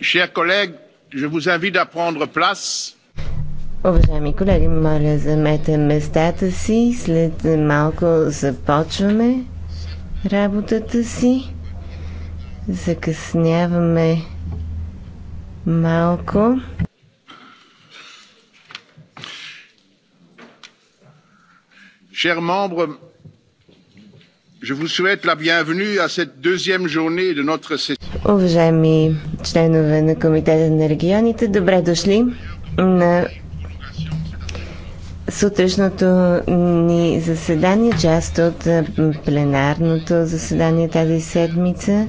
Chers collègues, je vous invite à prendre place. Уважаеми колеги, моля замете местата си. След малко започваме работата си. Закъсняваме малко. Chers membres, Je vous souhaite la bienvenue à cette deuxième journée de notre session. Уважаеми членове на Комитета на регионите, добре дошли на сутрешното ни заседание, част от пленарното заседание тази седмица.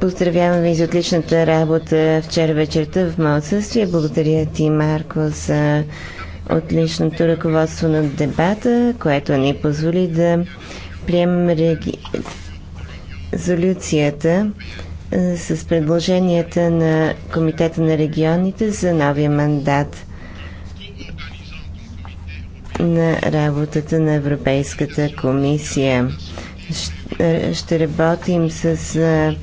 Поздравявам ви за отличната работа вчера вечерта в мое Благодаря ти, Марко, за от личното ръководство на дебата, което ни позволи да приемем реги... резолюцията е, с предложенията на Комитета на регионите за новия мандат на работата на Европейската комисия. Ще работим с е,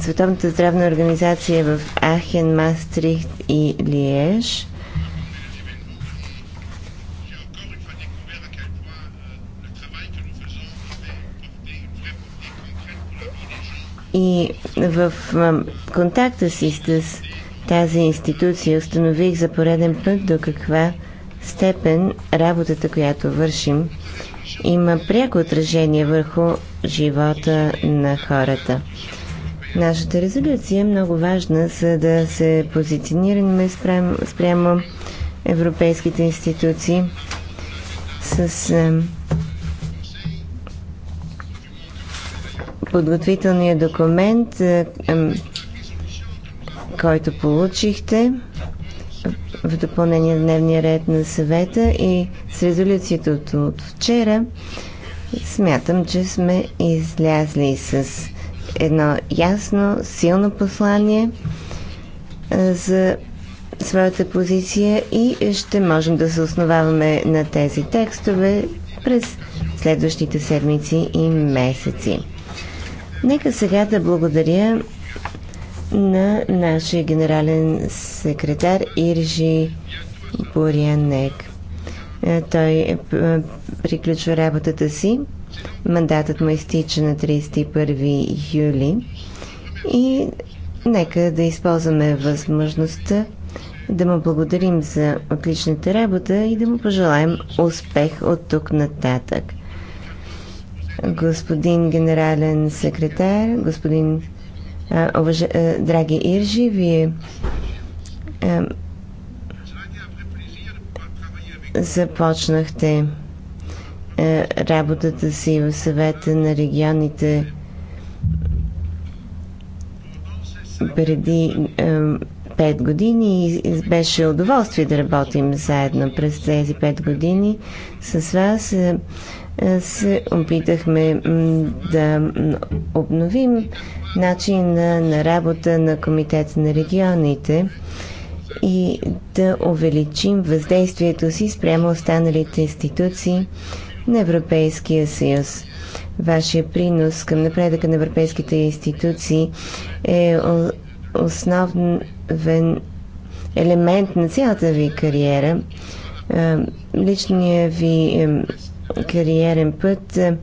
Световната здравна организация в Ахен, Мастрихт и Лиеж – И в контакта си с тази институция установих за пореден път до каква степен работата, която вършим, има пряко отражение върху живота на хората. Нашата резолюция е много важна, за да се позиционираме спрямо, спрямо европейските институции с подготвителния документ, е, който получихте в допълнение на дневния ред на съвета и с резолюцията от вчера, смятам, че сме излязли с едно ясно, силно послание е, за своята позиция и ще можем да се основаваме на тези текстове през следващите седмици и месеци. Нека сега да благодаря на нашия генерален секретар Иржи Бурянек. Е, той е, приключва работата си. Мандатът му изтича на 31 юли. И нека да използваме възможността да му благодарим за отличната работа и да му пожелаем успех от тук нататък господин генерален секретар, господин а, а, драги Иржи, вие а, започнахте а, работата си в съвета на регионите преди пет години и беше удоволствие да работим заедно през тези 5 години с вас се опитахме да обновим начин на работа на Комитета на регионите и да увеличим въздействието си спрямо останалите институции на Европейския съюз. Вашия принос към напредъка на европейските институции е основен елемент на цялата ви кариера. Личният ви кариерен път е,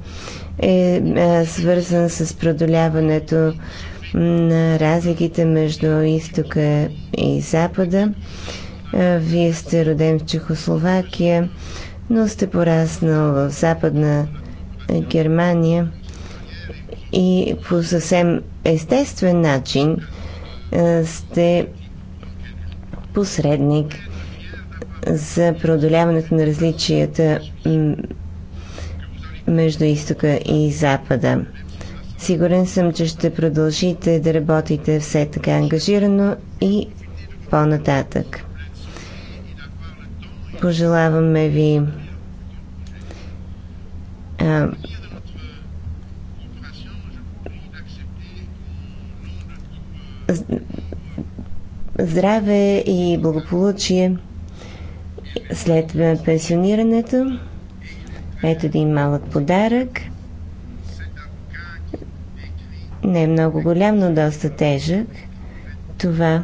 е, е свързан с продоляването на разликите между изтока и запада. Е, вие сте роден в Чехословакия, но сте пораснал в западна Германия и по съвсем естествен начин сте посредник за продоляването на различията между изтока и запада. Сигурен съм, че ще продължите да работите все така ангажирано и по-нататък. Пожелаваме ви а, здраве и благополучие след пенсионирането. Ето един малък подарък. Не е много голям, но доста тежък. Това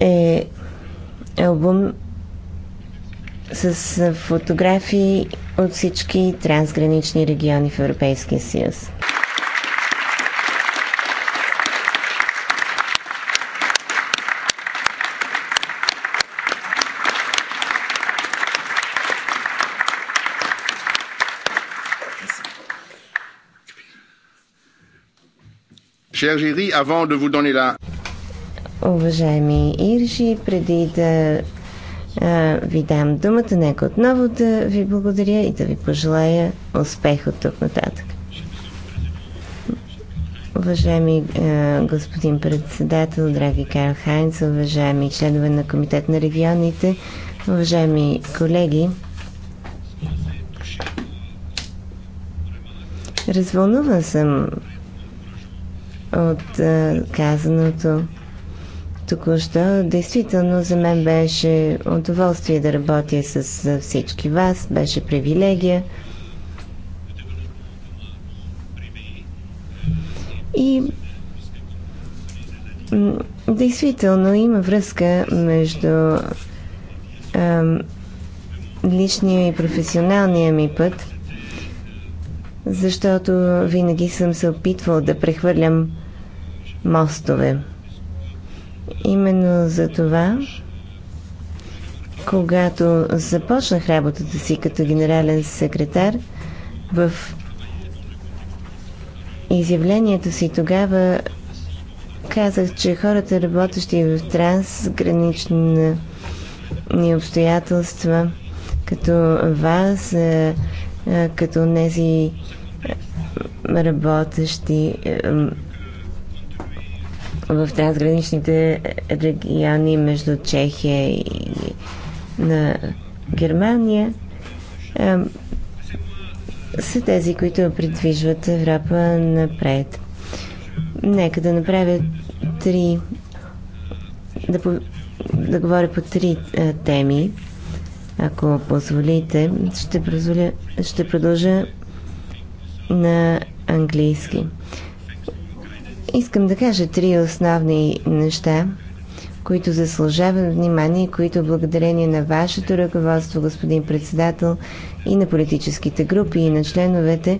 е албум с фотографии от всички трансгранични региони в Европейския съюз. Cher avant de vous donner la... Уважаеми Иржи, преди да а, ви дам думата, нека отново да ви благодаря и да ви пожелая успех от тук нататък. Уважаеми а, господин председател, драги Карл Хайнц, уважаеми членове на Комитет на регионите, уважаеми колеги, развълнуван съм от а, е, казаното току-що. Действително за мен беше удоволствие да работя с а, всички вас. Беше привилегия. И действително има връзка между а, личния и професионалния ми път, защото винаги съм се опитвал да прехвърлям мостове. Именно за това, когато започнах работата си като генерален секретар, в изявлението си тогава казах, че хората, работещи в трансгранични обстоятелства, като вас, като тези работещи в трансграничните региони между Чехия и на Германия са тези, които придвижват Европа напред. Нека да направя три да, по, да говоря по три а, теми. Ако позволите, ще, ще продължа на английски. Искам да кажа три основни неща, които заслужават внимание, които благодарение на вашето ръководство, господин председател, и на политическите групи, и на членовете,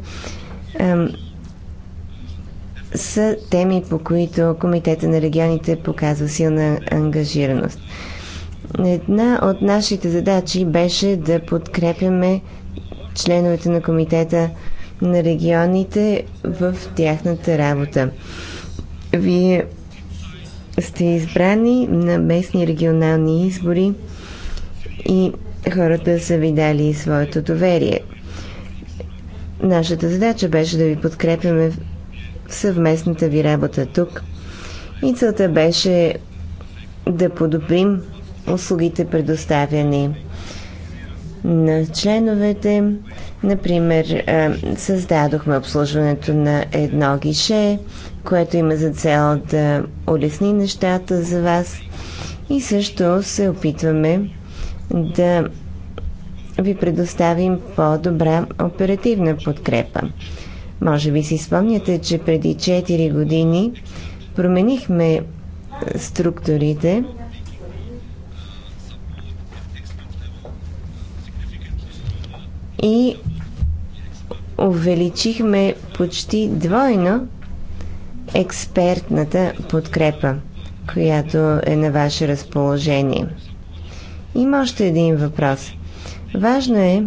са теми, по които Комитета на регионите показва силна ангажираност. Една от нашите задачи беше да подкрепяме членовете на Комитета на регионите в тяхната работа. Вие сте избрани на местни регионални избори и хората са ви дали своето доверие. Нашата задача беше да ви подкрепяме в съвместната ви работа тук и целта беше да подобрим услугите предоставяни на членовете. Например, създадохме обслужването на едно гише, което има за цел да улесни нещата за вас и също се опитваме да ви предоставим по-добра оперативна подкрепа. Може би си спомняте, че преди 4 години променихме структурите и увеличихме почти двойно експертната подкрепа, която е на ваше разположение. Има още един въпрос. Важно е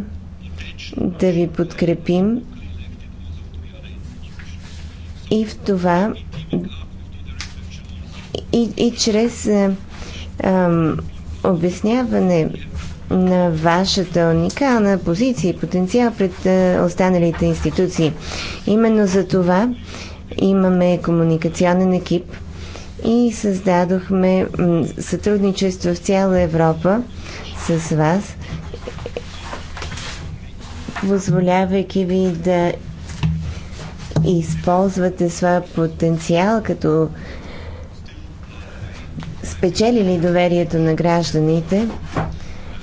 да ви подкрепим и в това и, и чрез е, а, обясняване на вашата уникална позиция и потенциал пред а, е, останалите институции. Именно за това Имаме комуникационен екип и създадохме сътрудничество в цяла Европа с вас, позволявайки ви да използвате своя потенциал като спечелили доверието на гражданите,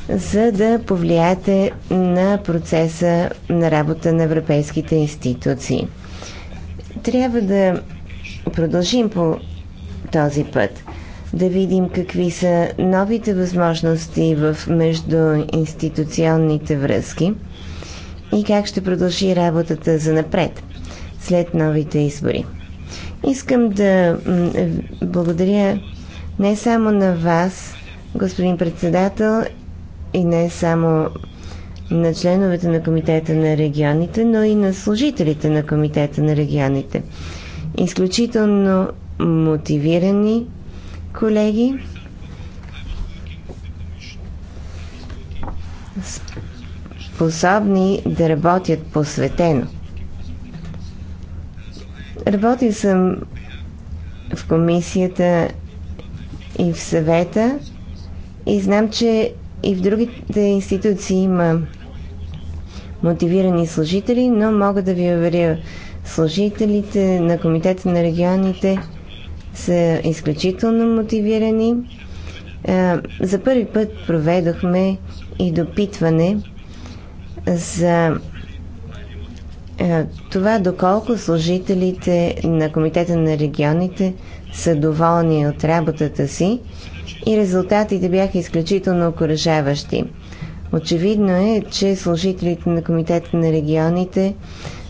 за да повлияете на процеса на работа на европейските институции. Трябва да продължим по този път. Да видим какви са новите възможности в междуинституционните връзки и как ще продължи работата за напред след новите избори. Искам да благодаря не само на вас, господин председател, и не само на членовете на Комитета на регионите, но и на служителите на Комитета на регионите. Изключително мотивирани колеги. способни да работят посветено. Работил съм в комисията и в съвета и знам, че и в другите институции има мотивирани служители, но мога да ви уверя, служителите на Комитета на регионите са изключително мотивирани. Е, за първи път проведохме и допитване за е, това доколко служителите на Комитета на регионите са доволни от работата си и резултатите бяха изключително окоръжаващи. Очевидно е, че служителите на Комитета на регионите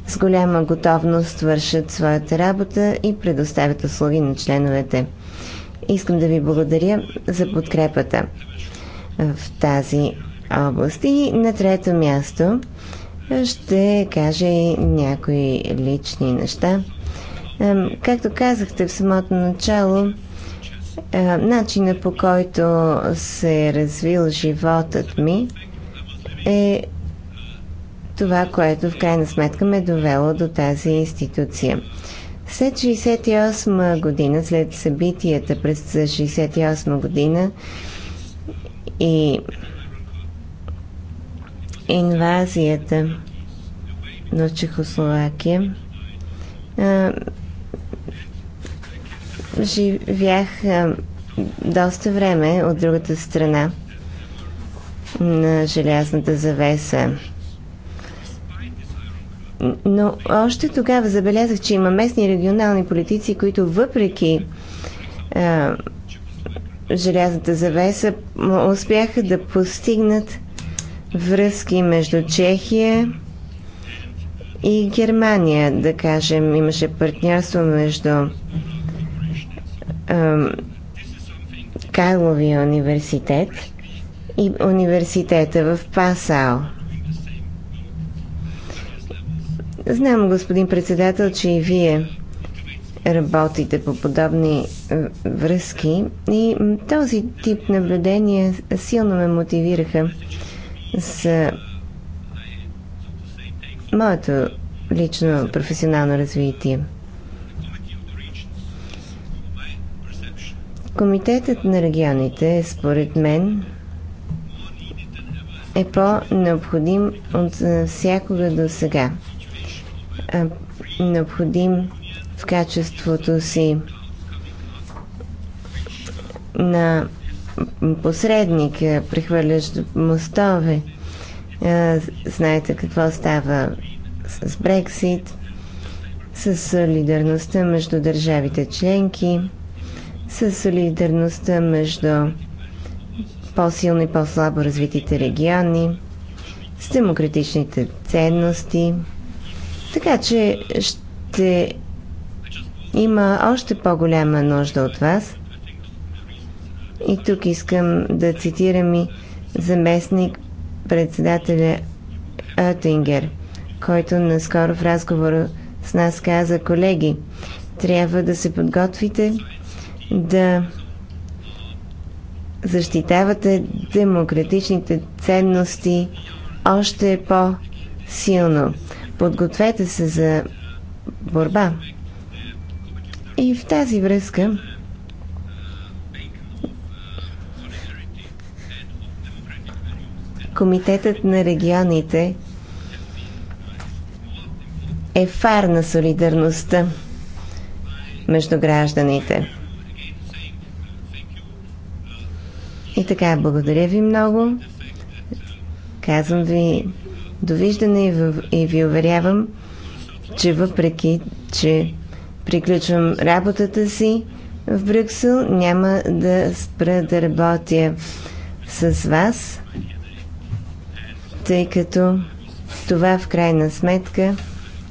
с голяма готовност вършат своята работа и предоставят услуги на членовете. Искам да ви благодаря за подкрепата в тази област. И на трето място ще кажа и някои лични неща. Както казахте в самото начало, начина по който се е развил животът ми – е това, което в крайна сметка ме е довело до тази институция. След 68 година, след събитията през 68 година и инвазията на Чехословакия, живях доста време от другата страна на желязната завеса. Но още тогава забелязах, че има местни и регионални политици, които въпреки а, желязната завеса успяха да постигнат връзки между Чехия и Германия, да кажем. Имаше партньорство между а, Карловия университет – и университета в Пасао. Знам, господин председател, че и вие работите по подобни е, връзки и този тип наблюдения силно ме мотивираха с моето лично професионално развитие. Комитетът на регионите, според мен, е по-необходим от всякога до сега. Необходим в качеството си на посредник, прехвърлящ мостове. Знаете какво става с Брексит, с солидарността между държавите членки, с солидарността между по-силно и по-слабо развитите региони, с демократичните ценности. Така че ще има още по-голяма нужда от вас. И тук искам да цитирам и заместник председателя Оттингер, който наскоро в разговор с нас каза, колеги, трябва да се подготвите да защитавате демократичните ценности още по-силно. Подгответе се за борба. И в тази връзка Комитетът на регионите е фар на солидарността между гражданите. И така, благодаря ви много. Казвам ви довиждане и, в, и ви уверявам, че въпреки, че приключвам работата си в Брюксел, няма да спра да работя с вас, тъй като това в крайна сметка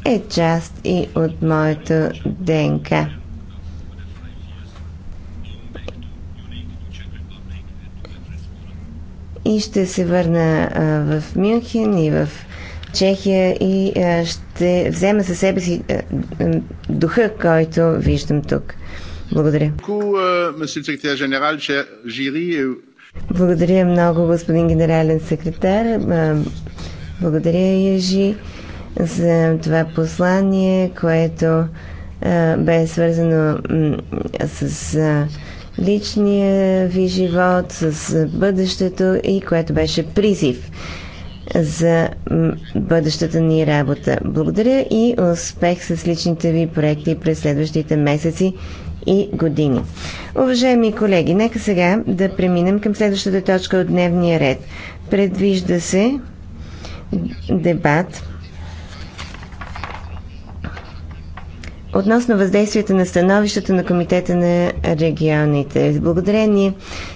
е част и от моето ДНК. и ще се върна а, в Мюнхен и в Чехия и а, ще взема със себе си а, духа, който виждам тук. Благодаря. Благодаря много, господин генерален секретар. Благодаря, Ежи, за това послание, което бе свързано с личния ви живот, с бъдещето и което беше призив за бъдещата ни работа. Благодаря и успех с личните ви проекти през следващите месеци и години. Уважаеми колеги, нека сега да преминем към следващата точка от дневния ред. Предвижда се дебат Относно въздействията на становищата на Комитета на регионите, благодарение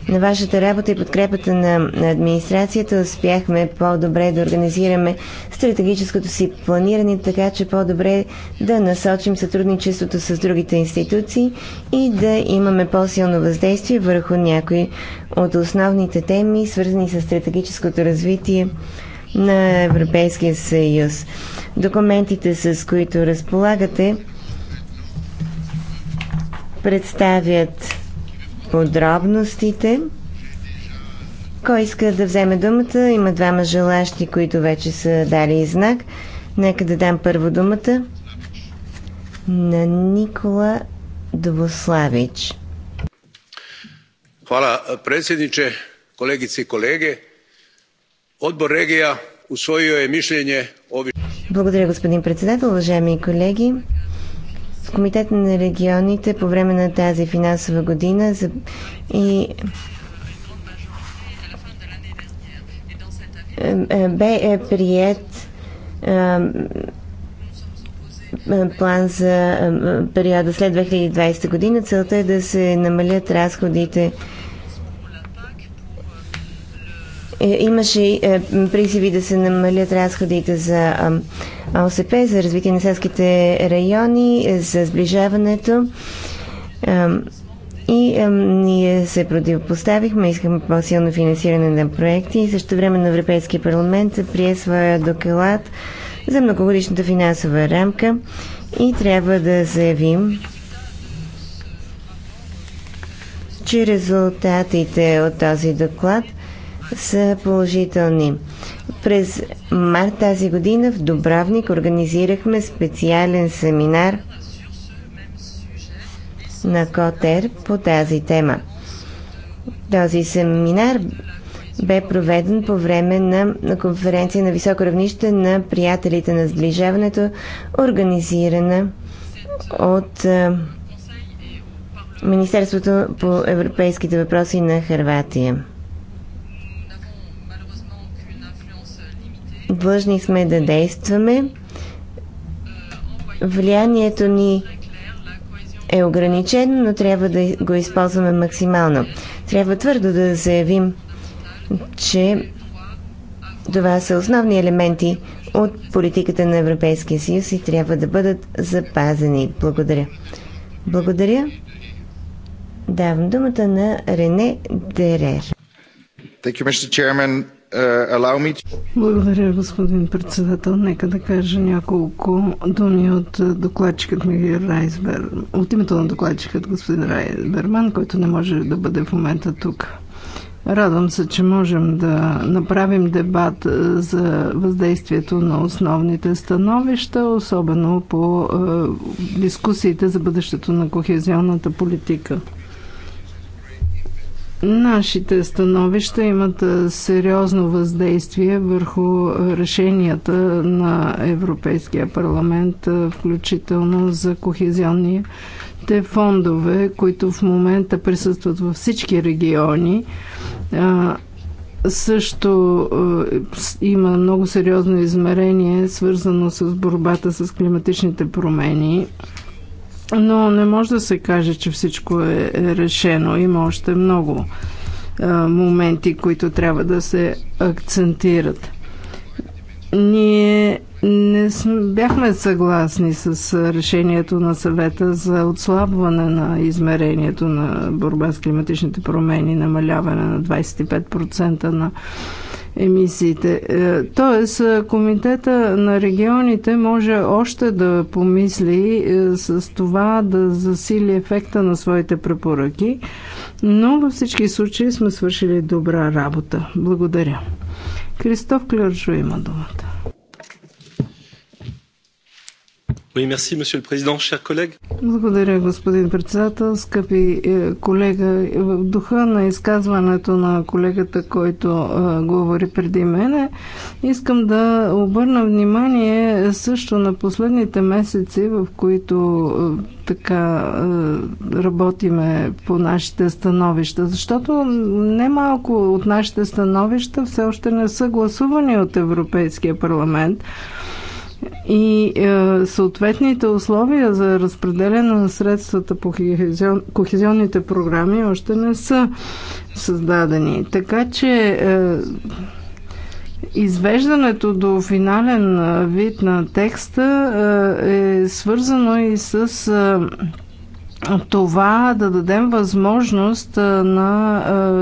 на вашата работа и подкрепата на администрацията успяхме по-добре да организираме стратегическото си планиране, така че по-добре да насочим сътрудничеството с другите институции и да имаме по-силно въздействие върху някои от основните теми, свързани с стратегическото развитие на Европейския съюз. Документите, с които разполагате, представят подробностите. Кой иска да вземе думата? Има двама желащи, които вече са дали знак. Нека да дам първо думата на Никола Довославич. Хвала, председниче, колегици и колеги. Отбор Регия усвоил е мишление. Благодаря, господин председател, уважаеми колеги. Комитета на регионите по време на тази финансова година за... и е, е, бе е, прият план за периода след 2020 година. Целта е да се намалят разходите е, имаше е, призиви да се намалят разходите за ОСП, за развитие на селските райони, е, за сближаването. И ние се противопоставихме, искаме по-силно финансиране на проекти и също време на Европейския парламент прие своя доклад за многогодишната финансова рамка и трябва да заявим, че резултатите от този доклад – са положителни. През март тази година в Добравник организирахме специален семинар на Котер по тази тема. Този семинар бе проведен по време на конференция на високо равнище на приятелите на сближаването, организирана от Министерството по европейските въпроси на Харватия. Длъжни сме да действаме. Влиянието ни е ограничено, но трябва да го използваме максимално. Трябва твърдо да заявим, че това са основни елементи от политиката на Европейския съюз и трябва да бъдат запазени. Благодаря. Благодаря. Давам думата на Рене Дерер. Thank you, Mr. Chairman. Uh, Благодаря, господин председател. Нека да кажа няколко думи от докладчикът ми Райсбер, от името на докладчикът господин Райсберман, който не може да бъде в момента тук. Радвам се, че можем да направим дебат е, за въздействието на основните становища, особено по е, дискусиите за бъдещето на кохезионната политика. Нашите становища имат сериозно въздействие върху решенията на Европейския парламент, включително за кохезионните фондове, които в момента присъстват във всички региони. Също има много сериозно измерение, свързано с борбата с климатичните промени но не може да се каже, че всичко е решено. Има още много моменти, които трябва да се акцентират. Ние не бяхме съгласни с решението на съвета за отслабване на измерението на борба с климатичните промени, намаляване на 25% на емисиите. Е, тоест, е, Комитета на регионите може още да помисли е, с това да засили ефекта на своите препоръки, но във всички случаи сме свършили добра работа. Благодаря. Кристоф Клерджо има думата. Благодаря, господин председател. Скъпи е, колега, в духа на изказването на колегата, който е, говори преди мене, искам да обърна внимание също на последните месеци, в които е, така работиме по нашите становища, защото немалко от нашите становища все още не са гласувани от Европейския парламент и е, съответните условия за разпределяне на средствата по хизион, кохезионните програми още не са създадени. Така че е, извеждането до финален е, вид на текста е, е свързано и с. Е, това да дадем възможност е, на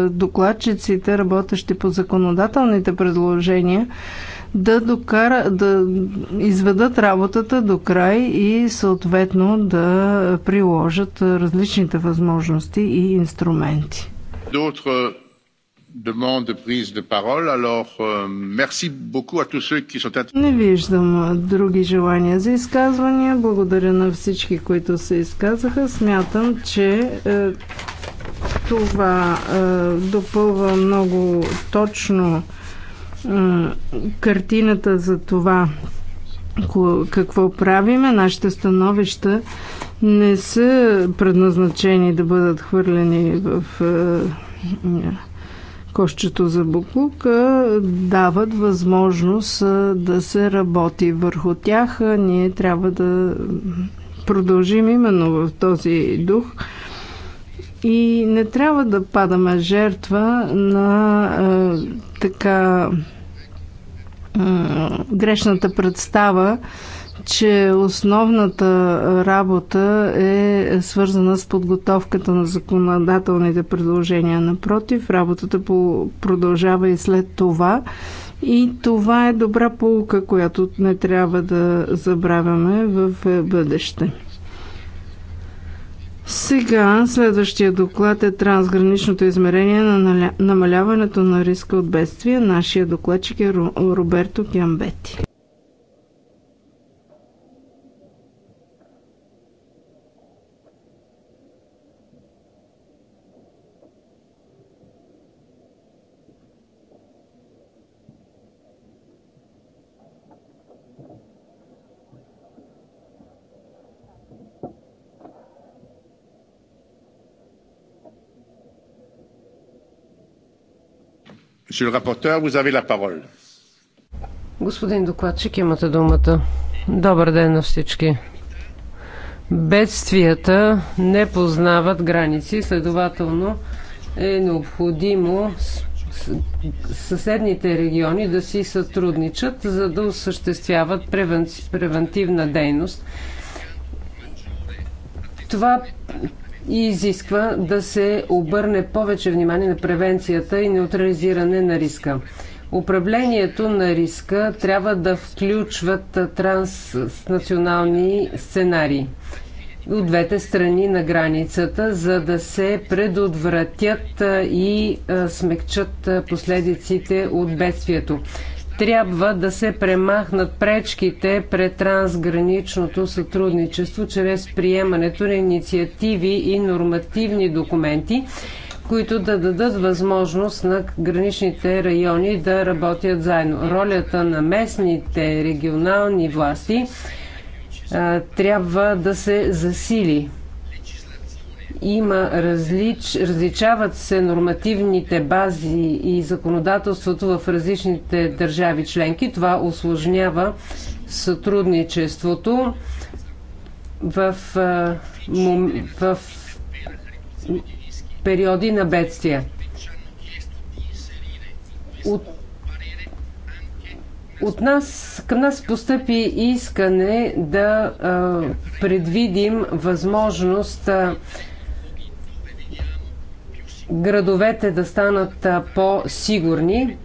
е, докладчиците, работещи по законодателните предложения, да, докара, да изведат работата до край и съответно да приложат различните възможности и инструменти. D'autres demandes de parole, alors euh, merci beaucoup à tous ceux qui sont Не виждам други желания за изказвания. Благодаря на всички, които се изказаха. Смятам, че е, това е, допълва много точно картината за това какво правиме. Нашите становища не са предназначени да бъдат хвърлени в кошчето за буклук, дават възможност да се работи върху тях. Ние трябва да продължим именно в този дух. И не трябва да падаме жертва на така грешната представа, че основната работа е свързана с подготовката на законодателните предложения. Напротив, работата продължава и след това. И това е добра полука, която не трябва да забравяме в е, бъдеще. Сега следващия доклад е трансграничното измерение на намаляването на риска от бедствия. Нашия докладчик е Роберто Кямбети. Monsieur le rapporteur, vous avez la parole. Господин докладчик, имате думата. Добър ден на всички. Бедствията не познават граници, следователно е необходимо съседните региони да си сътрудничат, за да осъществяват превентивна дейност. Това и изисква да се обърне повече внимание на превенцията и неутрализиране на риска. Управлението на риска трябва да включват транснационални сценарии от двете страни на границата, за да се предотвратят и смекчат последиците от бедствието. Трябва да се премахнат пречките пред трансграничното сътрудничество чрез приемането на инициативи и нормативни документи, които да дадат възможност на граничните райони да работят заедно. Ролята на местните регионални власти а, трябва да се засили има различ, различават се нормативните бази и законодателството в различните държави членки. Това осложнява сътрудничеството в, в периоди на бедствия. От, от нас, към нас постъпи искане да а, предвидим възможност а, градовете да станат по-сигурни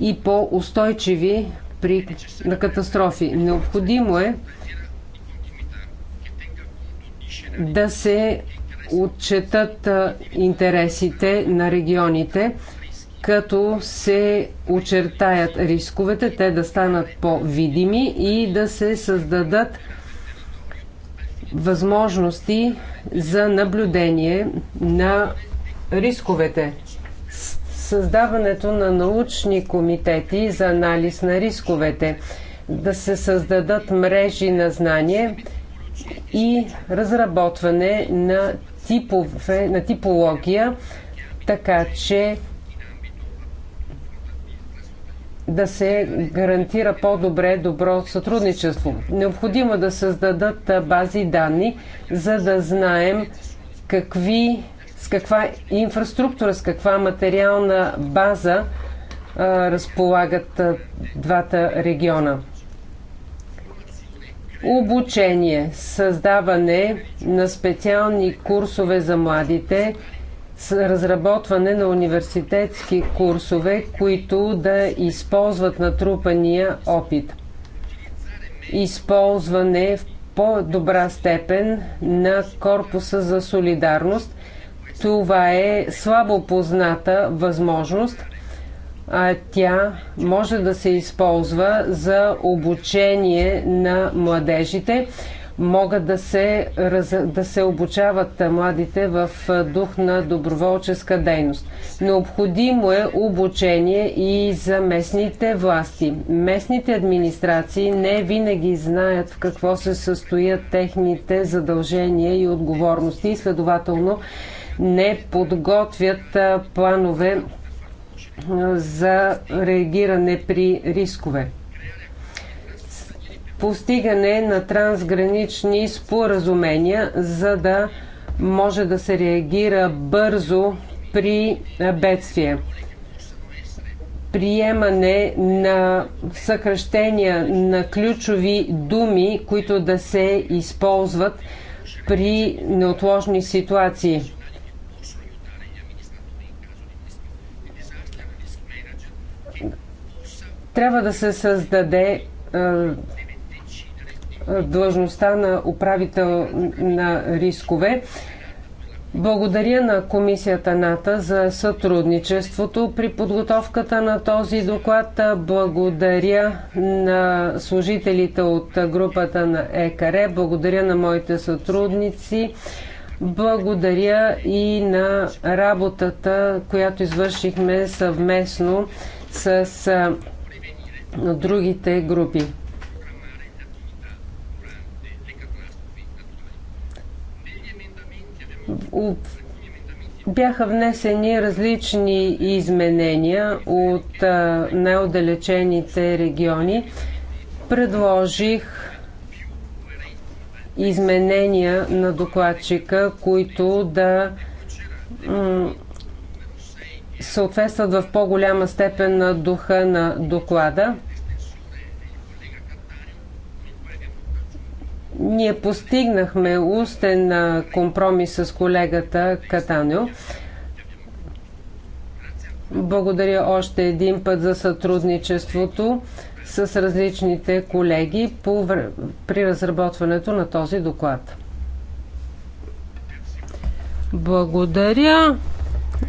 и по-устойчиви при, на катастрофи. Необходимо е да се отчетат интересите на регионите, като се очертаят рисковете, те да станат по-видими и да се създадат възможности за наблюдение на рисковете. Създаването на научни комитети за анализ на рисковете, да се създадат мрежи на знание и разработване на, типове, на типология, така че да се гарантира по-добре добро сътрудничество. Необходимо е да създадат бази данни, за да знаем какви с каква инфраструктура, с каква материална база а, разполагат а, двата региона. Обучение, създаване на специални курсове за младите, разработване на университетски курсове, които да използват натрупания опит. Използване в по-добра степен на корпуса за солидарност, това е слабо позната възможност. А тя може да се използва за обучение на младежите. Могат да се, да се обучават младите в дух на доброволческа дейност. Необходимо е обучение и за местните власти. Местните администрации не винаги знаят в какво се състоят техните задължения и отговорности следователно не подготвят планове за реагиране при рискове. Постигане на трансгранични споразумения, за да може да се реагира бързо при бедствие. Приемане на съкръщения на ключови думи, които да се използват при неотложни ситуации Трябва да се създаде длъжността на управител на рискове. Благодаря на комисията НАТА за сътрудничеството при подготовката на този доклад. Благодаря на служителите от групата на ЕКАРЕ. Благодаря на моите сътрудници. Благодаря и на работата, която извършихме съвместно с на другите групи. Бяха внесени различни изменения от най-отдалечените региони. Предложих изменения на докладчика, които да съответстват в по-голяма степен на духа на доклада. Ние постигнахме устен компромис с колегата Катанио. Благодаря още един път за сътрудничеството с различните колеги по, при разработването на този доклад. Благодаря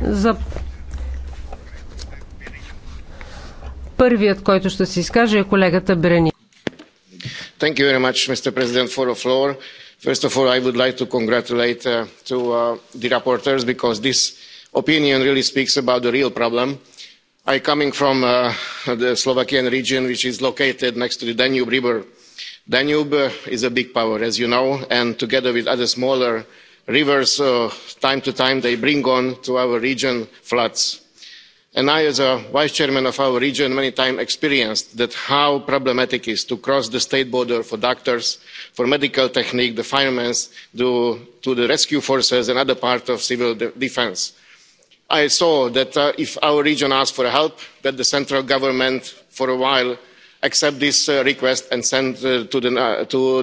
за Първият, който ще се изкаже е колегата Берени. Thank you very much, Mr. President, for the floor. First of all, I would like to congratulate uh, to uh, the rapporteurs because this opinion really speaks about the real problem. I coming from uh, the Slovakian region, which is located next to the Danube River. Danube is a big power, as you know, and together with other smaller rivers, uh, time to time they bring on to our region floods And i as vice chairman of our region many times experienced how problematic it is to cross the state border for doctors for medical technique the firemen to the rescue forces and other parts of civil defence. i saw that if our region asked for help the central government for a while accept this request and send to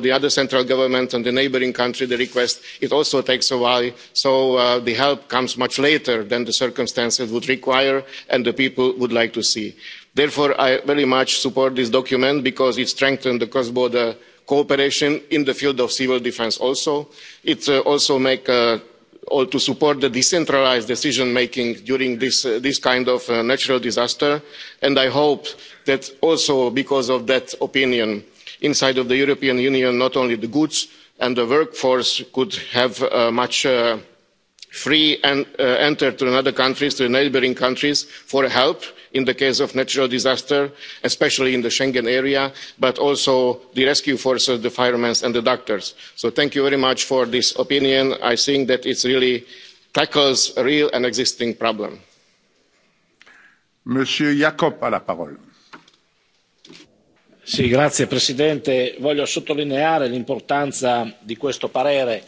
the other central government and the neighbouring country the request it also takes a while so the help comes much later than the circumstances would require and the people would like to see. therefore i very much support this document because it strengthens cross border cooperation in the field of civil defence also. it also makes or to support the decentralised decision making during this kind of natural disaster and i hope that also because of that opinion inside the european union not only the goods and the workforce could have a much freer entry to other countries to neighbouring countries for help in the case of natural disaster especially in the schengen area but also the rescue forces the firemen and the doctors. so thank you very much for this opinion. i think that it really tackles a real and existing problem. signor presidente onorevoli colleghi voglio sottolineare l'importanza di questo parere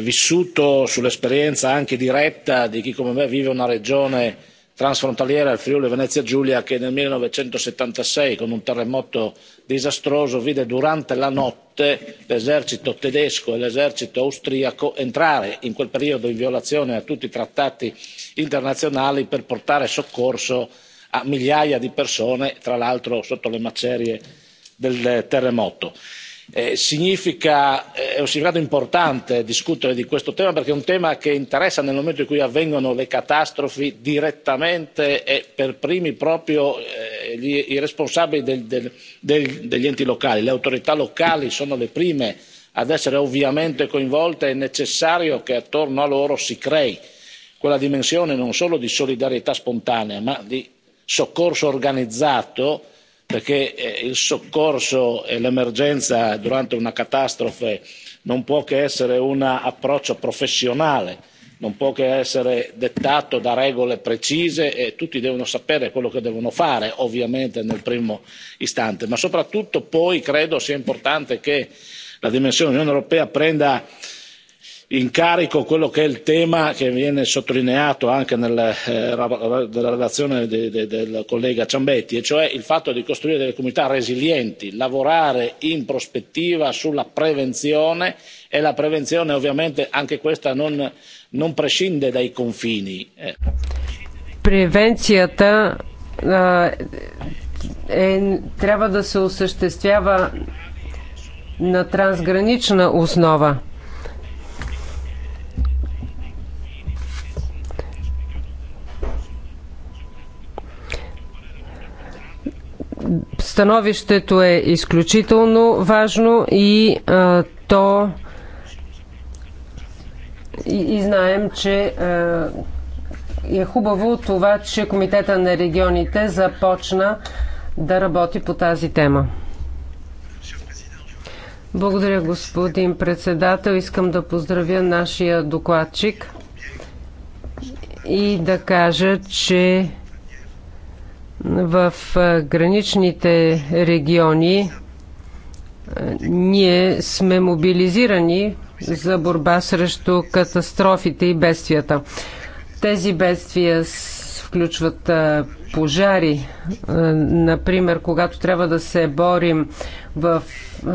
vissuto sull'esperienza anche diretta di chi come me vive una regione transfrontaliera il friuli venezia giulia che nel millenovecentosettantasei con un terremoto disastroso vide durante la notte l'esercito tedesco e l'esercito austriaco entrare in quel periodo in violazione a tutti i trattati internazionali per portare soccorso a migliaia di persone tra l'altro sotto le macerie del terremoto significa è un significato importante discutere di questo tema perché è un tema che interessa nel momento in cui avvengono le catastrofi direttamente e per primi proprio i responsabili degli enti locali le autorità locali sono le prime ad essere ovviamente coinvolte ed è necessario che attorno a loro si crei quella dimensione non solo di solidarietà spontanea ma di soccorso organizzato perché il soccorso e l'emergenza durante una catastrofe non può che essere un approccio professionale non può che essere dettato da regole precise e tutti devono sapere quello che devono fare ovviamente nel primo istante ma soprattutto poi credo sia importante che la dimensione dell'unione europea prenda in carico quello che è il tema che viene sottolineato anche nella relazione del collega Ciambetti, e cioè il fatto di costruire delle comunità resilienti, lavorare in prospettiva sulla prevenzione e la prevenzione ovviamente anche questa non, non prescinde dai confini. Превенцията е, трябва да се осъществява на трансгранична основа Становището е изключително важно и а, то и, и знаем, че а, е хубаво това, че Комитета на регионите започна да работи по тази тема. Благодаря, господин председател. Искам да поздравя нашия докладчик и да кажа, че в граничните региони ние сме мобилизирани за борба срещу катастрофите и бедствията. Тези бедствия включват пожари, например, когато трябва да се борим в,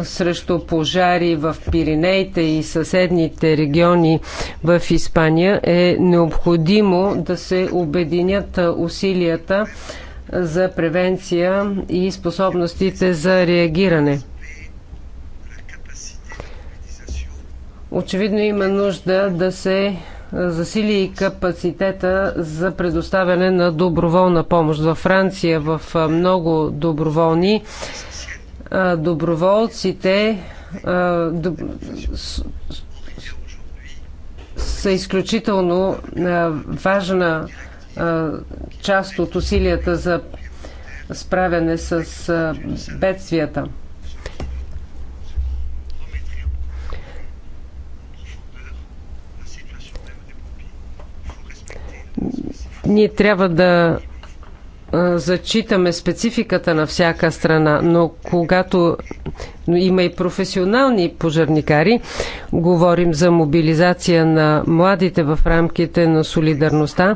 срещу пожари в Пиринеите и съседните региони в Испания, е необходимо да се обединят усилията за превенция и способностите за реагиране. Очевидно има нужда да се засили и капацитета за предоставяне на доброволна помощ. Във Франция в много доброволни доброволците доб... са изключително важна част от усилията за справяне с бедствията. Ние трябва да зачитаме спецификата на всяка страна, но когато има и професионални пожарникари, говорим за мобилизация на младите в рамките на солидарността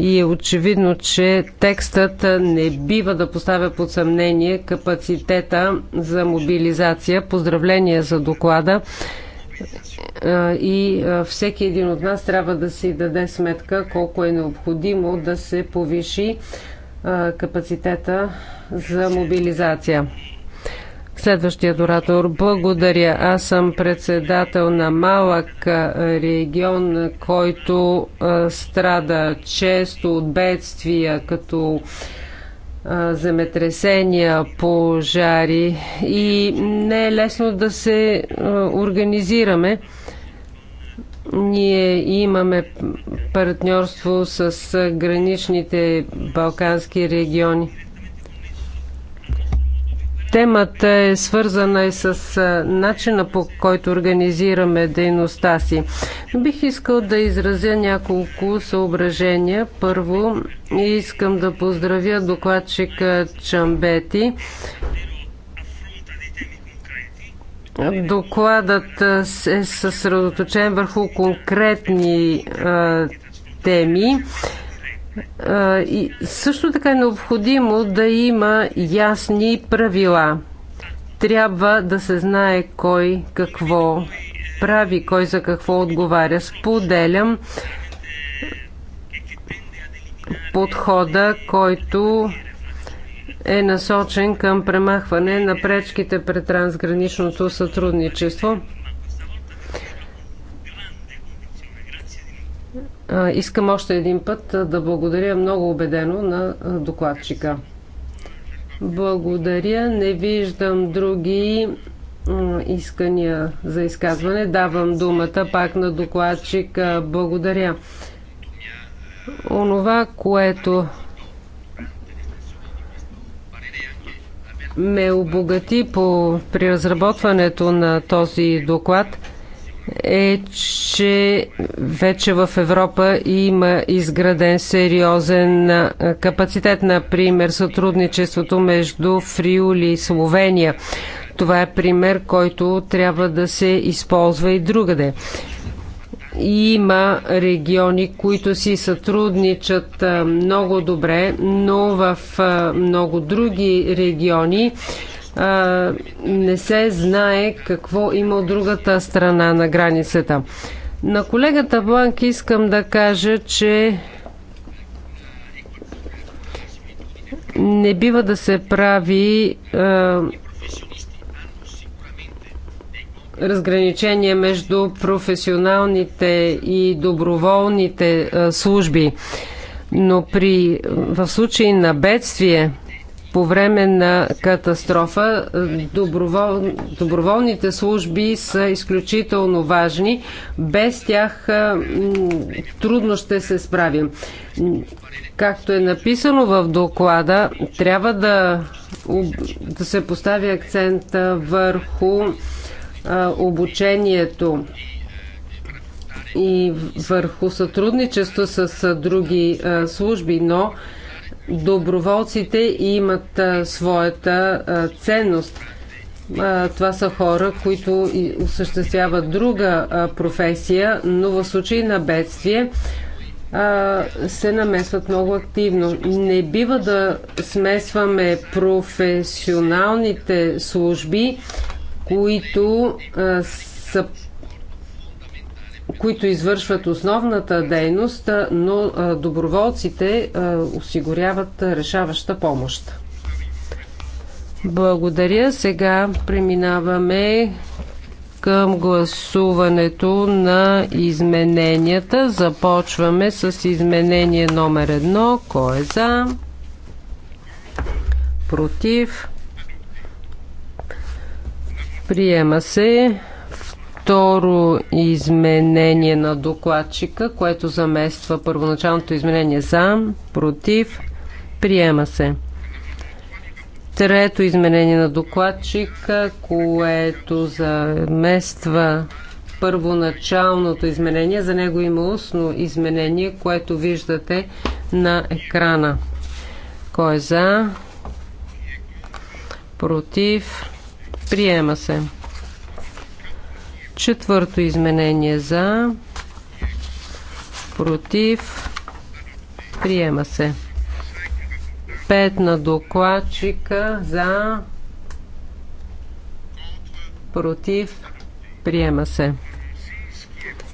и е очевидно, че текстът не бива да поставя под съмнение капацитета за мобилизация. Поздравления за доклада и всеки един от нас трябва да си даде сметка колко е необходимо да се повиши капацитета за мобилизация. Следващият оратор. Благодаря. Аз съм председател на малък регион, който страда често от бедствия, като земетресения, пожари и не е лесно да се организираме. Ние имаме партньорство с граничните балкански региони. Темата е свързана и с начина по който организираме дейността си. Бих искал да изразя няколко съображения. Първо, искам да поздравя докладчика Чамбети. Докладът е съсредоточен върху конкретни а, теми и също така е необходимо да има ясни правила. Трябва да се знае кой какво прави, кой за какво отговаря. Споделям подхода, който е насочен към премахване на пречките пред трансграничното сътрудничество. Искам още един път да благодаря много убедено на докладчика. Благодаря. Не виждам други искания за изказване. Давам думата пак на докладчика. Благодаря. Онова, което ме обогати по, при разработването на този доклад – е, че вече в Европа има изграден сериозен капацитет, например сътрудничеството между Фриули и Словения. Това е пример, който трябва да се използва и другаде. Има региони, които си сътрудничат много добре, но в много други региони а, не се знае какво има от другата страна на границата. На колегата Бланк искам да кажа, че не бива да се прави а, разграничение между професионалните и доброволните а, служби. Но при, в случай на бедствие по време на катастрофа. Добровол... Доброволните служби са изключително важни. Без тях трудно ще се справим. Както е написано в доклада, трябва да, да се постави акцент върху обучението и върху сътрудничество с други служби, но доброволците имат своята ценност. Това са хора, които осъществяват друга професия, но в случай на бедствие се намесват много активно. Не бива да смесваме професионалните служби, които са които извършват основната дейност, но доброволците осигуряват решаваща помощ. Благодаря. Сега преминаваме към гласуването на измененията. Започваме с изменение номер едно. Кой е за? Против? Приема се второ изменение на докладчика, което замества първоначалното изменение за, против, приема се. Трето изменение на докладчика, което замества първоначалното изменение. За него има устно изменение, което виждате на екрана. Кой е за? Против? Приема се. Четвърто изменение за. Против. Приема се. Пет на докладчика за. Против. Приема се.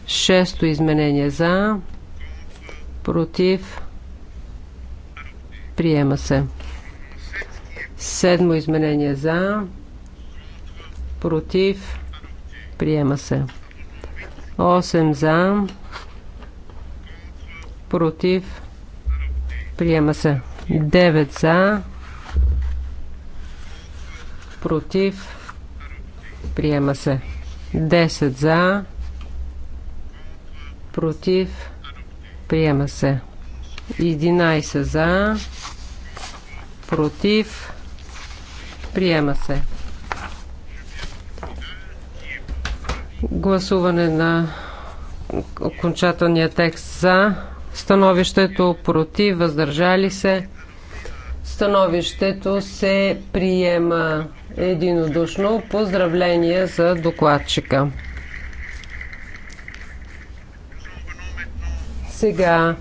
Шесто изменение за. Против. Приема се. Седмо изменение за. Против. Приема се. 8 за. Против. Приема се. 9 за. Против. Приема се. 10 за. Против. Приема се. 11 за. Против. Приема се. Гласуване на окончателния текст за. Становището против, въздържали се. Становището се приема единодушно. Поздравление за докладчика. Сега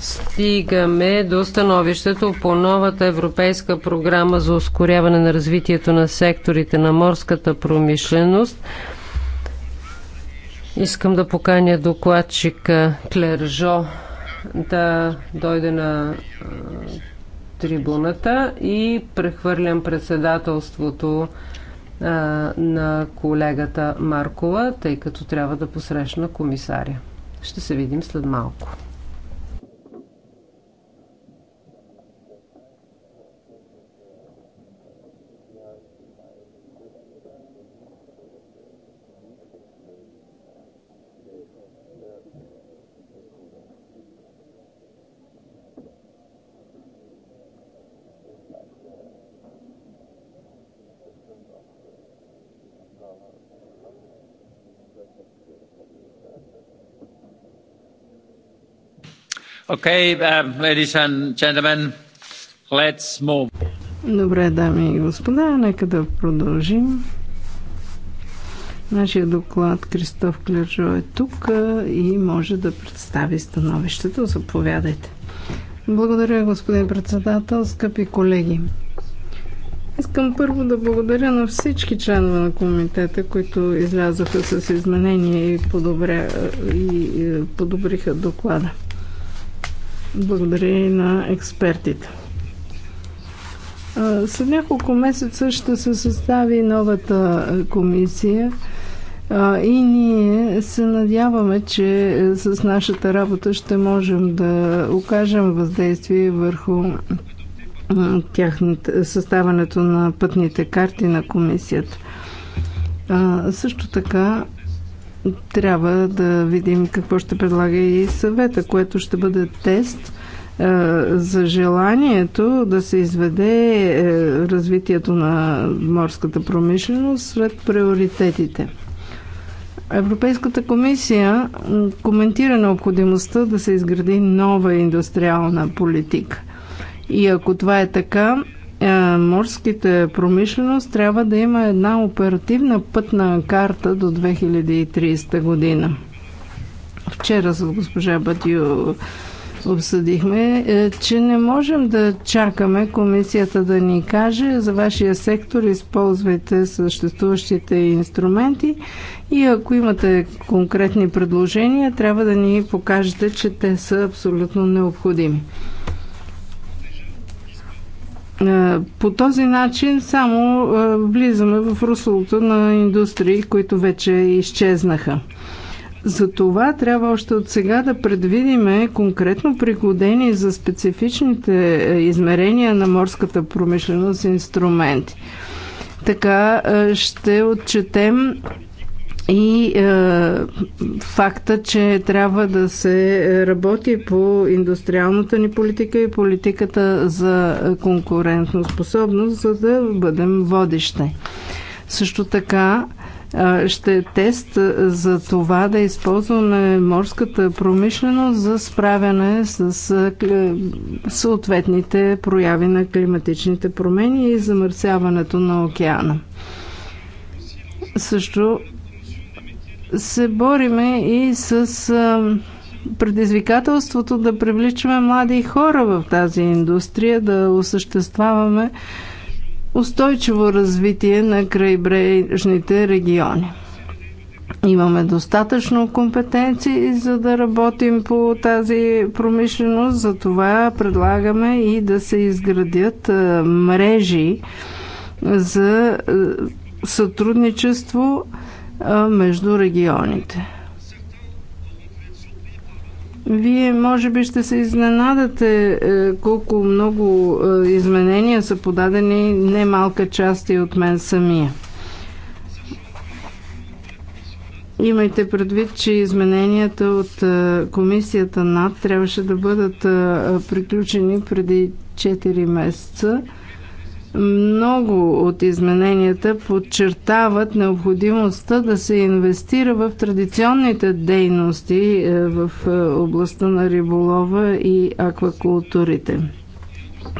стигаме до становището по новата европейска програма за ускоряване на развитието на секторите на морската промишленост. Искам да поканя докладчика Клержо да дойде на трибуната и прехвърлям председателството а, на колегата Маркова, тъй като трябва да посрещна комисаря. Ще се видим след малко. Okay, um, ladies and gentlemen, let's move. Добре, дами и господа, нека да продължим. Нашия доклад Кристоф Клержо е тук и може да представи становището. Заповядайте. Благодаря, господин председател, скъпи колеги. Искам първо да благодаря на всички членове на комитета, които излязоха с изменения и, подобря, и подобриха доклада. Благодаря и на експертите. След няколко месеца ще се състави новата комисия и ние се надяваме, че с нашата работа ще можем да окажем въздействие върху тяхната, съставането на пътните карти на комисията. също така трябва да видим какво ще предлага и съвета, което ще бъде тест е, за желанието да се изведе е, развитието на морската промишленост сред приоритетите. Европейската комисия коментира необходимостта да се изгради нова индустриална политика. И ако това е така, е, морските промишленост трябва да има една оперативна пътна карта до 2030 година. Вчера с госпожа Батио обсъдихме, е, че не можем да чакаме комисията да ни каже за вашия сектор използвайте съществуващите инструменти и ако имате конкретни предложения, трябва да ни покажете, че те са абсолютно необходими. Е, по този начин само е, влизаме в руслото на индустрии, които вече изчезнаха. За това трябва още от сега да предвидиме конкретно пригодени за специфичните е, измерения на морската промишленост инструменти. Така ще отчетем и е, факта, че трябва да се работи по индустриалната ни политика и политиката за конкурентно способност, за да бъдем водище. Също така е, ще е тест за това да използваме морската промишленост за справяне с е, съответните прояви на климатичните промени и замърсяването на океана. Също се бориме и с предизвикателството да привличаме млади хора в тази индустрия, да осъществяваме устойчиво развитие на крайбрежните региони. Имаме достатъчно компетенции, за да работим по тази промишленост, затова предлагаме и да се изградят мрежи за сътрудничество между регионите. Вие може би ще се изненадате е, колко много е, изменения са подадени немалка част и от мен самия. Имайте предвид, че измененията от е, комисията НАД трябваше да бъдат приключени преди 4 месеца. Много от измененията подчертават необходимостта да се инвестира в традиционните дейности е, в е, областта на риболова и аквакултурите.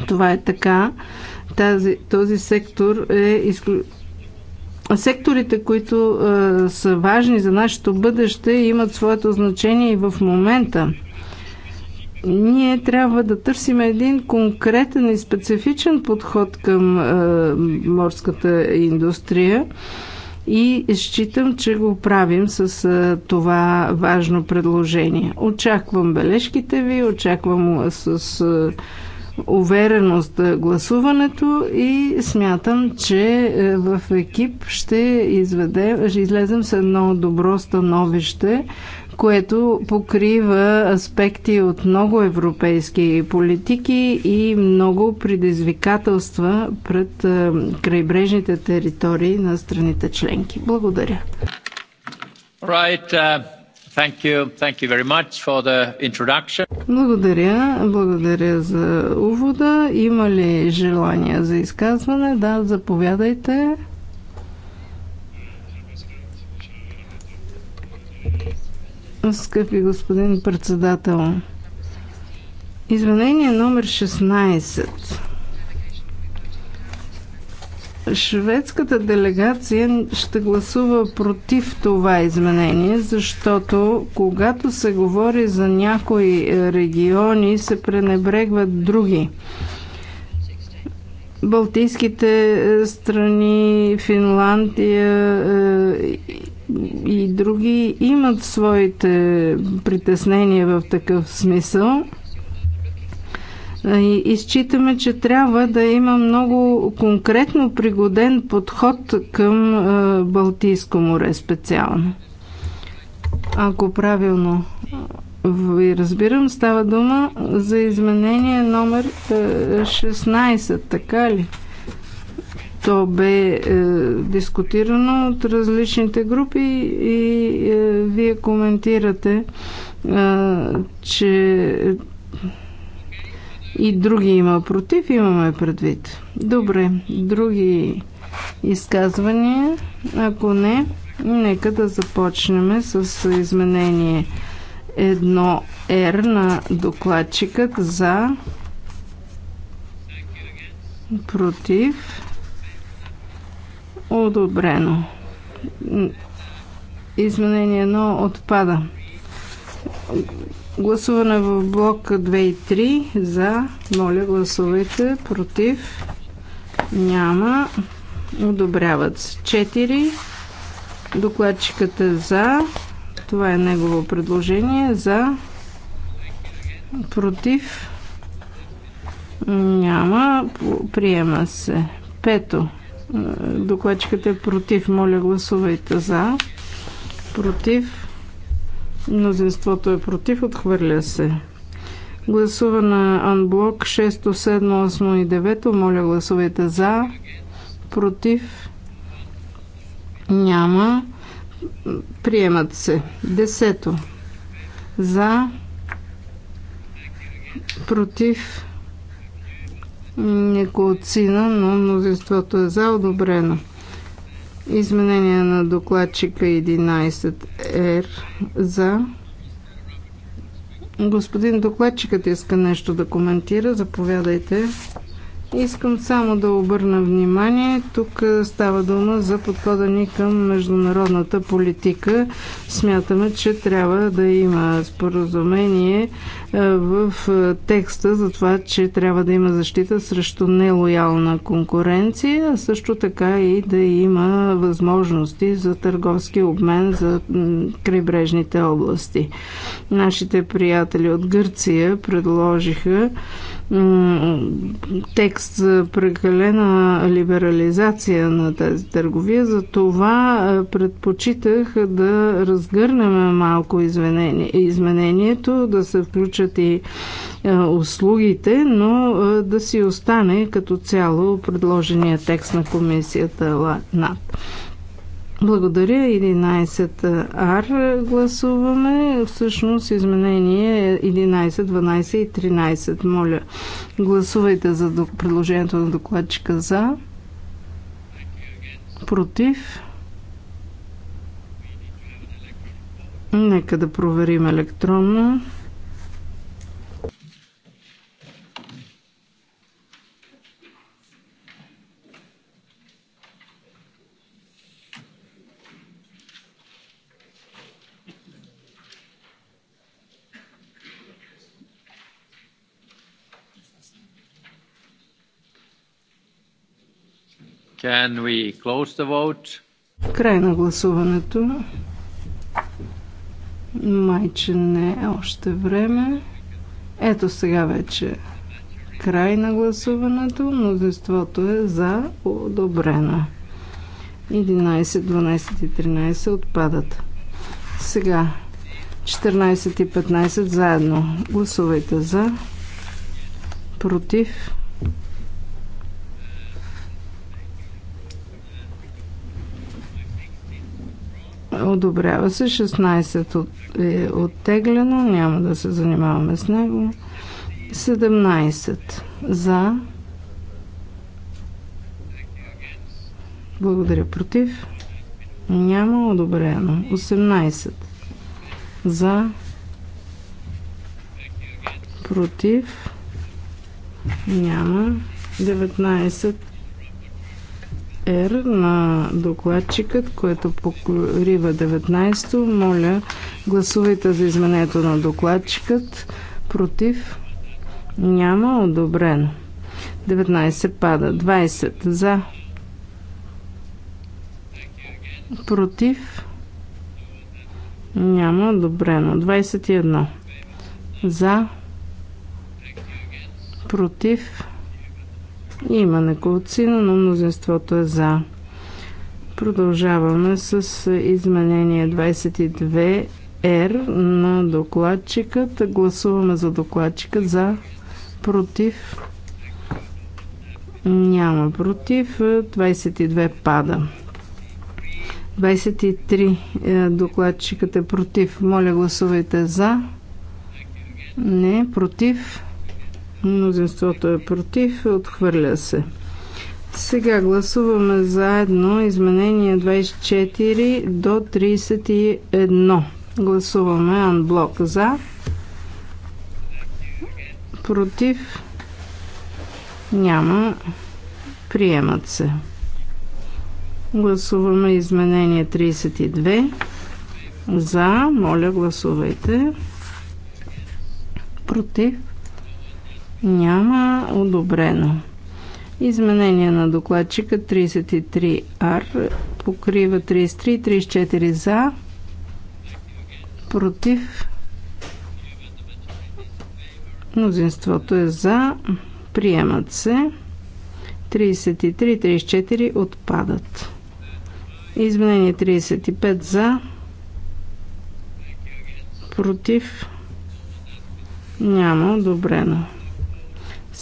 Това е така. Тази, този сектор е изклю... Секторите, които а, е, са важни за нашето бъдеще, имат своето значение и в момента. Ние трябва да търсим един конкретен и специфичен подход към е, морската индустрия и считам, че го правим с е, това важно предложение. Очаквам бележките ви, очаквам е, с. Е, увереност е, гласуването и смятам, че е, в екип ще, изведе, ще излезем с едно добро становище което покрива аспекти от много европейски политики и много предизвикателства пред е, крайбрежните територии на страните членки. Благодаря. Right, uh... Thank you. Thank you very much for the Благодаря. Благодаря за увода. Има ли желания за изказване? Да, заповядайте. скъпи господин председател. Изменение номер 16. Шведската делегация ще гласува против това изменение, защото когато се говори за някои региони, се пренебрегват други. Балтийските е, страни, Финландия е, и други имат своите притеснения в такъв смисъл. И изчитаме, че трябва да има много конкретно пригоден подход към е, Балтийско море специално. Ако правилно е, ви разбирам, става дума за изменение номер 16, е, така ли? То бе е, дискутирано от различните групи и е, вие коментирате, е, че и други има против, имаме предвид. Добре, други изказвания? Ако не, нека да започнем с изменение 1R на докладчикът за против Одобрено. Изменение 1 отпада. Гласуване в блок 2 и 3 за. Моля, гласувайте. Против. Няма. Одобряват се. 4. Докладчикът е за. Това е негово предложение. За. Против. Няма. Приема се. Пето. Докладчикът е против. Моля, гласувайте за. Против. Мнозинството е против. Отхвърля се. Гласува на анблок 6, 7, 8 и 9. Моля, гласувайте за. Против. Няма. Приемат се. Десето. За. Против от сина, но мнозинството е за одобрено. Изменение на докладчика 11Р за. Господин докладчикът иска нещо да коментира. Заповядайте. Искам само да обърна внимание. Тук е, става дума за подхода ни към международната политика. Смятаме, че трябва да има споразумение е, в е, текста за това, че трябва да има защита срещу нелоялна конкуренция, а също така и да има възможности за търговски обмен за крайбрежните области. Нашите приятели от Гърция предложиха текст за прекалена либерализация на тази търговия, за това е, предпочитах да разгърнем малко изменението, да се включат и е, услугите, но е, да си остане като цяло предложения текст на комисията НАД. Благодаря. 11R гласуваме. Всъщност изменение 11, е 12 и 13. Моля, гласувайте за предложението на докладчика за. Против. Нека да проверим електронно. Can we close the vote? Край на гласуването. Майче не е още време. Ето сега вече край на гласуването. Мнозинството е за одобрено. 11, 12 и 13 отпадат. Сега 14 и 15 заедно. Гласувайте за, против, Одобрява се 16 от, е оттеглено, няма да се занимаваме с него. 17 за. Благодаря против. Няма одобрено. 18 за. Против. Няма. 19 Р на докладчикът, което покрива 19-то. Моля, гласувайте за изменението на докладчикът. Против? Няма. Одобрено. 19 пада. 20 за. Против? Няма. Одобрено. 21 за. Против? Има неколцина, но мнозинството е за. Продължаваме с изменение 22 R на докладчикът. Гласуваме за докладчика за против. Няма против. 22 пада. 23 е, докладчикът е против. Моля гласувайте за. Не, против. Мнозинството е против. Отхвърля се. Сега гласуваме заедно изменение 24 до 31. Гласуваме анблок за, против, няма, приемат се. Гласуваме изменение 32. За, моля гласувайте. Против, няма. Одобрено. Изменение на докладчика 33R покрива 33, 34 за, против. Мнозинството е за. Приемат се. 33, 34 отпадат. Изменение 35 за, против. Няма одобрено.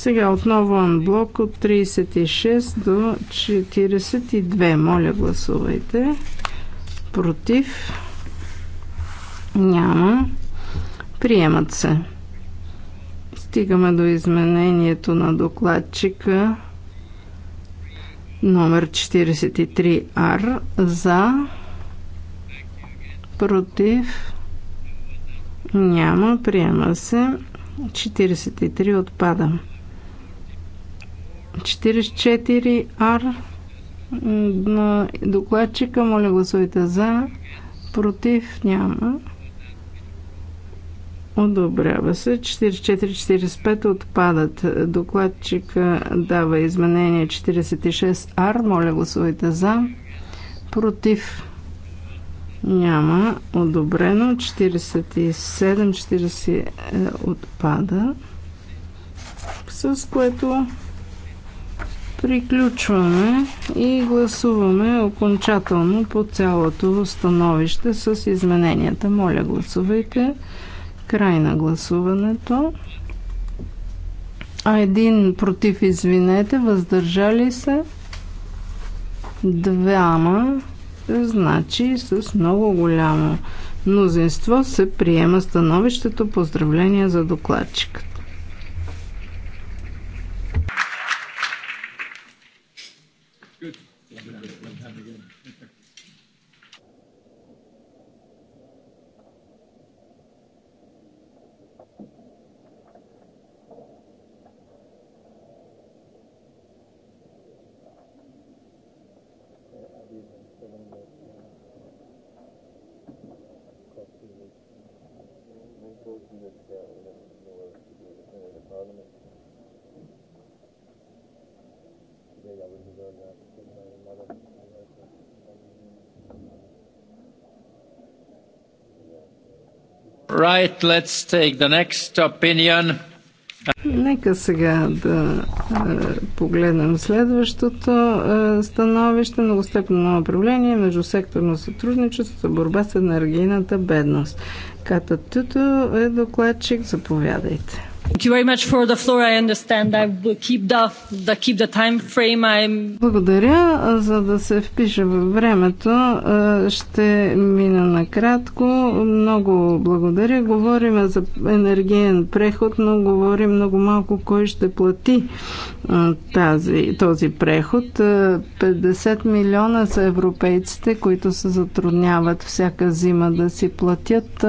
Сега отново анблок от 36 до 42. Моля, гласувайте. Против. Няма. Приемат се. Стигаме до изменението на докладчика номер 43R за против няма, приема се 43 отпада. 44R на докладчика. Моля гласувайте за. Против няма. Одобрява се. 44-45 отпадат. Докладчика дава изменение 46R. Моля гласувайте за. Против няма. Одобрено. 47-40 е, отпада. С което Приключваме и гласуваме окончателно по цялото становище с измененията. Моля, гласувайте. Край на гласуването. А един против, извинете, въздържали се двама, значи с много голямо мнозинство се приема становището. Поздравления за докладчиката. Right, let's take the next opinion. Нека сега да погледнем следващото становище. Многостепенно управление, секторно сътрудничество за борба с енергийната бедност. Ката Тюто е докладчик. Заповядайте. Благодаря. За да се впиша във времето, ще мина накратко. Много благодаря. Говорим за енергиен преход, но говорим много малко кой ще плати тази, този преход. 50 милиона са европейците, които се затрудняват всяка зима да си платят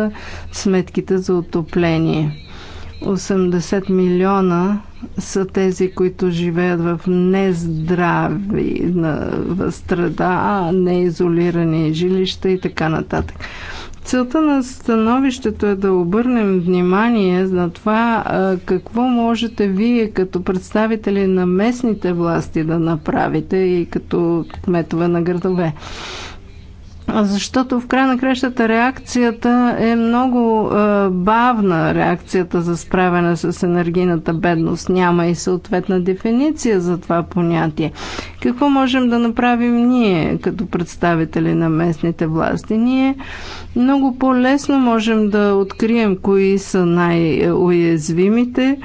сметките за отопление. 80 милиона са тези, които живеят в нездрави на страда, неизолирани жилища и така нататък. Целта на становището е да обърнем внимание на това какво можете вие като представители на местните власти да направите и като кметове на градове. Защото в край на кращата реакцията е много е, бавна, реакцията за справяне с енергийната бедност. Няма и съответна дефиниция за това понятие. Какво можем да направим ние, като представители на местните власти? Ние много по-лесно можем да открием кои са най-уязвимите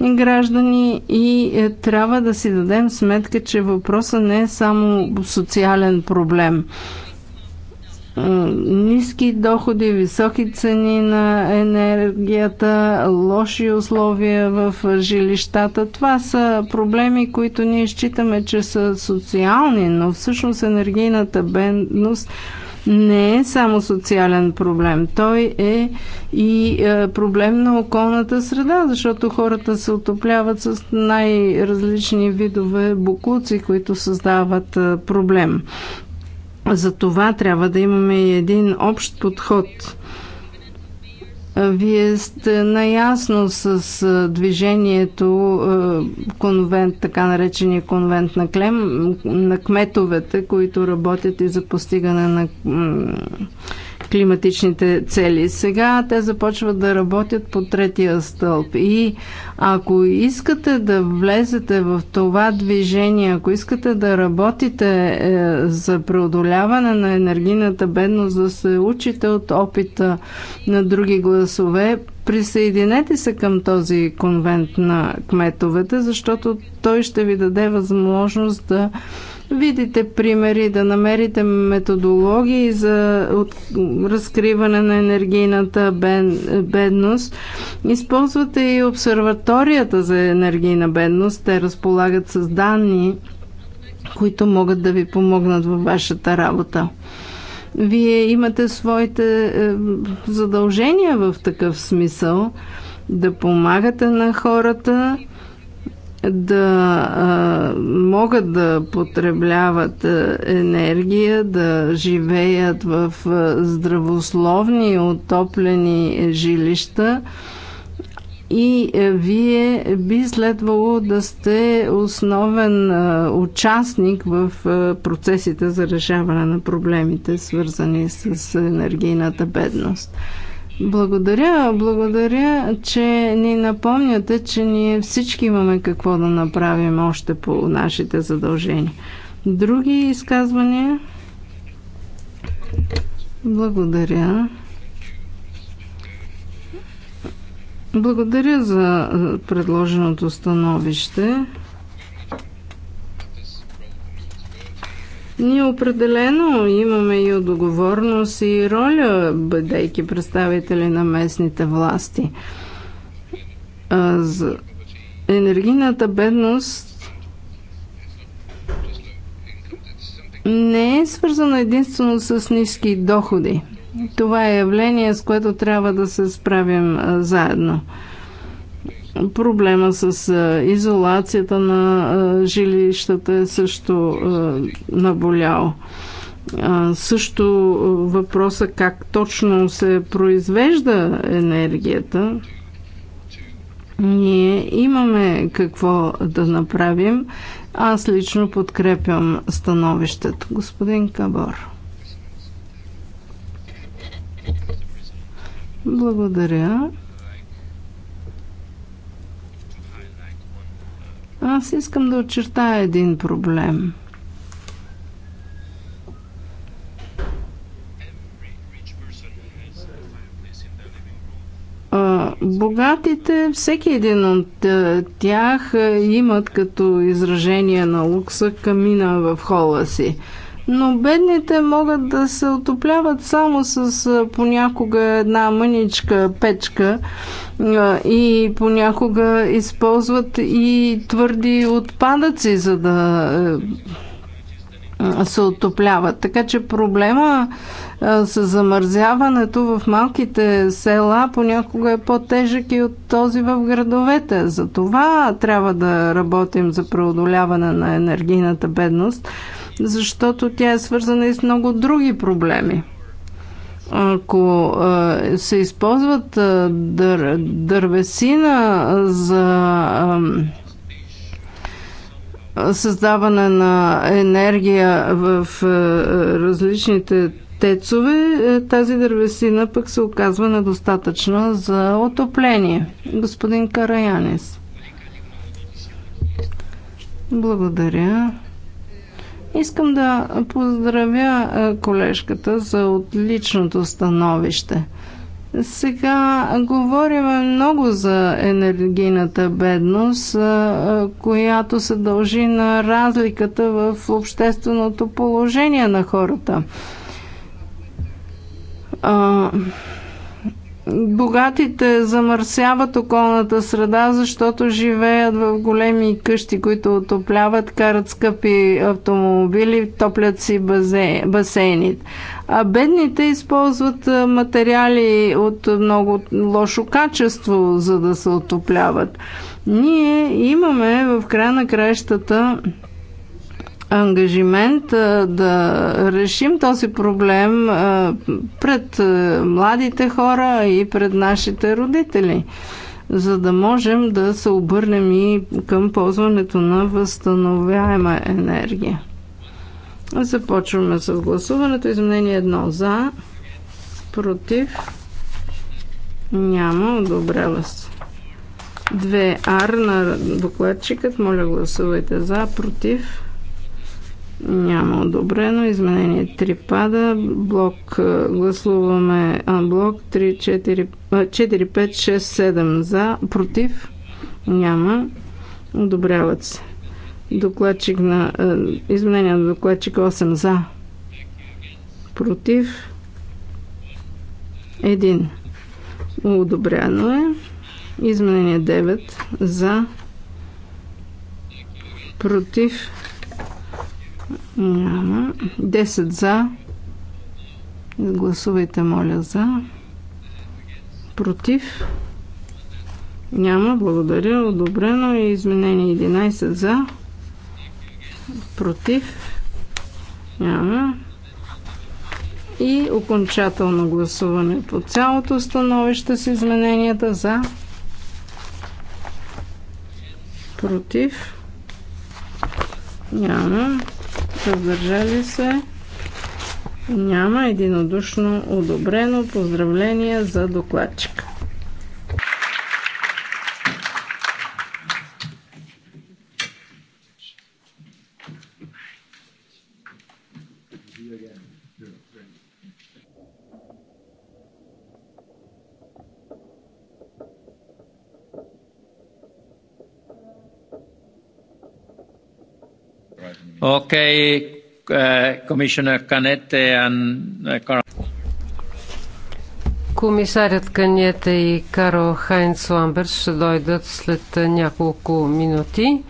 граждани и е, трябва да си дадем сметка, че въпросът не е само социален проблем ниски доходи, високи цени на енергията, лоши условия в жилищата. Това са проблеми, които ние считаме, че са социални, но всъщност енергийната бедност не е само социален проблем. Той е и е, проблем на околната среда, защото хората се отопляват с най-различни видове буклуци, които създават е, проблем. За това трябва да имаме и един общ подход. Вие сте наясно с движението конвент, така наречения конвент на Клем, на кметовете, които работят и за постигане на климатичните цели. Сега те започват да работят по третия стълб. И ако искате да влезете в това движение, ако искате да работите е, за преодоляване на енергийната бедност, да се учите от опита на други гласове, присъединете се към този конвент на кметовете, защото той ще ви даде възможност да видите примери, да намерите методологии за от, разкриване на енергийната бен, бедност. Използвате и обсерваторията за енергийна бедност. Те разполагат с данни, които могат да ви помогнат във вашата работа. Вие имате своите е, задължения в такъв смисъл да помагате на хората да а, могат да потребляват енергия, да живеят в здравословни, отоплени жилища. И вие би следвало да сте основен участник в процесите за решаване на проблемите, свързани с енергийната бедност. Благодаря, благодаря, че ни напомняте, че ние всички имаме какво да направим още по нашите задължения. Други изказвания? Благодаря. Благодаря за предложеното становище. Ние определено имаме и отговорност и роля, бъдейки представители на местните власти. За енергийната бедност не е свързана единствено с ниски доходи. Това е явление, с което трябва да се справим заедно. Проблема с изолацията на жилищата е също наболял. Също въпроса как точно се произвежда енергията. Ние имаме какво да направим. Аз лично подкрепям становището. Господин Кабор. Благодаря. Аз искам да очертая един проблем. Богатите, всеки един от тях имат като изражение на лукса камина в хола си но бедните могат да се отопляват само с понякога една мъничка печка и понякога използват и твърди отпадъци, за да се отопляват. Така че проблема с замързяването в малките села понякога е по-тежък и от този в градовете. За това трябва да работим за преодоляване на енергийната бедност – защото тя е свързана и с много други проблеми. Ако се използват дър, дървесина за създаване на енергия в различните тецове, е, тази дървесина пък се оказва недостатъчна за отопление. Господин Караянис. Благодаря. Искам да поздравя колежката за отличното становище. Сега говорим много за енергийната бедност, която се дължи на разликата в общественото положение на хората Богатите замърсяват околната среда, защото живеят в големи къщи, които отопляват, карат скъпи автомобили, топлят си басейните. А бедните използват материали от много лошо качество, за да се отопляват. Ние имаме в края на краищата ангажимент да решим този проблем пред младите хора и пред нашите родители, за да можем да се обърнем и към ползването на възстановяема енергия. Започваме с гласуването. Изменение едно за, против, няма, одобрява се. Две Ар на докладчикът. Моля гласувайте за, против, няма одобрено. Изменение 3 пада. Блок гласуваме блок 3, 4, 5, 6, 7 за. Против? Няма. Одобряват се. Докладчик на, изменение на докладчик 8 за. Против? 1. Одобряно е. Изменение 9 за. Против? Няма. 10 за. Гласувайте, моля, за. Против. Няма. Благодаря. Одобрено. И изменение 11 за. Против. Няма. И окончателно гласуване по цялото становище с измененията за. Против. Няма. Съдържали се, няма единодушно одобрено. Поздравление за докладчика. again. Okay, uh, Commissioner Canete and eh, Комисарят Канета и Карл Хайнц Ламберт ще дойдат след е, няколко минути.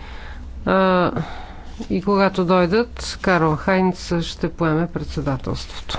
И когато дойдат, Карл Хайнц ще поеме председателството.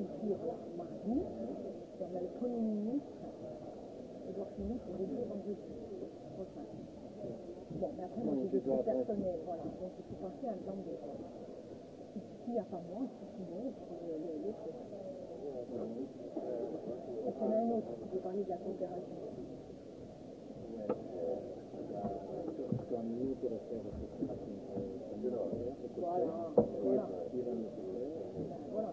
réfléchir par nous, on le Premier ministre, Edouard Philippe, pour réduire en deux prochain. Bon, mais après, moi, j'ai des trucs voilà. Donc, il faut penser à un de choses. Ici, à part moi, ici, tout le monde, l'autre. Parce qu'il un autre, je vais parler de la coopération. Quand nous, pour faire cette coopération, voilà. Voilà. Voilà.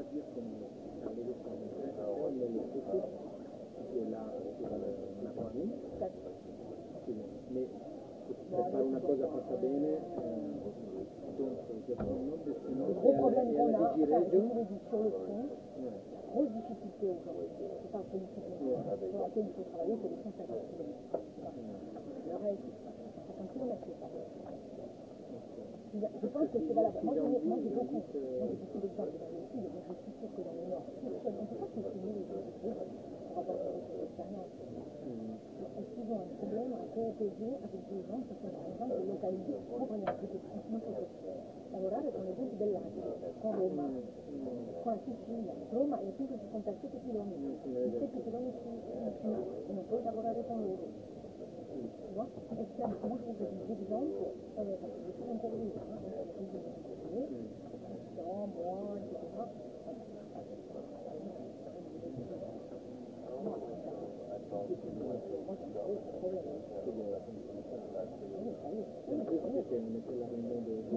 mais per fare cosa fatta bene eh, a, c'est juridique sur grosse difficulté aujourd'hui, je pense que c'est valable. Moi, j'ai, beaucoup, moi, j'ai beaucoup d'exemples dans les études, mais je suis sûr que dans le Nord, on ne peut pas continuer les autres par rapport à Il y a souvent un problème à coopérer avec des gens qui sont, train de localiser pour rien, qui sont franchement professionnels. Lavorare con le gente dell'Asia, con Roma, con Sicilia. Roma è a km, 7 km in più, non lavorare con loro wat het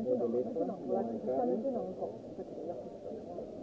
Grazie.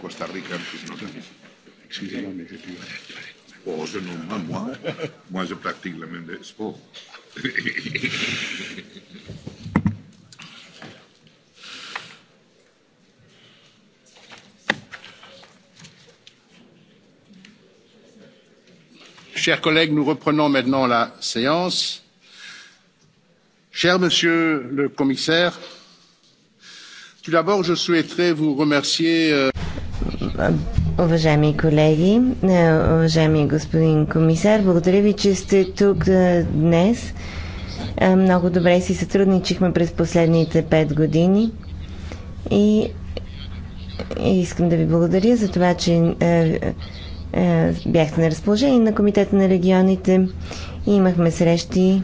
Costa Rica, Excusez-moi, je suis... Oh, je n'en pas moi. Moi, je pratique le même sport. Chers collègues, nous reprenons maintenant la séance. Cher Monsieur le Commissaire, tout d'abord, je souhaiterais vous remercier. Euh, уважаеми колеги, е, уважаеми господин комисар, благодаря ви, че сте тук е, днес. Е, много добре си сътрудничихме през последните пет години и искам да ви благодаря за това, че е, бяхте на разположение на Комитета на регионите и имахме срещи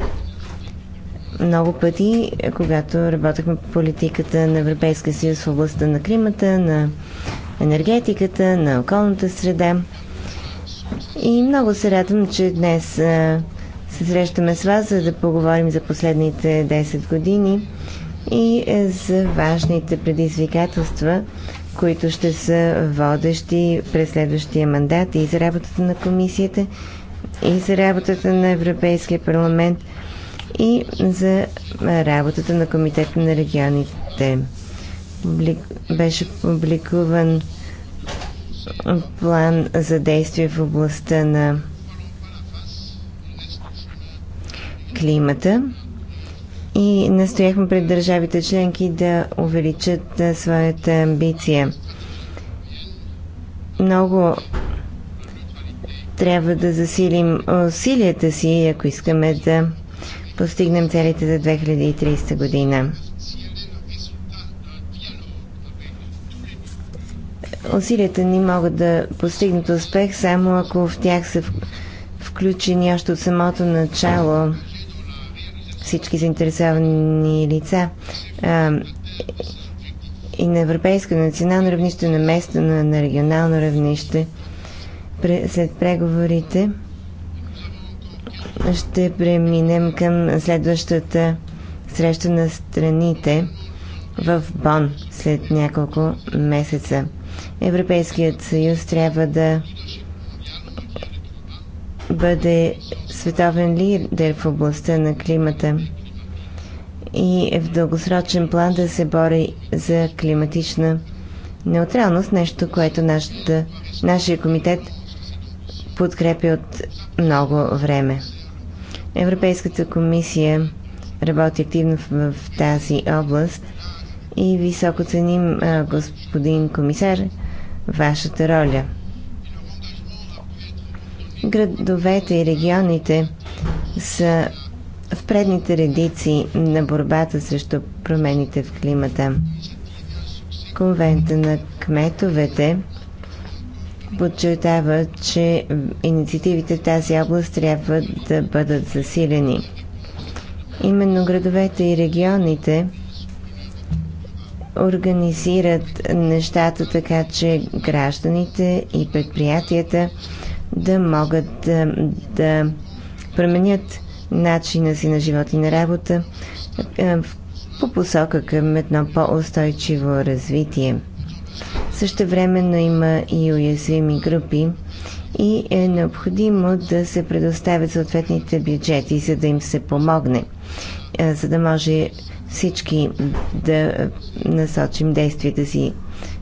много пъти, когато работехме по политиката на Европейския съюз в областта на климата, на енергетиката, на околната среда. И много се радвам, че днес е, се срещаме с вас, за да поговорим за последните 10 години и е, за важните предизвикателства, които ще са водещи през следващия мандат и за работата на комисията, и за работата на Европейския парламент, и за работата на Комитета на регионите. Беше публикуван план за действие в областта на климата и настояхме пред държавите членки да увеличат своята амбиция. Много трябва да засилим усилията си, ако искаме да постигнем целите за 2030 година. Усилията ни могат да постигнат успех само ако в тях са включени още от самото начало всички заинтересовани лица и на европейско, на национално равнище, на место, на, на регионално равнище. След преговорите ще преминем към следващата среща на страните в Бон след няколко месеца. Европейският съюз трябва да бъде световен лидер в областта на климата и е в дългосрочен план да се бори за климатична неутралност, нещо, което нашата, нашия комитет подкрепи от много време. Европейската комисия работи активно в, в тази област и високо ценим, господин комисар, вашата роля – Градовете и регионите са в предните редици на борбата срещу промените в климата. Конвента на кметовете подчертава, че инициативите в тази област трябва да бъдат засилени. Именно градовете и регионите организират нещата така, че гражданите и предприятията – да могат да, да променят начина си на живот и на работа е, по посока към едно по-устойчиво развитие. Също времено има и уязвими групи и е необходимо да се предоставят съответните бюджети, за да им се помогне, е, за да може всички да е, насочим действията си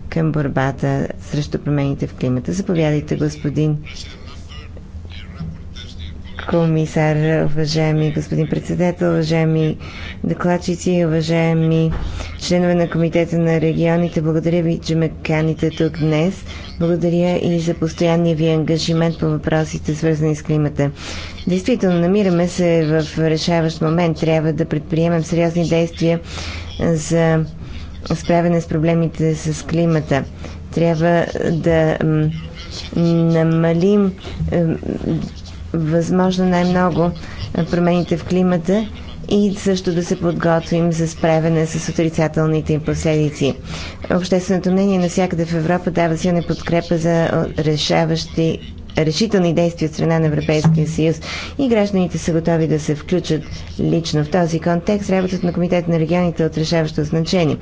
към борбата срещу промените в климата. Заповядайте, господин комисар, уважаеми господин председател, уважаеми докладчици, уважаеми членове на Комитета на регионите. Благодаря ви, че ме каните тук днес. Благодаря и за постоянния ви ангажимент по въпросите, свързани с климата. Действително, намираме се в решаващ момент. Трябва да предприемем сериозни действия за справяне с проблемите с климата. Трябва да намалим възможно най-много промените в климата и също да се подготвим за справяне с отрицателните им последици. Общественото мнение навсякъде в Европа дава силна подкрепа за решаващи решителни действия от страна на Европейския съюз и гражданите са готови да се включат лично. В този контекст работата на Комитет на регионите е от решаващо значение.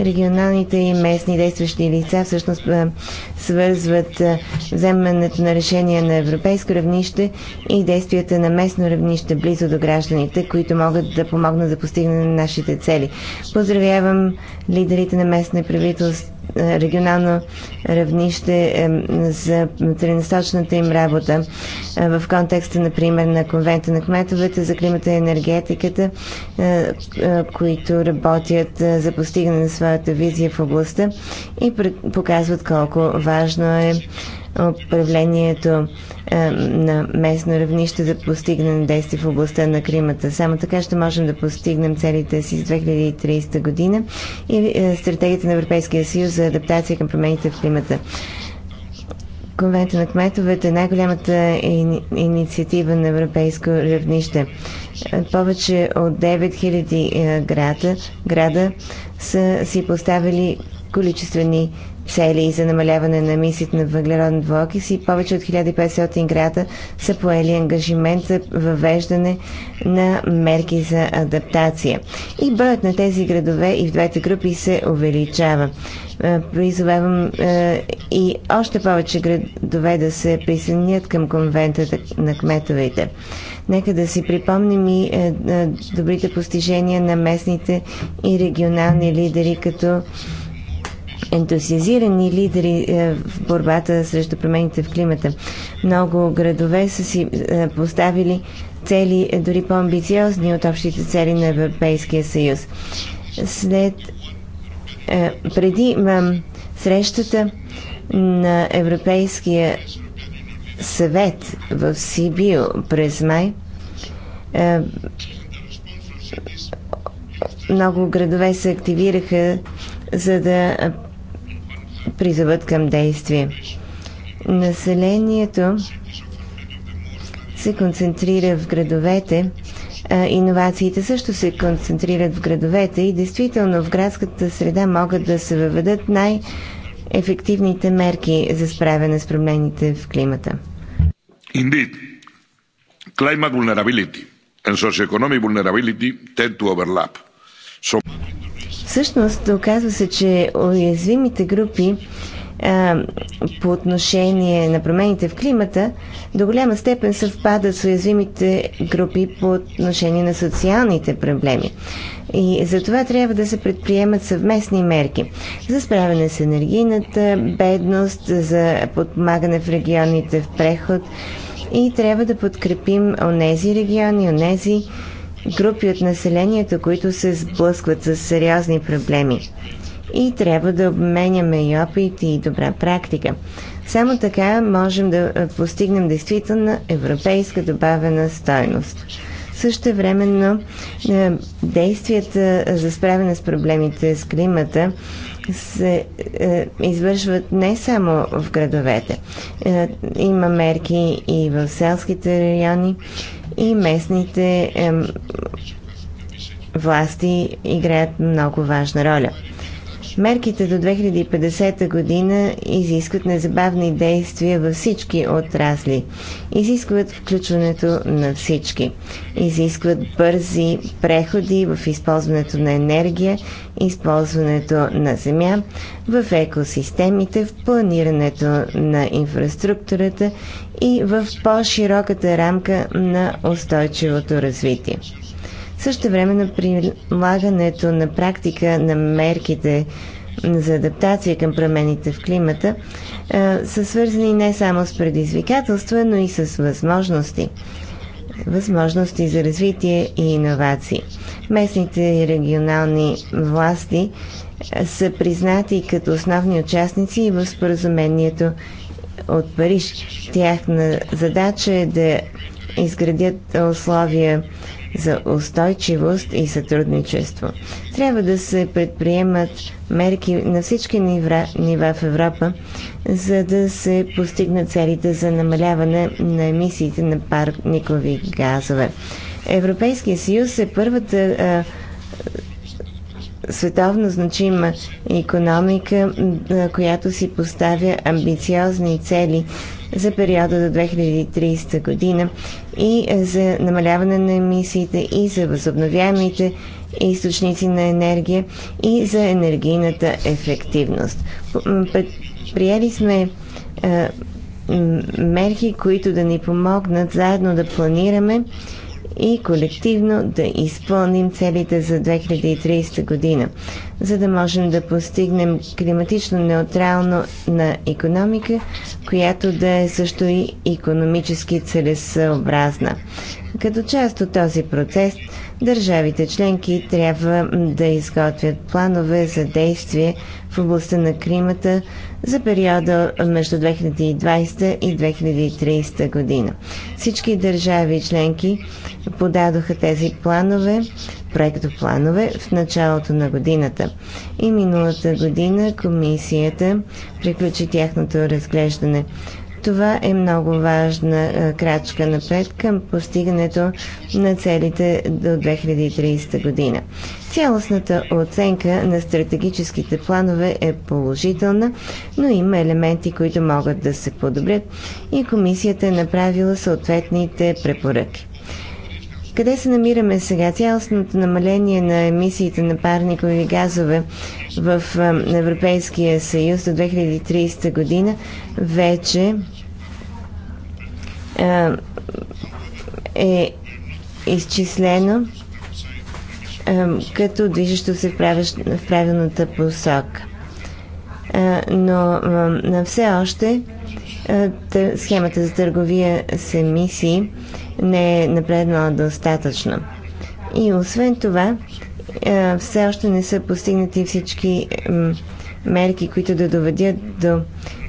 Регионалните и местни действащи лица всъщност свързват вземането на решения на европейско равнище и действията на местно равнище близо до гражданите, които могат да помогнат за постигане на нашите цели. Поздравявам лидерите на местна правителство регионално равнище е, за целенасочната им работа е, в контекста, например, на конвента на кметовете за климата и енергетиката, е, които работят за постигане на своята визия в областта и показват колко важно е управлението е, на местно равнище да постигнем действие в областта на климата. Само така ще можем да постигнем целите си с 2030 година и е, стратегията на Европейския съюз за адаптация към промените в климата. Конвента на кметовете е най-голямата инициатива на европейско равнище. Е, повече от 9000 града, града са си поставили количествени цели за намаляване на емисиите на въглероден двуокис и повече от 1500 града са поели ангажимент за въвеждане на мерки за адаптация. И броят на тези градове и в двете групи се увеличава. Е, призовавам е, и още повече градове да се присъединят към конвентата на кметовете. Нека да си припомним и е, добрите постижения на местните и регионални лидери, като ентусиазирани лидери е, в борбата срещу промените в климата. Много градове са си е, поставили цели е, дори по-амбициозни от общите цели на Европейския съюз. След преди срещата на Европейския съвет в Сибио през май, много градове се активираха, за да призоват към действие. Населението се концентрира в градовете, а иновациите също се концентрират в градовете и действително в градската среда могат да се въведат най-ефективните мерки за справяне с промените в климата. Indeed, climate vulnerability and socioeconomic vulnerability tend to overlap. So... Всъщност, оказва се, че уязвимите групи а, по отношение на промените в климата до голяма степен съвпадат с уязвимите групи по отношение на социалните проблеми. И за това трябва да се предприемат съвместни мерки за справяне с енергийната бедност, за подпомагане в регионите в преход и трябва да подкрепим онези региони, онези групи от населението, които се сблъскват с сериозни проблеми. И трябва да обменяме и опит и добра практика. Само така можем да постигнем действителна европейска добавена стойност. Също времено действията за справяне с проблемите с климата се е, извършват не само в градовете. Е, има мерки и в селските райони и местните власти играят много важна роля. Мерките до 2050 година изискват незабавни действия във всички отрасли. Изискват включването на всички. Изискват бързи преходи в използването на енергия, използването на земя, в екосистемите, в планирането на инфраструктурата и в по-широката рамка на устойчивото развитие. Също време на прилагането на практика на мерките за адаптация към промените в климата са свързани не само с предизвикателства, но и с възможности. Възможности за развитие и иновации. Местните и регионални власти са признати като основни участници в споразумението от Париж. Тяхна задача е да изградят условия за устойчивост и сътрудничество. Трябва да се предприемат мерки на всички нива, нива в Европа, за да се постигнат целите за намаляване на емисиите на парникови газове. Европейския съюз е първата а, световно значима економика, която си поставя амбициозни цели за периода до 2030 година и е, за намаляване на емисиите и за възобновяемите източници на енергия и за енергийната ефективност. Приели сме е, мерки, които да ни помогнат заедно да планираме и колективно да изпълним целите за 2030 година, за да можем да постигнем климатично неутрално на економика, която да е също и економически целесъобразна. Като част от този процес Държавите членки трябва да изготвят планове за действие в областта на климата за периода между 2020 и 2030 година. Всички държави членки подадоха тези планове, проектопланове в началото на годината. И миналата година комисията приключи тяхното разглеждане. Това е много важна е, крачка напред към постигането на целите до 2030 година. Цялостната оценка на стратегическите планове е положителна, но има елементи, които могат да се подобрят и комисията е направила съответните препоръки. Къде се намираме сега? Цялостното намаление на емисиите на парникови газове в е, Европейския съюз до 2030 година вече е, е изчислено е, като движещо се в правилната посока. Но на все още е, схемата за търговия с емисии не е напреднала достатъчно. И освен това, е, все още не са постигнати всички мерки, които да доведят до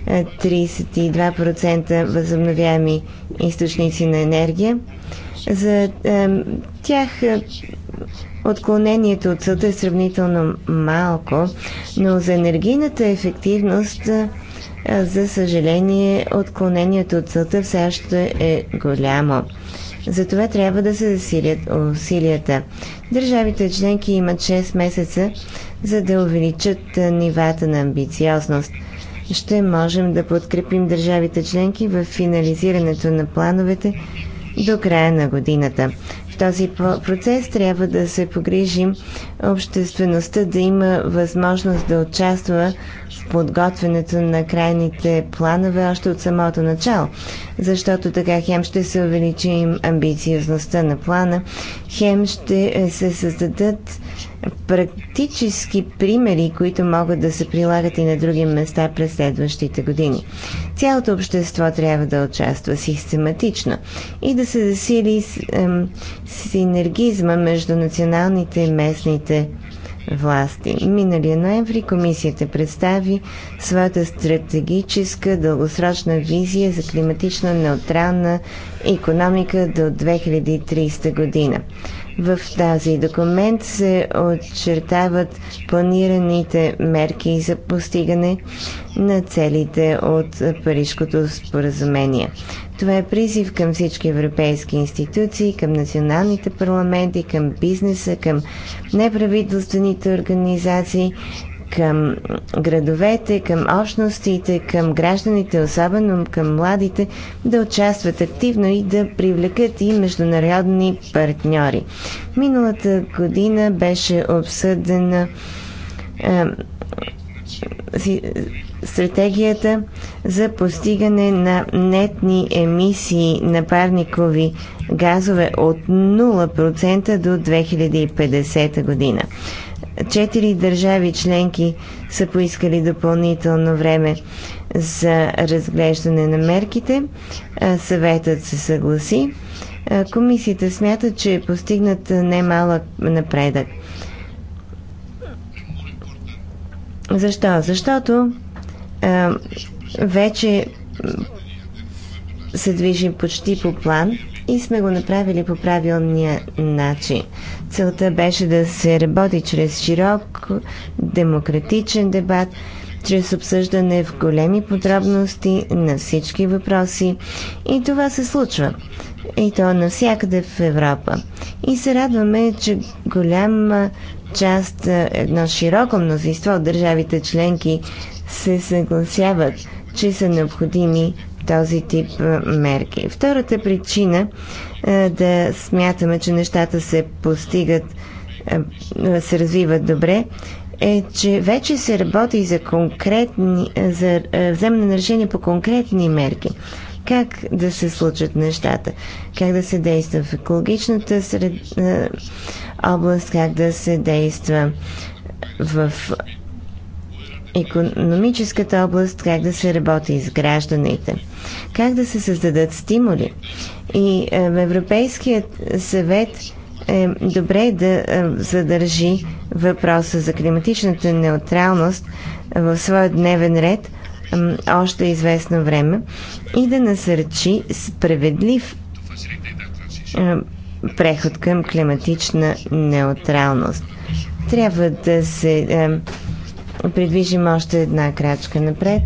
32% е, възобновяеми източници на енергия. За тях отклонението от целта е сравнително малко, но за енергийната ефективност за съжаление, отклонението от целта все още е голямо. Затова трябва да се засилят усилията. Държавите членки имат 6 месеца, за да увеличат нивата на амбициозност. Ще можем да подкрепим държавите членки в финализирането на плановете до края на годината в този процес трябва да се погрижим обществеността да има възможност да участва в подготвянето на крайните планове още от самото начало, защото така хем ще се увеличи амбициозността на плана, хем ще се създадат практически примери, които могат да се прилагат и на други места през следващите години. Цялото общество трябва да участва систематично и да се засили синергизма между националните и местните власти. Миналия ноември комисията представи своята стратегическа дългосрочна визия за климатично неутрална економика до 2030 година. В тази документ се очертават планираните мерки за постигане на целите от Парижското споразумение. Това е призив към всички европейски институции, към националните парламенти, към бизнеса, към неправителствените организации към градовете, към общностите, към гражданите, особено към младите, да участват активно и да привлекат и международни партньори. Миналата година беше обсъдена стратегията за постигане на нетни емисии на парникови газове от 0% до 2050 година. Четири държави членки са поискали допълнително време за разглеждане на мерките. Съветът се съгласи. Комисията смята, че е постигнат немалък напредък. Защо? Защото а, вече се движим почти по план и сме го направили по правилния начин. Целта беше да се работи чрез широк, демократичен дебат, чрез обсъждане в големи подробности на всички въпроси. И това се случва. И то навсякъде в Европа. И се радваме, че голяма част, едно широко мнозинство от държавите членки се съгласяват, че са необходими този тип мерки. Втората причина да смятаме, че нещата се постигат, се развиват добре, е, че вече се работи за конкретни, за вземане на решение по конкретни мерки. Как да се случат нещата, как да се действа в екологичната сред, област, как да се действа в економическата област, как да се работи с гражданите, как да се създадат стимули. И е, Европейският съвет е добре да е, задържи въпроса за климатичната неутралност в своя дневен ред още известно време и да насърчи справедлив е, преход към климатична неутралност. Трябва да се придвижим още една крачка напред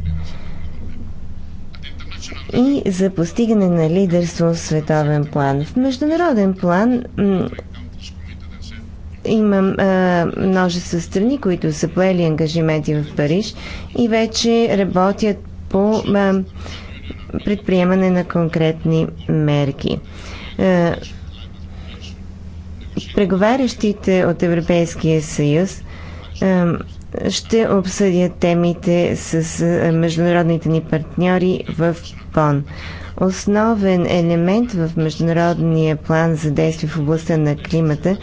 и за постигане на лидерство в световен план. В международен план имам а, множество страни, които са поели ангажименти в Париж и вече работят по а, предприемане на конкретни мерки. А, преговарящите от Европейския съюз а, ще обсъдят темите с международните ни партньори в Бон. Основен елемент в Международния план за действие в областта на климата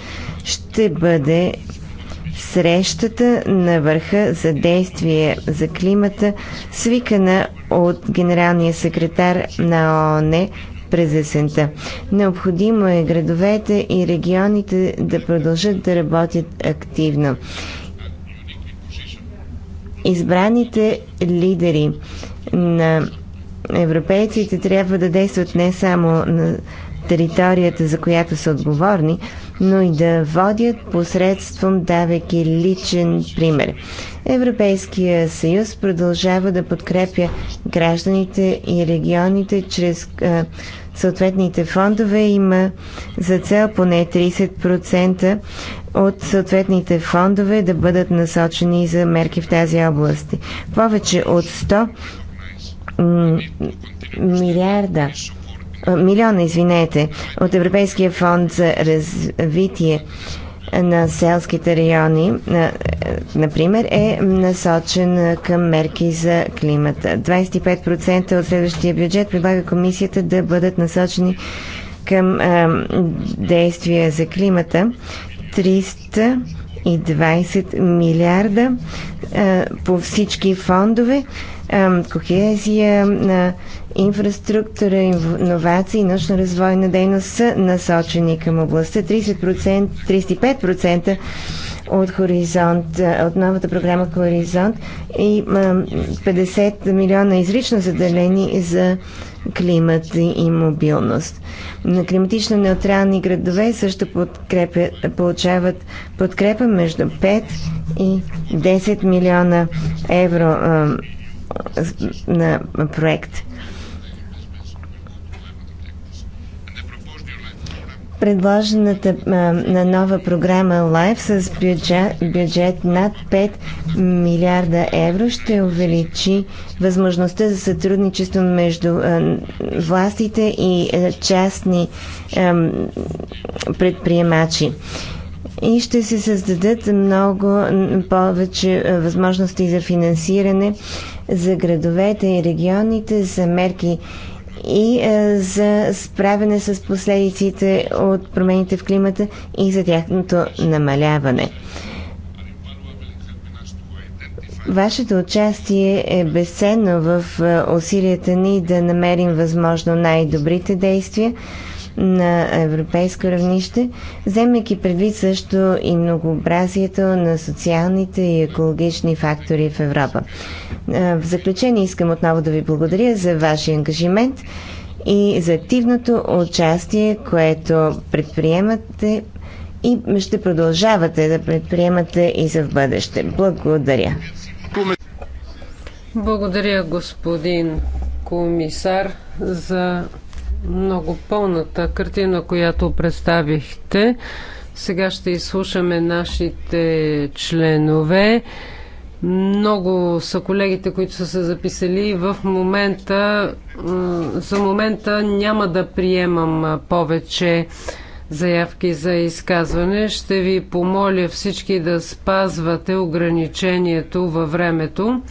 ще бъде срещата на върха за действие за климата, свикана от генералния секретар на ООН през есента. Необходимо е градовете и регионите да продължат да работят активно избраните лидери на европейците трябва да действат не само на територията, за която са отговорни, но и да водят посредством, давайки личен пример. Европейския съюз продължава да подкрепя гражданите и регионите чрез а, съответните фондове. Има за цел поне 30% от съответните фондове да бъдат насочени за мерки в тази област. Повече от 100 милиарда милиона, извинете, от Европейския фонд за развитие на селските райони, например, е насочен към мерки за климата. 25% от следващия бюджет предлага комисията да бъдат насочени към действия за климата. 300 и 20 милиарда а, по всички фондове кохезия, инфраструктура, иновации, научно развойна дейност са насочени към областта. 30%, 35% от Хоризонт, от новата програма Хоризонт и 50 милиона изрично заделени за климат и мобилност. На климатично неутрални градове също подкрепя, получават подкрепа между 5 и 10 милиона евро на проект. предложената а, на нова програма LIFE с бюджет, бюджет над 5 милиарда евро ще увеличи възможността за сътрудничество между а, властите и а, частни а, предприемачи. А, и ще се създадат много повече е, възможности за финансиране за градовете и регионите, за мерки и е, за справяне с последиците от промените в климата и за тяхното намаляване. Вашето участие е безценно в е, усилията ни да намерим възможно най-добрите действия на европейско равнище, вземайки предвид също и многообразието на социалните и екологични фактори в Европа. В заключение искам отново да ви благодаря за вашия ангажимент и за активното участие, което предприемате и ще продължавате да предприемате и за в бъдеще. Благодаря. Благодаря, господин комисар, за много пълната картина, която представихте. Сега ще изслушаме нашите членове. Много са колегите, които са се записали. В момента, за момента няма да приемам повече заявки за изказване. Ще ви помоля всички да спазвате ограничението във времето.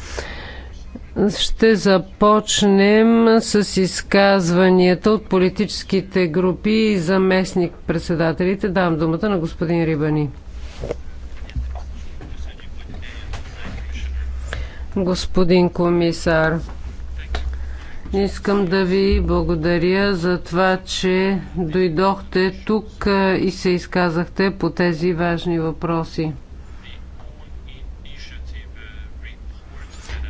Ще започнем с изказванията от политическите групи и заместник председателите. Дам думата на господин Рибани. Господин комисар, искам да ви благодаря за това, че дойдохте тук и се изказахте по тези важни въпроси.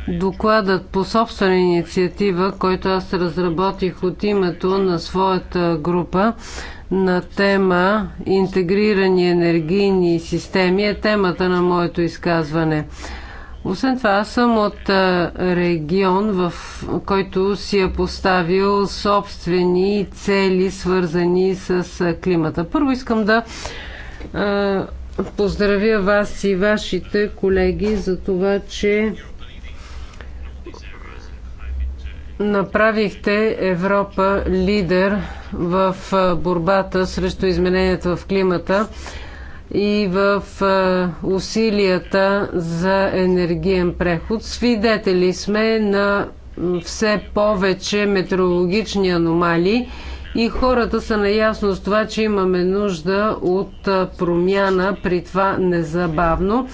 Докладът по собствена инициатива, който аз разработих от името на своята група на тема Интегрирани енергийни системи е темата на моето изказване. Освен това, аз съм от регион, в който си е поставил собствени цели, свързани с климата. Първо искам да поздравя вас и вашите колеги за това, че Направихте Европа лидер в борбата срещу измененията в климата и в усилията за енергиен преход. Свидетели сме на все повече метеорологични аномалии и хората са наясно с това, че имаме нужда от промяна при това незабавно.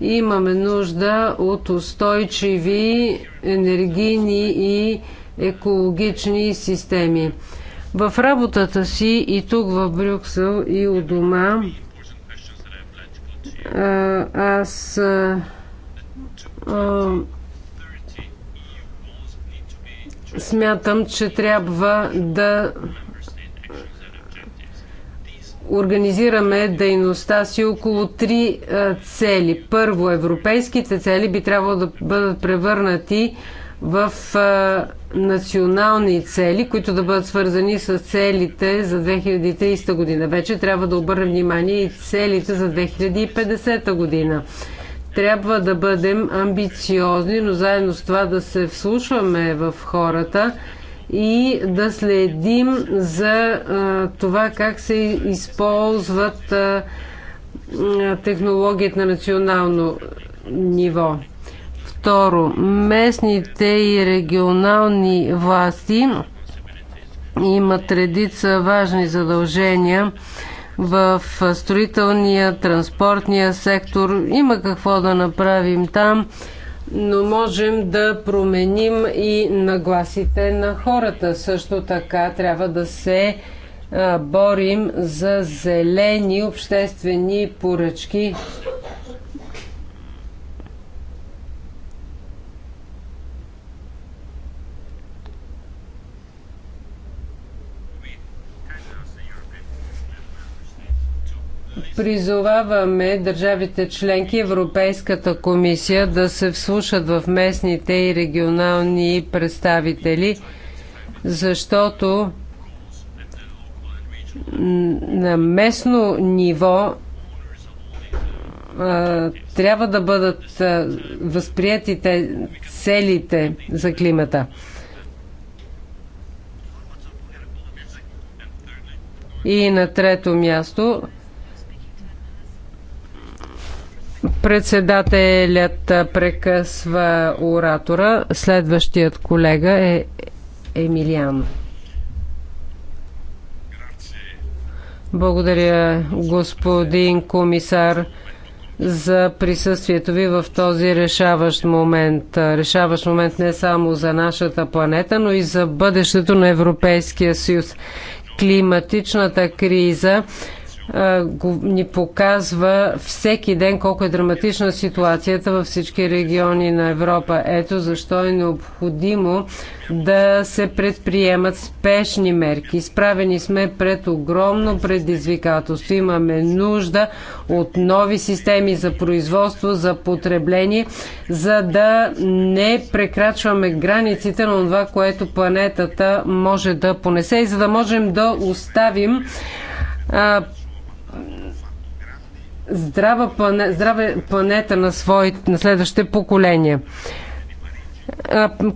Имаме нужда от устойчиви енергийни и екологични системи. В работата си и тук в Брюксел и у дома аз а, смятам, че трябва да организираме дейността си около три е, цели. Първо, европейските цели би трябвало да бъдат превърнати в е, национални цели, които да бъдат свързани с целите за 2030 година. Вече трябва да обърнем внимание и целите за 2050 година. Трябва да бъдем амбициозни, но заедно с това да се вслушваме в хората – и да следим за а, това как се използват а, на национално ниво. Второ, местните и регионални власти имат редица важни задължения в строителния, транспортния сектор. Има какво да направим там но можем да променим и нагласите на хората. Също така трябва да се борим за зелени обществени поръчки Призоваваме държавите членки Европейската комисия да се вслушат в местните и регионални представители, защото на местно ниво трябва да бъдат възприяти целите за климата. И на трето място Председателят прекъсва оратора. Следващият колега е Емилиан. Благодаря, господин комисар, за присъствието ви в този решаващ момент. Решаващ момент не само за нашата планета, но и за бъдещето на Европейския съюз. Климатичната криза ни показва всеки ден колко е драматична ситуацията във всички региони на Европа. Ето защо е необходимо да се предприемат спешни мерки. Изправени сме пред огромно предизвикателство. Имаме нужда от нови системи за производство, за потребление, за да не прекрачваме границите на това, което планетата може да понесе и за да можем да оставим здрава, плане, здрава планета на, свой, на следващите поколения.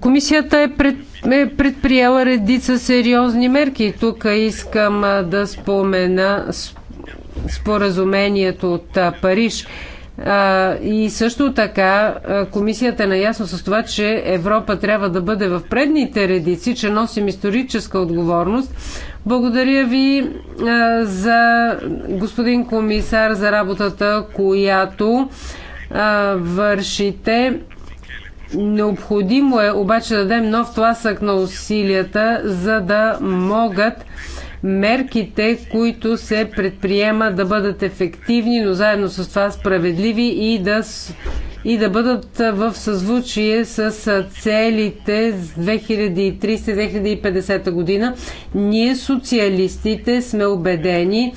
Комисията е, пред, е предприела редица сериозни мерки. Тук искам да спомена споразумението от Париж. И също така комисията е наясно с това, че Европа трябва да бъде в предните редици, че носим историческа отговорност благодаря ви за господин комисар за работата, която вършите. Необходимо е обаче да дадем нов тласък на усилията, за да могат мерките, които се предприемат да бъдат ефективни, но заедно с това справедливи и да, и да бъдат в съзвучие с целите 2030-2050 година. Ние, социалистите, сме убедени,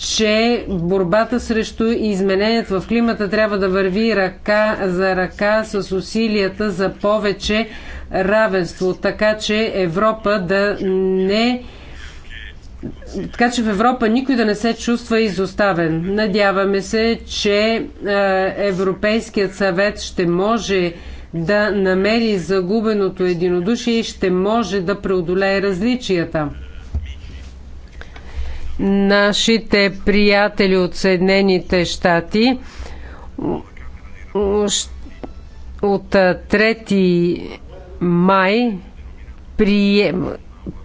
че борбата срещу изменението в климата трябва да върви ръка за ръка с усилията за повече равенство, така че Европа да не така че в Европа никой да не се чувства изоставен. Надяваме се, че е, Европейският съвет ще може да намери загубеното единодушие и ще може да преодолее различията. Нашите приятели от Съединените щати от 3 е, май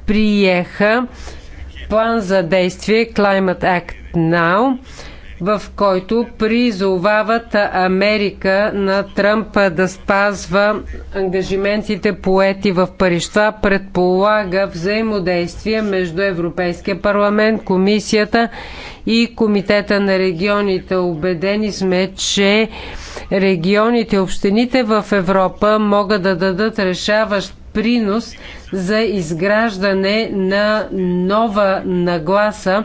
приеха план за действие Climate Act Now, в който призовават Америка на Тръмп да спазва ангажиментите поети в Париж. Това предполага взаимодействие между Европейския парламент, комисията и Комитета на регионите. Обедени сме, че регионите, общините в Европа могат да дадат решаващ принос за изграждане на нова нагласа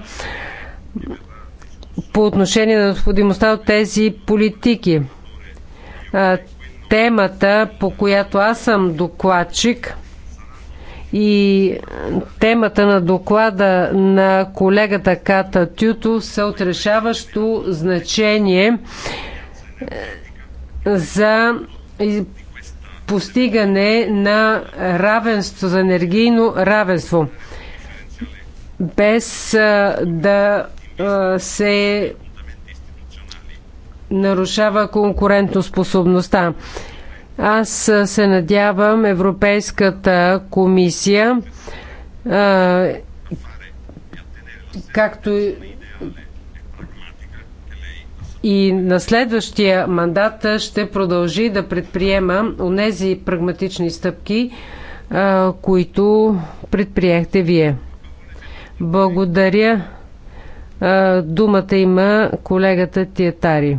по отношение на необходимостта от тези политики. Темата, по която аз съм докладчик и темата на доклада на колегата Ката Тюто са отрешаващо значение за постигане на равенство, за енергийно равенство, без да се нарушава конкурентоспособността. Аз се надявам Европейската комисия, както и на следващия мандат ще продължи да предприема онези прагматични стъпки, които предприехте вие. Благодаря. Думата има колегата Тиетари.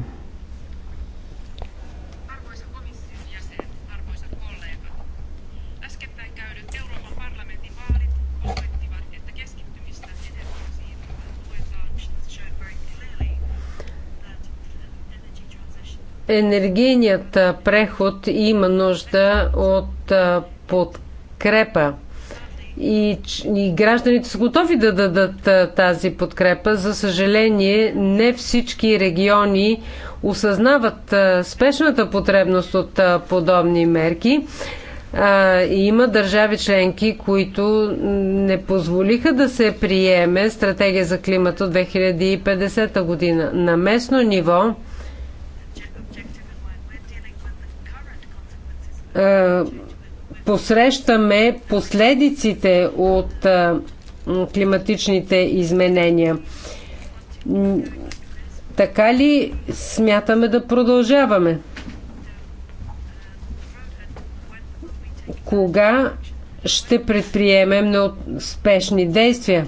Енергийният преход има нужда от подкрепа и, и гражданите са готови да дадат тази подкрепа. За съжаление, не всички региони осъзнават спешната потребност от подобни мерки. има държави членки, които не позволиха да се приеме стратегия за климата от 2050 година. На местно ниво Е, посрещаме последиците от е, климатичните изменения. Така ли смятаме да продължаваме? Кога ще предприемем спешни действия?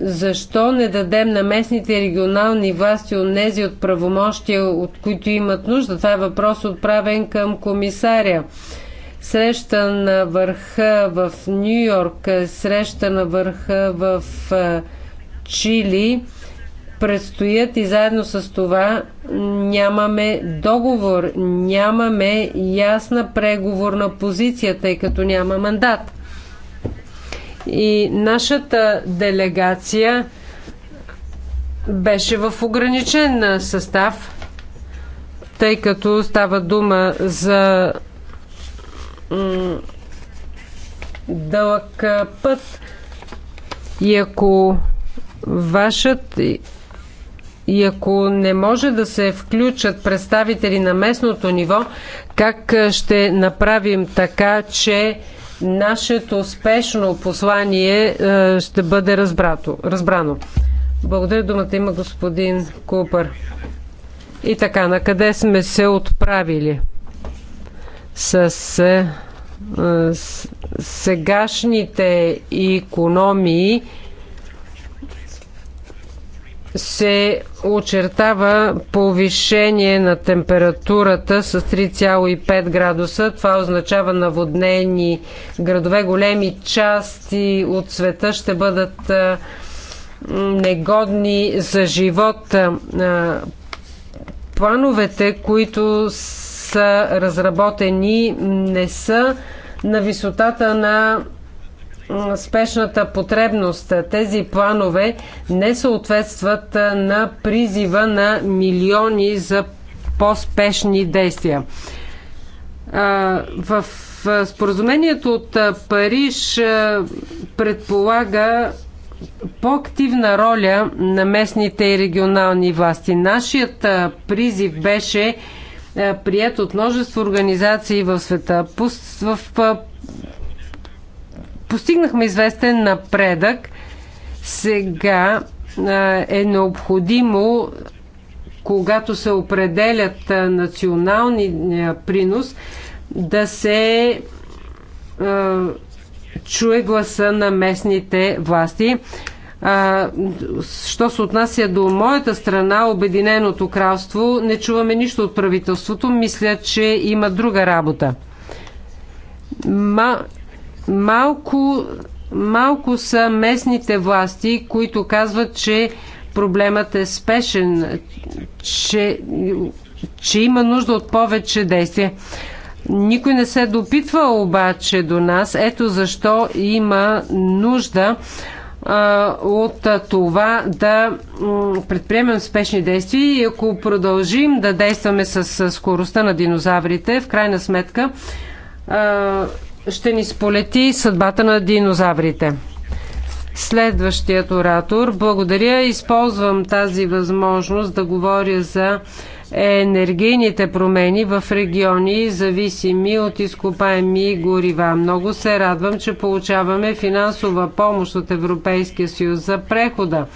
Защо не дадем на местните регионални власти от нези от правомощия, от които имат нужда? Това е въпрос отправен към комисаря. Среща на върха в Нью Йорк, среща на върха в Чили предстоят и заедно с това нямаме договор, нямаме ясна преговорна позиция, тъй като няма мандат. И нашата делегация беше в ограничен състав, тъй като става дума за дълъг път. И ако вашът и ако не може да се включат представители на местното ниво, как ще направим така, че нашето спешно послание е, ще бъде разбрато, разбрано. Благодаря думата има господин Купър. И така, на къде сме се отправили с, е, е, с сегашните икономии? се очертава повишение на температурата с 3,5 градуса. Това означава наводнени градове. Големи части от света ще бъдат негодни за живот. Плановете, които са разработени, не са на висотата на спешната потребност. Тези планове не съответстват на призива на милиони за по-спешни действия. В споразумението от Париж предполага по-активна роля на местните и регионални власти. Нашият призив беше прият от множество организации в света. В постигнахме известен напредък. Сега е необходимо, когато се определят национални принос, да се чуе гласа на местните власти. А, що се отнася до моята страна, Обединеното кралство, не чуваме нищо от правителството. Мисля, че има друга работа. Ма, Малко, малко са местните власти, които казват, че проблемът е спешен, че, че има нужда от повече действия. Никой не се допитва обаче до нас. Ето защо има нужда а, от това да предприемем спешни действия и ако продължим да действаме с скоростта на динозаврите, в крайна сметка а, ще ни сполети съдбата на динозаврите. Следващият оратор. Благодаря. Използвам тази възможност да говоря за енергийните промени в региони, зависими от изкопаеми горива. Много се радвам, че получаваме финансова помощ от Европейския съюз за прехода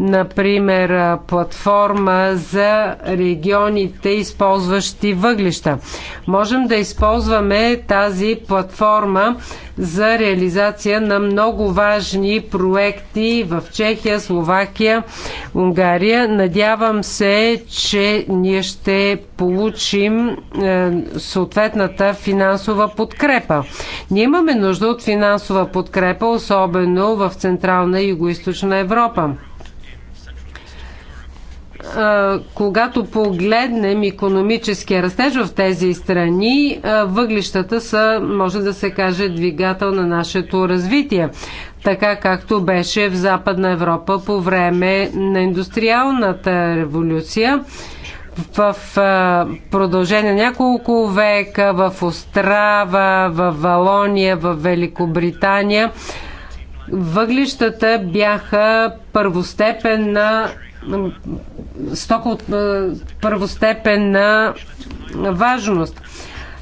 например, платформа за регионите, използващи въглища. Можем да използваме тази платформа за реализация на много важни проекти в Чехия, Словакия, Унгария. Надявам се, че ние ще получим е, съответната финансова подкрепа. Ние имаме нужда от финансова подкрепа, особено в Централна и Юго-Источна Европа когато погледнем економическия растеж в тези страни, въглищата са, може да се каже, двигател на нашето развитие. Така както беше в Западна Европа по време на индустриалната революция в продължение няколко века в Острава, в Валония, в Великобритания. Въглищата бяха първостепенна стока от първостепенна важност.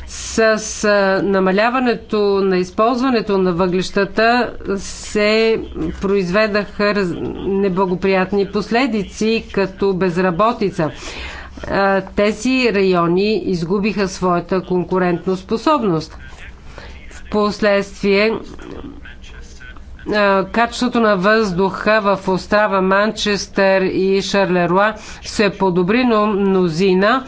С намаляването на използването на въглищата се произведаха неблагоприятни последици, като безработица тези райони изгубиха своята конкурентно способност. Впоследствие качеството на въздуха в Острава Манчестър и Шарлеруа се подобри, но мнозина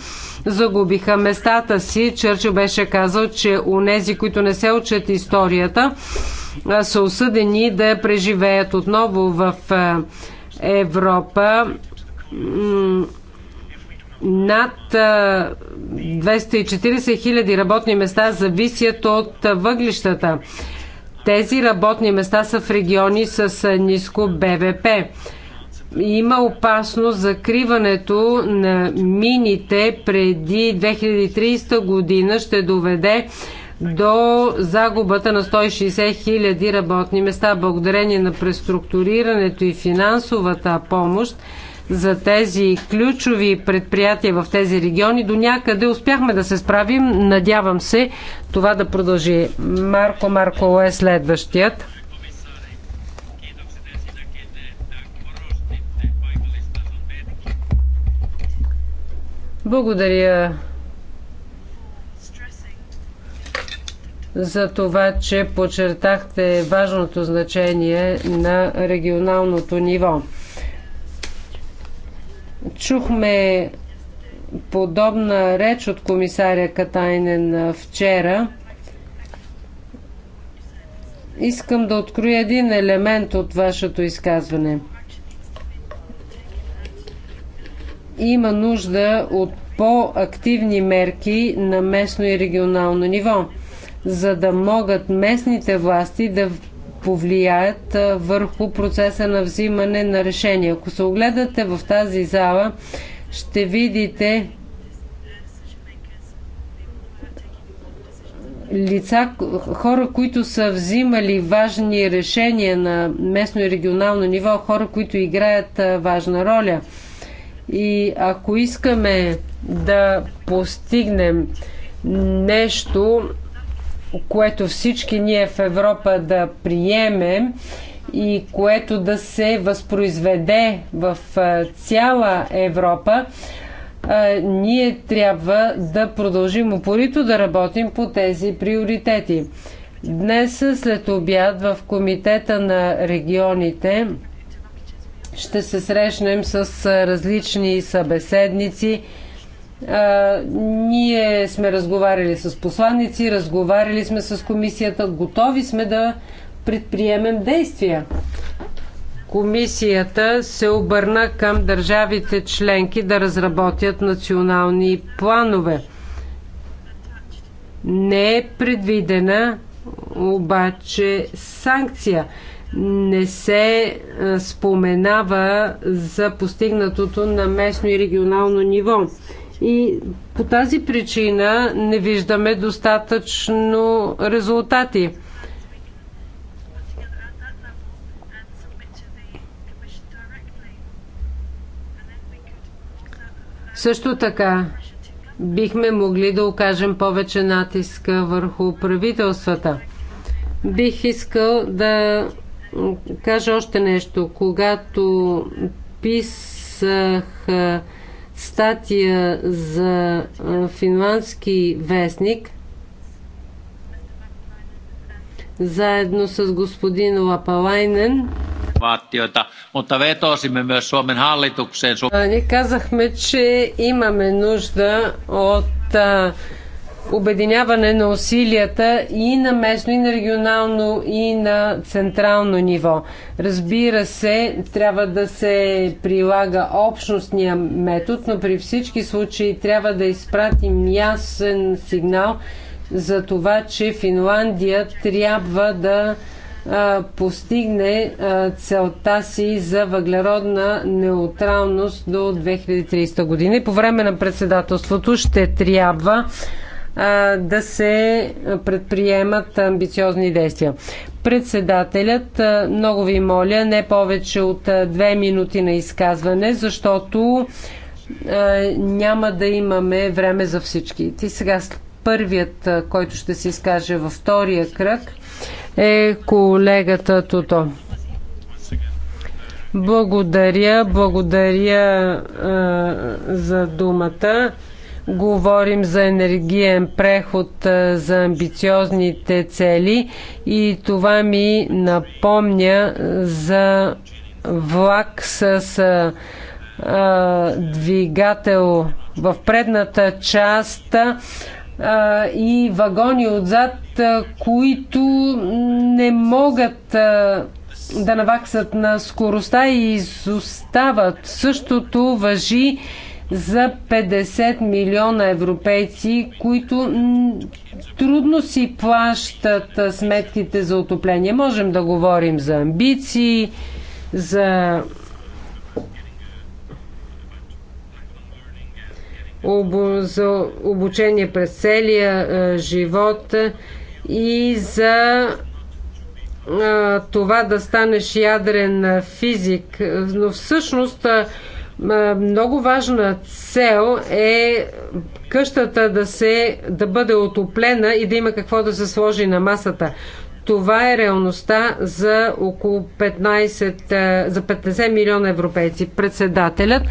загубиха местата си. Черчил беше казал, че унези, които не се учат историята, са осъдени да преживеят отново в Европа. Над 240 хиляди работни места зависят от въглищата. Тези работни места са в региони с ниско БВП. Има опасност за криването на мините преди 2030 година ще доведе до загубата на 160 хиляди работни места. Благодарение на преструктурирането и финансовата помощ, за тези ключови предприятия в тези региони. До някъде успяхме да се справим. Надявам се това да продължи. Марко Марко е следващият. Благодаря за това, че подчертахте важното значение на регионалното ниво. Чухме подобна реч от комисаря Катайнен вчера. Искам да откроя един елемент от вашето изказване. Има нужда от по-активни мерки на местно и регионално ниво, за да могат местните власти да повлияят върху процеса на взимане на решения. Ако се огледате в тази зала, ще видите лица, хора, които са взимали важни решения на местно и регионално ниво, хора, които играят важна роля. И ако искаме да постигнем нещо, което всички ние в Европа да приемем и което да се възпроизведе в цяла Европа, ние трябва да продължим упорито да работим по тези приоритети. Днес след обяд в Комитета на регионите ще се срещнем с различни събеседници – а, ние сме разговаряли с посланници, разговаряли сме с комисията, готови сме да предприемем действия. Комисията се обърна към държавите членки да разработят национални планове. Не е предвидена обаче санкция. Не се споменава за постигнатото на местно и регионално ниво. И по тази причина не виждаме достатъчно резултати. Също така, бихме могли да окажем повече натиска върху правителствата. Бих искал да кажа още нещо. Когато писах статия за финландски вестник заедно с господин Лапалайнен. Mutta vetosimme myös Suomen hallitukseen. Ние казахме, че имаме нужда от обединяване на усилията и на местно, и на регионално, и на централно ниво. Разбира се, трябва да се прилага общностния метод, но при всички случаи трябва да изпратим ясен сигнал за това, че Финландия трябва да постигне целта си за въглеродна неутралност до 2030 година. И по време на председателството ще трябва да се предприемат амбициозни действия. Председателят, много ви моля, не повече от две минути на изказване, защото няма да имаме време за всички. Ти сега първият, който ще се изкаже във втория кръг, е колегата Тото. Благодаря, благодаря за думата. Говорим за енергиен преход, за амбициозните цели и това ми напомня за влак с двигател в предната част и вагони отзад, които не могат да наваксат на скоростта и изостават. Същото въжи за 50 милиона европейци, които трудно си плащат сметките за отопление. Можем да говорим за амбиции, за за обучение през целия живот и за това да станеш ядрен физик. Но всъщност много важна цел е къщата да, се, да бъде отоплена и да има какво да се сложи на масата. Това е реалността за около 15, за 50 милиона европейци. Председателят,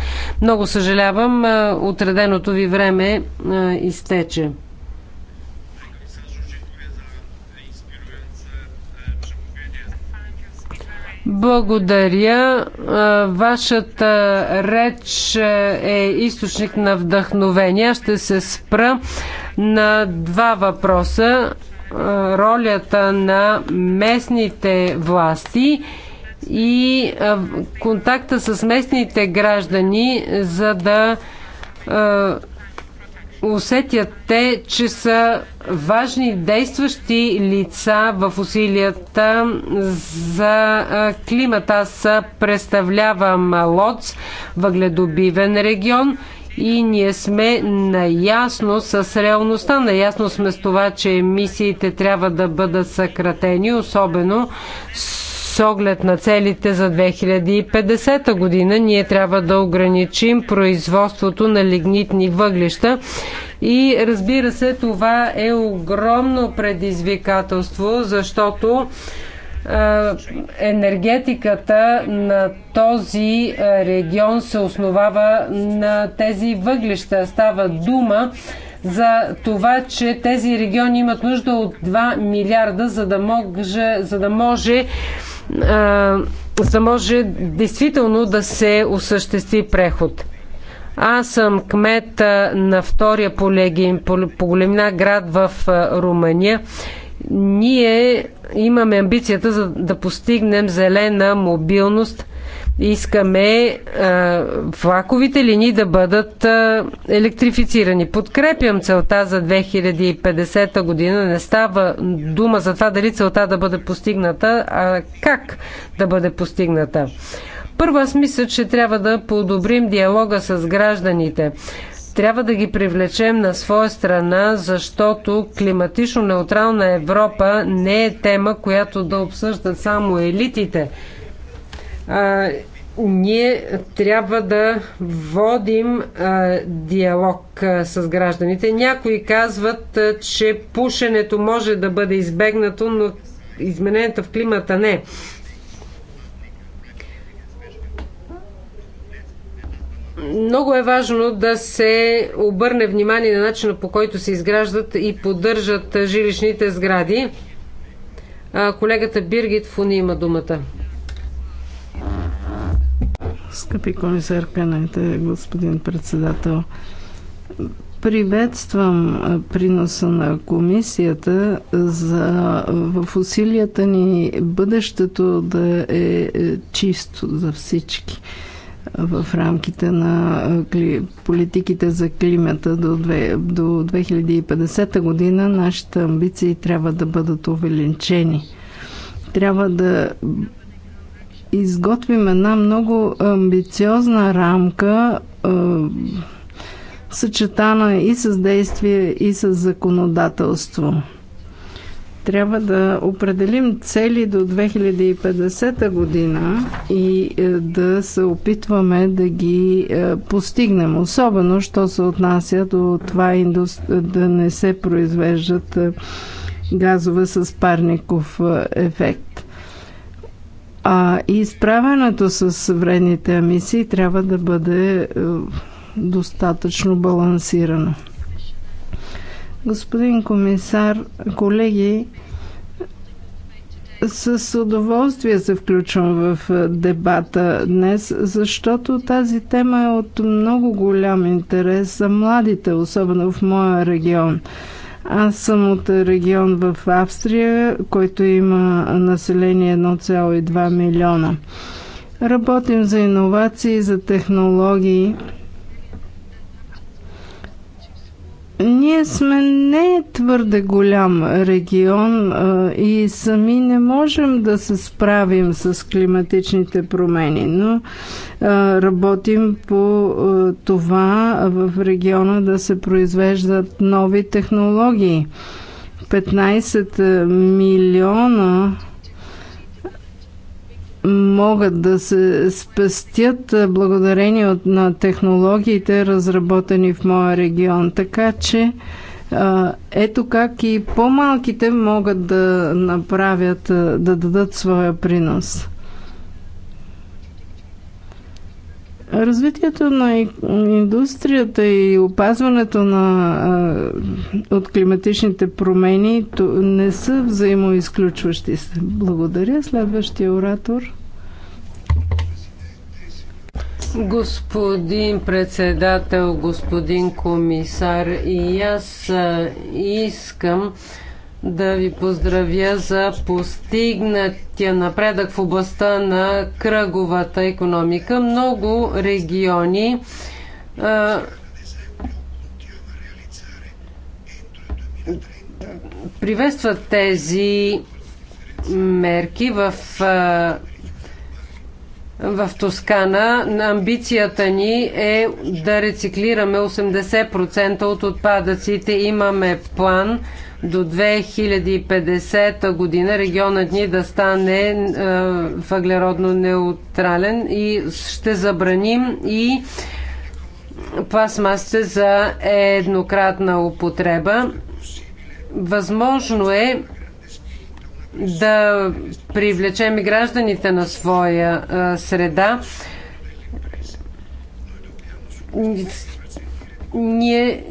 много съжалявам, отреденото ви време изтече. Благодаря. Вашата реч е източник на вдъхновение. Ще се спра на два въпроса. Ролята на местните власти и контакта с местните граждани, за да усетят те, че са важни действащи лица в усилията за климата. Аз представлявам Лоц, въгледобивен регион и ние сме наясно с реалността, наясно сме с това, че емисиите трябва да бъдат съкратени, особено с с оглед на целите за 2050 година ние трябва да ограничим производството на лигнитни въглища и разбира се, това е огромно предизвикателство, защото енергетиката на този регион се основава на тези въглища. Става дума за това, че тези региони имат нужда от 2 милиарда, за да може, за да може за да може действително да се осъществи преход. Аз съм кмет на втория по, леги, по, по големина град в Румъния. Ние имаме амбицията за да постигнем зелена мобилност – Искаме а, влаковите линии да бъдат а, електрифицирани. Подкрепям целта за 2050 година. Не става дума за това дали целта да бъде постигната, а как да бъде постигната. Първо аз мисля, че трябва да подобрим диалога с гражданите трябва да ги привлечем на своя страна, защото климатично неутрална Европа не е тема, която да обсъждат само елитите а, ние трябва да водим а, диалог а, с гражданите. Някои казват, а, че пушенето може да бъде избегнато, но изменението в климата не. Много е важно да се обърне внимание на начина по който се изграждат и поддържат жилищните сгради. Колегата Биргит Фуни има думата. Скъпи комисар Канете, господин председател, приветствам приноса на комисията за в усилията ни бъдещето да е, е чисто за всички в рамките на политиките за климата до 2050 година нашите амбиции трябва да бъдат увеличени. Трябва да изготвим една много амбициозна рамка, съчетана и с действие, и с законодателство. Трябва да определим цели до 2050 година и е, да се опитваме да ги е, постигнем, особено що се отнася до това да не се произвеждат е, газове с парников ефект. А и справянето с вредните емисии трябва да бъде е, достатъчно балансирано. Господин комисар, колеги, с удоволствие се включвам в е, дебата днес, защото тази тема е от много голям интерес за младите, особено в моя регион – аз съм от регион в Австрия, който има население 1,2 милиона. Работим за иновации, за технологии Ние сме не твърде голям регион а, и сами не можем да се справим с климатичните промени, но а, работим по а, това в региона да се произвеждат нови технологии. 15 милиона могат да се спестят е, благодарение от, на технологиите, разработени в моя регион. Така че ето как и по-малките могат да направят, е, да дадат своя принос. Развитието на индустрията и опазването на, от климатичните промени не са взаимоизключващи се. Благодаря. Следващия оратор. Господин председател, господин комисар, и аз искам да ви поздравя за постигнатия напредък в областта на кръговата економика. Много региони приветстват тези мерки в а, в Тоскана. Амбицията ни е да рециклираме 80% от отпадъците. Имаме план до 2050 година регионът ни да стане е, въглеродно неутрален и ще забраним и пластмасите за еднократна употреба. Възможно е да привлечем и гражданите на своя среда. Ние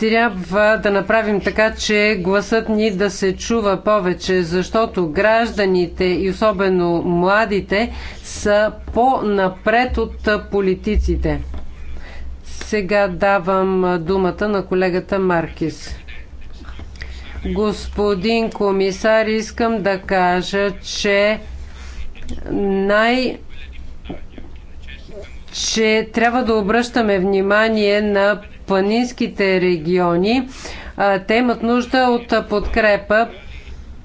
трябва да направим така, че гласът ни да се чува повече, защото гражданите и особено младите са по-напред от политиците. Сега давам думата на колегата Маркис. Господин комисар, искам да кажа, че най- че трябва да обръщаме внимание на планинските региони. Те имат нужда от подкрепа.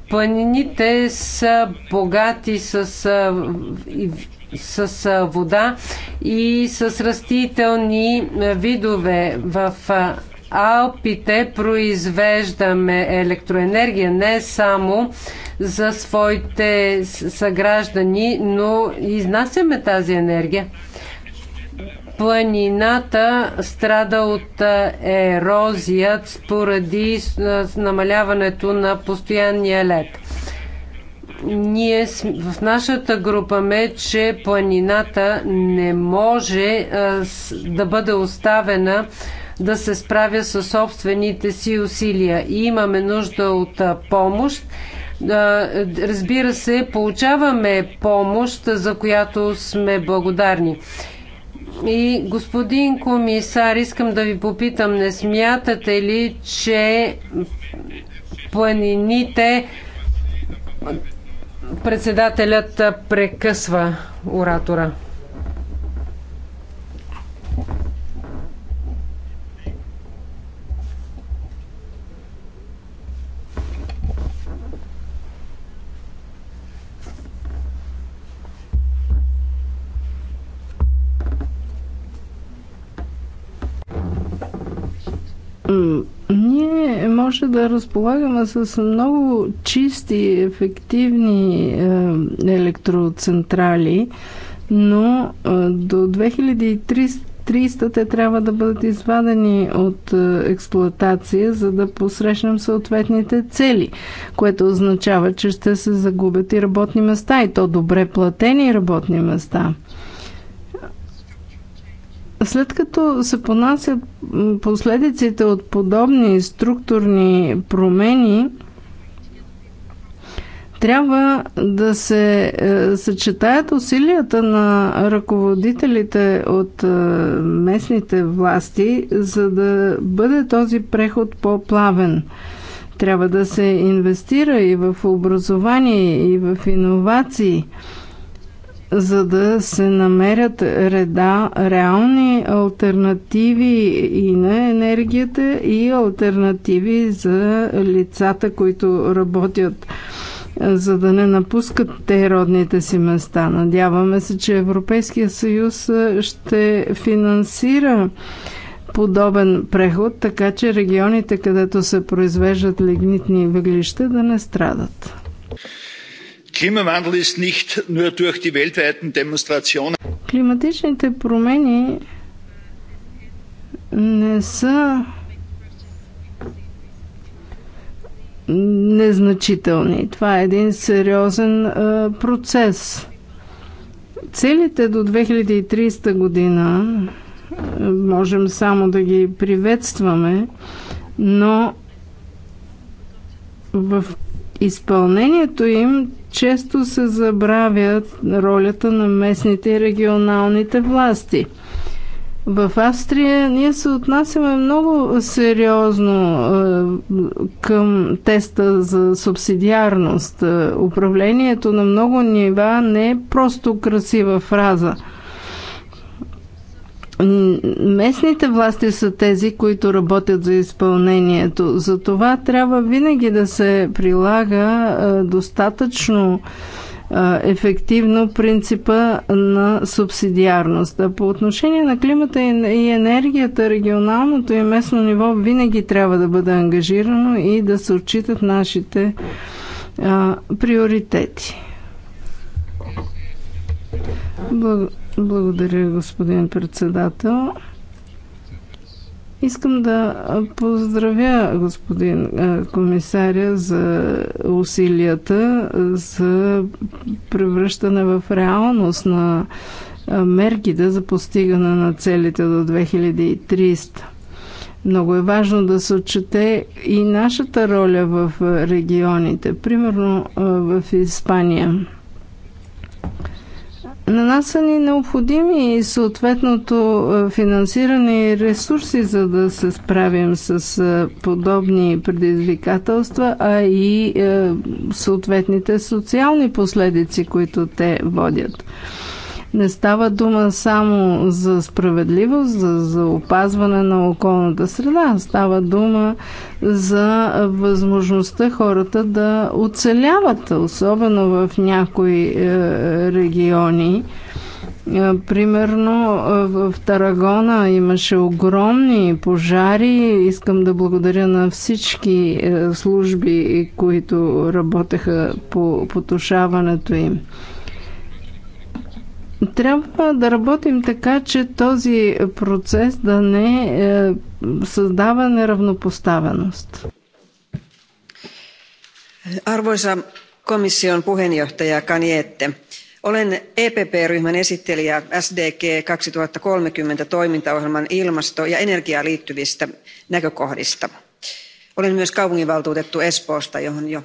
Планините са богати с, с вода и с растителни видове в Алпите произвеждаме електроенергия не само за своите съграждани, но изнасяме тази енергия. Планината страда от ерозия поради намаляването на постоянния лед ние в нашата група ме, че планината не може да бъде оставена да се справя с собствените си усилия. И имаме нужда от помощ. Разбира се, получаваме помощ, за която сме благодарни. И господин комисар, искам да ви попитам, не смятате ли, че планините председателят прекъсва оратора? Ние може да разполагаме с много чисти, ефективни е, електроцентрали, но е, до 2300 те трябва да бъдат извадени от е, експлоатация, за да посрещнем съответните цели, което означава, че ще се загубят и работни места, и то добре платени работни места. След като се понасят последиците от подобни структурни промени, трябва да се е, съчетаят усилията на ръководителите от е, местните власти, за да бъде този преход по-плавен. Трябва да се инвестира и в образование, и в иновации за да се намерят реда, реални альтернативи и на енергията, и альтернативи за лицата, които работят за да не напускат те родните си места. Надяваме се, че Европейския съюз ще финансира подобен преход, така че регионите, където се произвеждат лигнитни въглища, да не страдат. Климатичните промени не са незначителни. Това е един сериозен е, процес. Целите до 2030 година е, можем само да ги приветстваме, но в изпълнението им често се забравя ролята на местните и регионалните власти. В Австрия ние се отнасяме много сериозно е, към теста за субсидиарност. Е, управлението на много нива не е просто красива фраза – местните власти са тези, които работят за изпълнението. За това трябва винаги да се прилага достатъчно ефективно принципа на субсидиарност. А по отношение на климата и енергията, регионалното и местно ниво винаги трябва да бъде ангажирано и да се отчитат нашите а, приоритети. Благодаря. Благодаря, господин председател. Искам да поздравя господин комисаря за усилията за превръщане в реалност на мерките за постигане на целите до 2300. Много е важно да се отчете и нашата роля в регионите, примерно в Испания на нас са ни необходими и съответното е, финансиране и ресурси, за да се справим с е, подобни предизвикателства, а и е, съответните социални последици, които те водят. Не става дума само за справедливост, за, за опазване на околната среда. Става дума за възможността хората да оцеляват, особено в някои е, региони. Е, примерно е, в Тарагона имаше огромни пожари. Искам да благодаря на всички служби, които работеха по потушаването им. Трябва да работим така, че този процес да не създава неравнопоставеност. Arvoisa komission puheenjohtaja Kaniette, olen epp ryhmän esittelijä sdg 2030 toimintaohjelman ilmasto ja energiaan liittyvistä näkökohdista. olen myös kaupunginvaltuutettu espoosta johon jo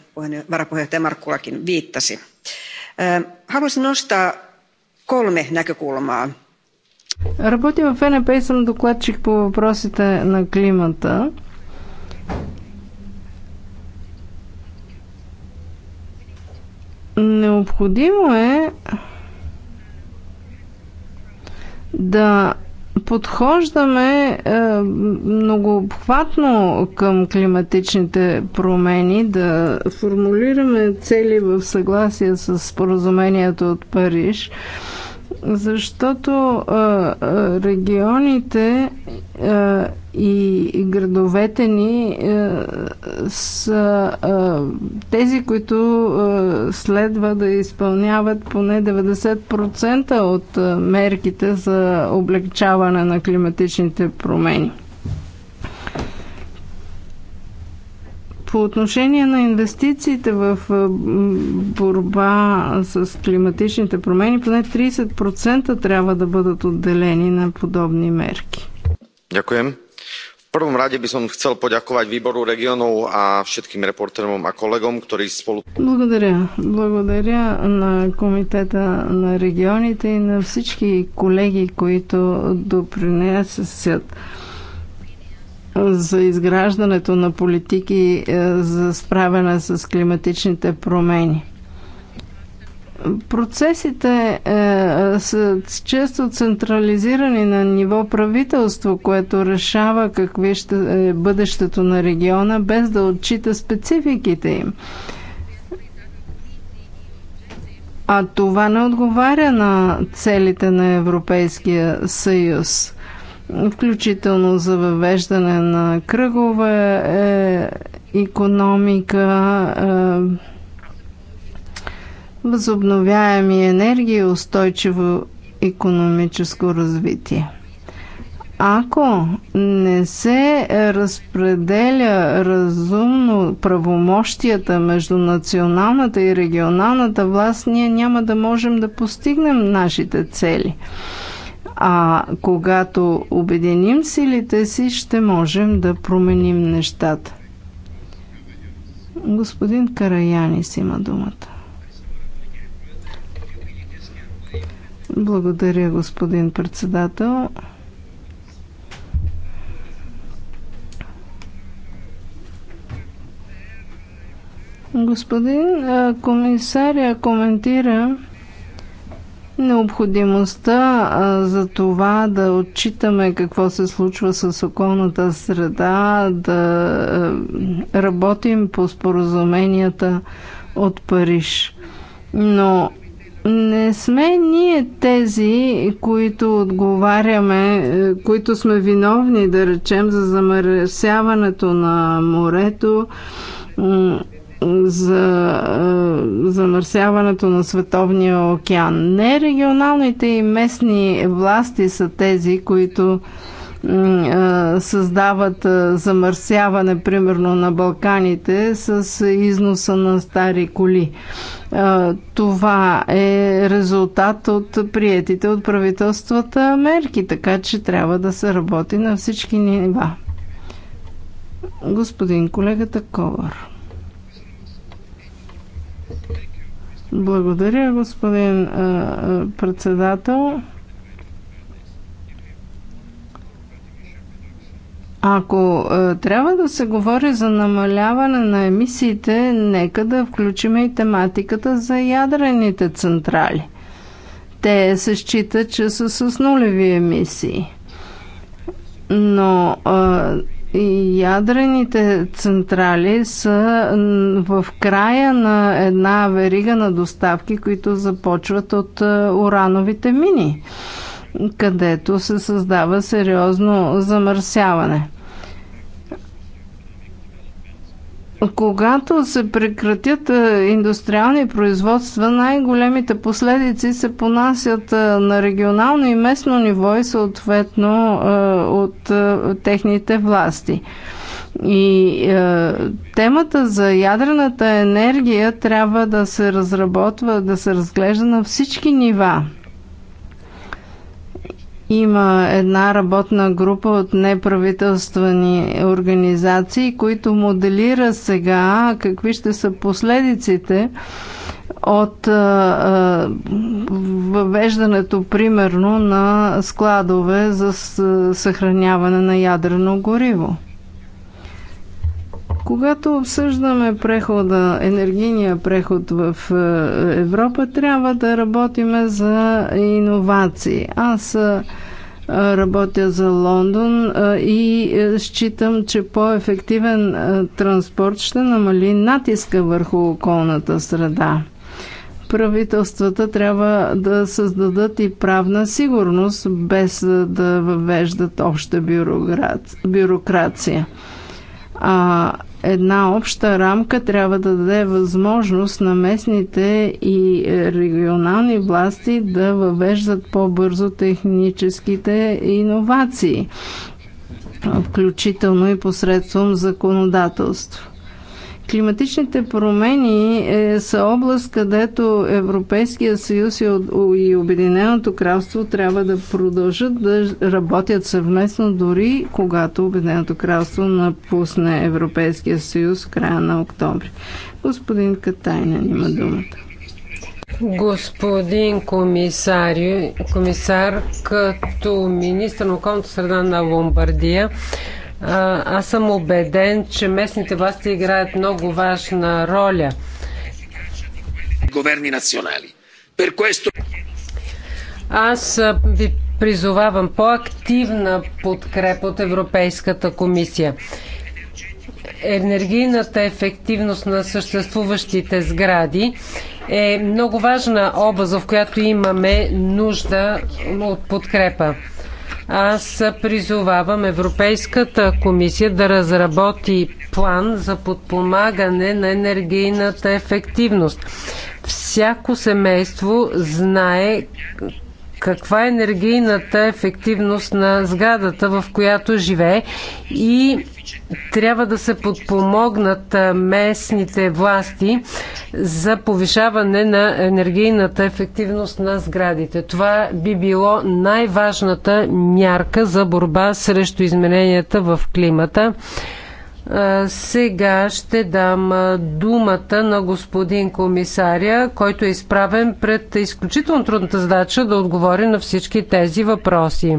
varapuheenjohtaja markkulakin viittasi. haluaisin nostaa kolme näkökulmaa. Работя в ФНП и съм докладчик по въпросите на климата. Необходимо е да подхождаме е, многообхватно към климатичните промени, да формулираме цели в съгласие с споразумението от Париж. Е, защото регионите и градовете ни са тези, които следва да изпълняват поне 90% от мерките за облегчаване на климатичните промени. По отношение на инвестициите в борба с климатичните промени, поне 30% трябва да бъдат отделени на подобни мерки. Ďakujem. V prvom rade by som chcel poďakovať výboru regionov a všetkým reportérom a kolegom, ktorí spolu... Благодаря. Благодаря на Комитета на регионите и на всички колеги, които допринесат за изграждането на политики е, за справяне с климатичните промени. Процесите е, са често централизирани на ниво правителство, което решава какви ще е бъдещето на региона, без да отчита спецификите им. А това не отговаря на целите на Европейския съюз включително за въвеждане на кръгове, е, економика, е, възобновяеми енергии устойчиво економическо развитие. Ако не се разпределя разумно правомощията между националната и регионалната власт, ние няма да можем да постигнем нашите цели. А когато обединим силите си, ще можем да променим нещата. Господин Караянис има думата. Благодаря, господин председател. Господин комисаря коментира, Необходимостта а, за това да отчитаме какво се случва с околната среда, да а, работим по споразуменията от Париж. Но не сме ние тези, които отговаряме, които сме виновни, да речем, за замърсяването на морето за е, замърсяването на Световния океан. Не регионалните и местни власти са тези, които е, създават е, замърсяване, примерно на Балканите, с износа на стари коли. Това е резултат от приетите от правителствата мерки, така че трябва да се работи на всички нива. Господин колегата Ковар. Благодаря, господин председател. Ако трябва да се говори за намаляване на емисиите, нека да включим и тематиката за ядрените централи. Те се считат, че са с нулеви емисии. Но Ядрените централи са в края на една верига на доставки, които започват от е, урановите мини, където се създава сериозно замърсяване. Когато се прекратят е, индустриални производства, най-големите последици се понасят е, на регионално и местно ниво и съответно е, от техните власти. И е, темата за ядрената енергия трябва да се разработва, да се разглежда на всички нива има една работна група от неправителствени организации, които моделира сега какви ще са последиците от въвеждането, примерно, на складове за съхраняване на ядрено гориво. Когато обсъждаме прехода, енергийния преход в е, Европа, трябва да работиме за иновации. Аз е, работя за Лондон е, и считам, че по-ефективен транспорт ще намали натиска върху околната среда. Правителствата трябва да създадат и правна сигурност, без да въвеждат обща бюрокрация. А Една обща рамка трябва да даде възможност на местните и е, регионални власти да въвеждат по-бързо техническите иновации, включително и посредством законодателство. Климатичните промени е, са област, където Европейския съюз и, и Обединеното кралство трябва да продължат да работят съвместно, дори когато Обединеното кралство напусне Европейския съюз в края на октомври. Господин Катайнен има думата. Господин комисар, комисар като министр на околната среда на Ломбардия, аз съм убеден, че местните власти играят много важна роля. Говерни национали. Аз ви призовавам по-активна подкрепа от Европейската комисия. Енергийната ефективност на съществуващите сгради е много важна област, в която имаме нужда от подкрепа. Аз призовавам Европейската комисия да разработи план за подпомагане на енергийната ефективност. Всяко семейство знае каква е енергийната ефективност на сградата, в която живее и трябва да се подпомогнат местните власти за повишаване на енергийната ефективност на сградите. Това би било най-важната мярка за борба срещу измененията в климата. Е, сега ще дам е, думата на господин комисаря, който е изправен пред изключително трудната задача да отговори на всички тези въпроси.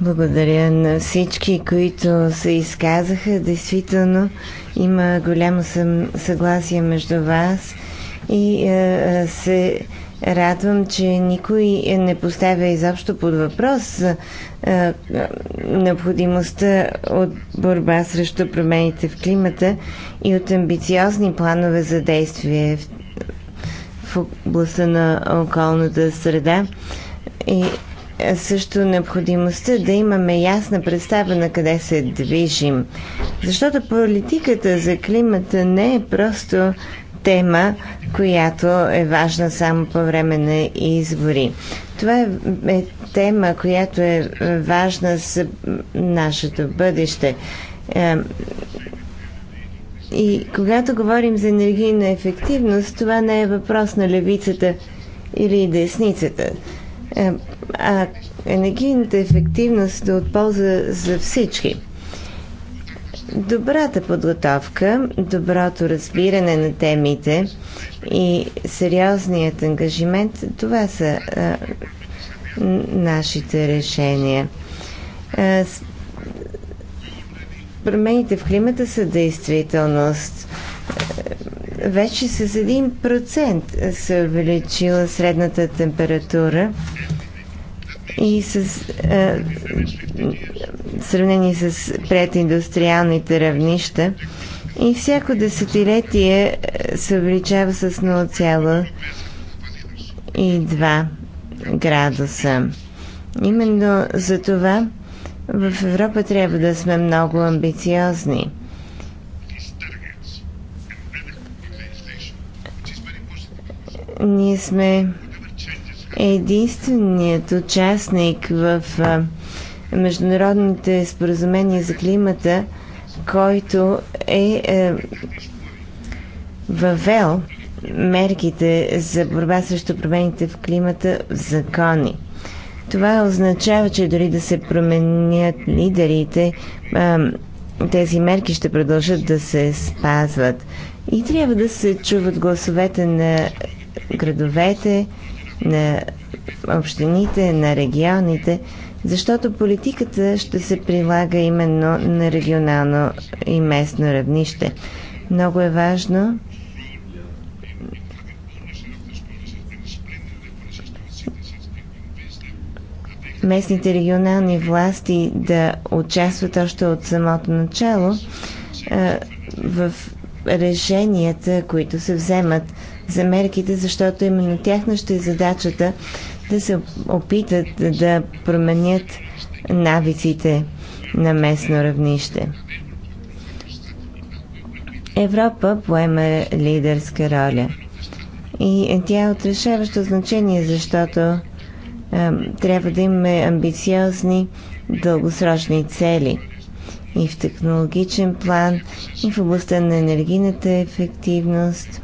Благодаря на всички, които се изказаха. Действително има голямо съгласие между вас и е, се радвам, че никой не поставя изобщо под въпрос а, а, необходимостта от борба срещу промените в климата и от амбициозни планове за действие в, в областта на околната среда. И също необходимостта да имаме ясна представа на къде се движим. Защото политиката за климата не е просто тема която е важна само по време на избори. Това е, е тема, която е важна за нашето бъдеще. И когато говорим за енергийна ефективност, това не е въпрос на левицата или десницата. А енергийната ефективност е от полза за всички. Добрата подготовка, доброто разбиране на темите и сериозният ангажимент, това са а, нашите решения. А, с... промените в климата са действителност. Вече с 1% се увеличила средната температура и с а, е, в сравнение с прединдустриалните равнища. И всяко десетилетие е, се увеличава с 0,2 градуса. Именно за това в Европа трябва да сме много амбициозни. Ние сме е единственият участник в международните споразумения за климата, който е, е въвел мерките за борба срещу промените в климата в закони. Това означава, че дори да се променят лидерите, тези мерки ще продължат да се спазват. И трябва да се чуват гласовете на градовете, на общините, на регионите, защото политиката ще се прилага именно на регионално и местно равнище. Много е важно местните регионални власти да участват още от самото начало в решенията, които се вземат за мерките, защото именно тяхна ще е задачата да се опитат да променят навиците на местно равнище. Европа поема лидерска роля. И тя е от решаващо значение, защото е, трябва да имаме амбициозни дългосрочни цели и в технологичен план, и в областта на енергийната ефективност,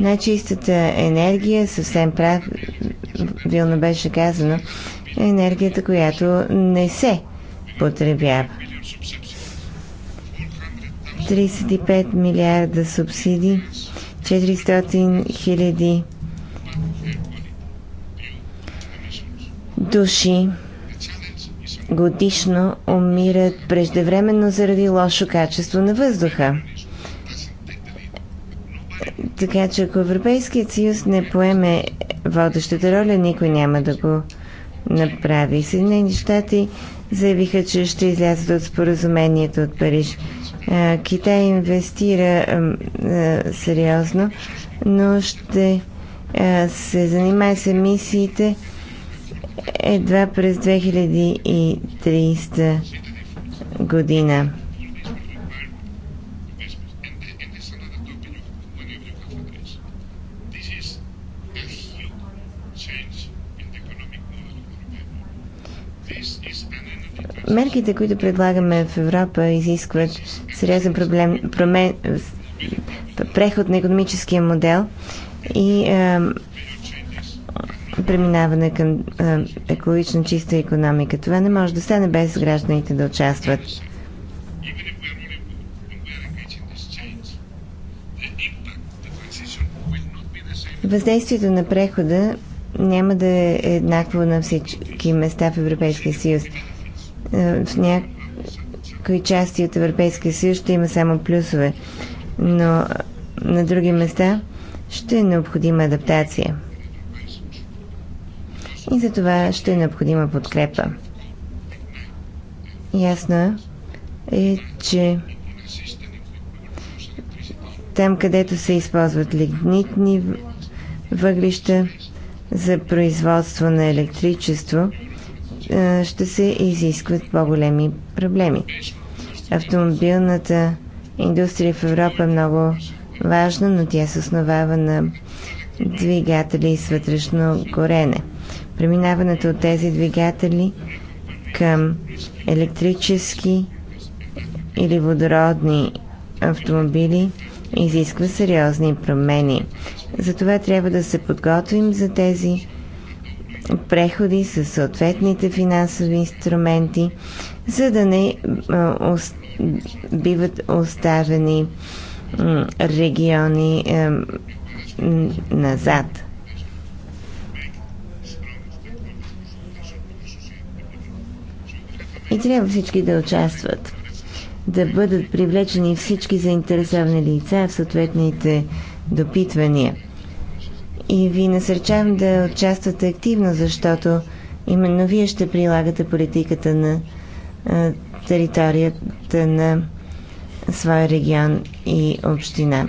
най-чистата енергия, съвсем правилно беше казано, е енергията, която не се потребява. 35 милиарда субсидии, 400 хиляди души годишно умират преждевременно заради лошо качество на въздуха. Така че ако Европейският съюз не поеме водещата роля, никой няма да го направи. Съединените щати заявиха, че ще излязат от споразумението от Париж. Китай инвестира сериозно, но ще се занимае с емисиите едва през 2300 година. мерките, които предлагаме в Европа, изискват сериозен проблем, промен, преход на економическия модел и е, преминаване към е, екологично чиста економика. Това не може да стане без гражданите да участват. Въздействието на прехода няма да е еднакво на всички места в Европейския съюз. Е, в някои части от Европейския съюз ще има само плюсове, но на други места ще е необходима адаптация. И за това ще е необходима подкрепа. Ясно е, че там, където се използват лигнитни въглища за производство на електричество, е, ще се изискват по-големи проблеми. Автомобилната индустрия в Европа е много важна, но тя се основава на двигатели с вътрешно горене. Преминаването от тези двигатели към електрически или водородни автомобили изисква сериозни промени. Затова трябва да се подготвим за тези преходи с съответните финансови инструменти, за да не биват оставени региони назад. И трябва всички да участват, да бъдат привлечени всички заинтересовани лица в съответните допитвания – и ви насърчавам да участвате активно, защото именно вие ще прилагате политиката на територията на своя регион и община.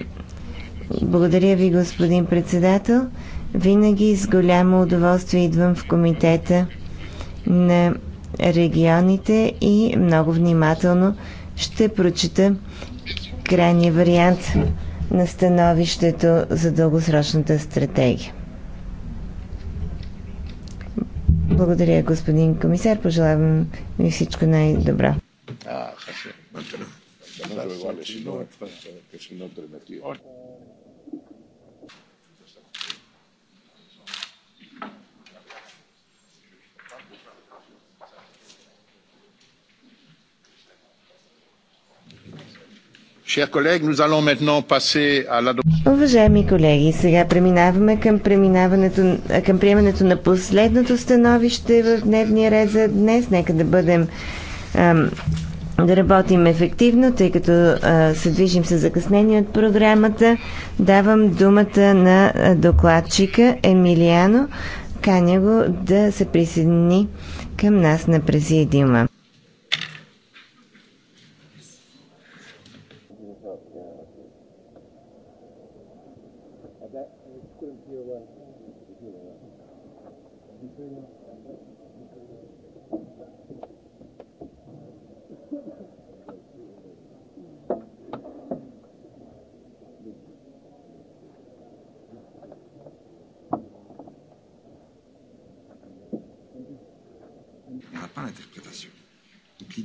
Благодаря ви, господин председател. Винаги с голямо удоволствие идвам в комитета на регионите и много внимателно ще прочета крайния вариант на становището за дългосрочната стратегия. Благодаря, господин комисар. Пожелавам ви всичко най-добро. Ah, Уважаеми колеги, сега преминаваме към, преминаването, към приемането на последното становище в дневния ред за днес. Нека да бъдем ам, да работим ефективно, тъй като а, се движим с закъснение от програмата. Давам думата на докладчика Емилиано. Каня го да се присъедини към нас на президиума.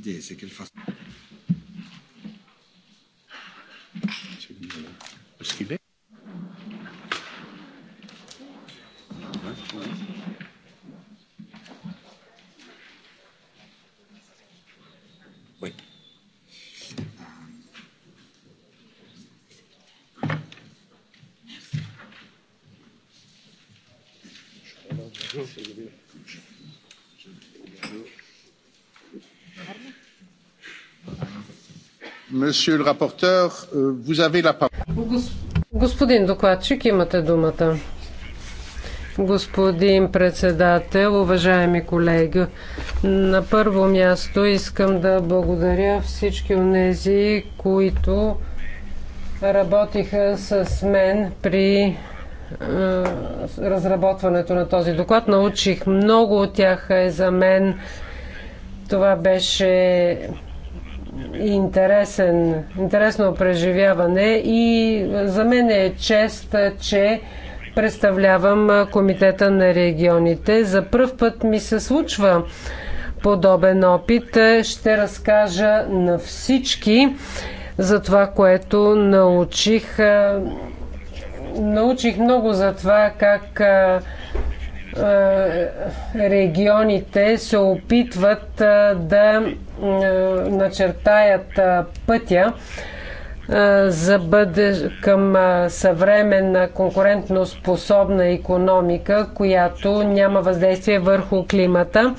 l'idée, c'est qu'elle fasse. Oui. Merci. Euh, господин докладчик, имате думата. Господин председател, уважаеми колеги, на първо място искам да благодаря всички тези, които работиха с мен при е, разработването на този доклад. Научих много от тях е за мен. Това беше интересен, интересно преживяване и за мен е чест, че представлявам Комитета на регионите. За първ път ми се случва подобен опит. Ще разкажа на всички за това, което научих. Научих много за това как е, регионите се опитват е, да е, начертаят пътя за бъде към съвременна конкурентноспособна економика, която няма въздействие върху климата.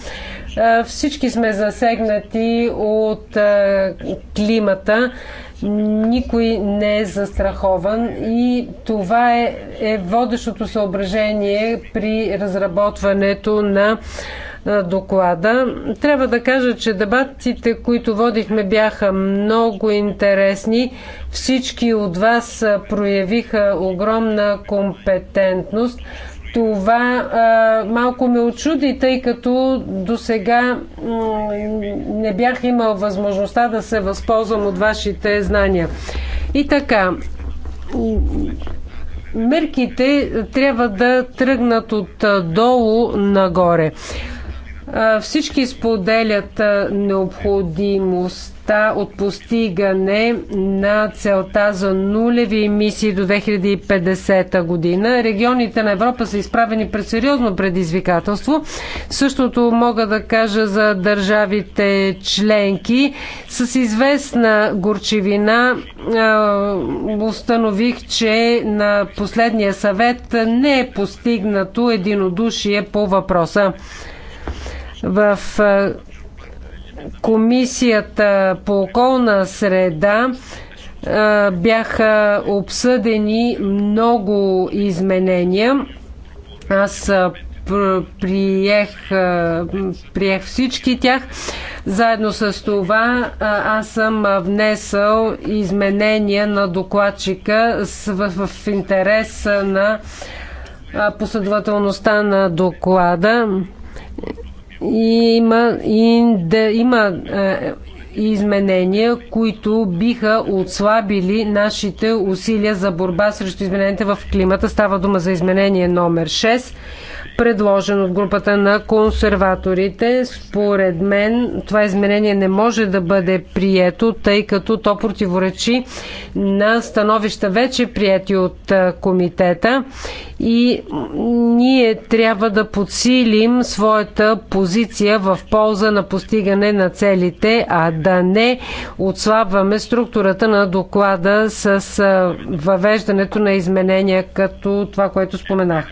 Всички сме засегнати от климата никой не е застрахован и това е, е водещото съображение при разработването на доклада. Трябва да кажа, че дебатите, които водихме, бяха много интересни. Всички от вас проявиха огромна компетентност. Това а, малко ме очуди, тъй като до сега не бях имал възможността да се възползвам от вашите знания. И така, мерките трябва да тръгнат от долу нагоре. Всички споделят необходимост опасността от постигане на целта за нулеви емисии до 2050 година. Регионите на Европа са изправени пред сериозно предизвикателство. Същото мога да кажа за държавите членки. С известна горчивина установих, че на последния съвет не е постигнато единодушие по въпроса. В Комисията по околна среда бяха обсъдени много изменения. Аз приех, приех всички тях. Заедно с това аз съм внесъл изменения на докладчика в, в интерес на последователността на доклада. Има, и, да, има е, изменения, които биха отслабили нашите усилия за борба срещу измененията в климата. Става дума за изменение номер 6 предложен от групата на консерваторите. Според мен това изменение не може да бъде прието, тъй като то противоречи на становища вече прияти от комитета и ние трябва да подсилим своята позиция в полза на постигане на целите, а да не отслабваме структурата на доклада с въвеждането на изменения като това, което споменах.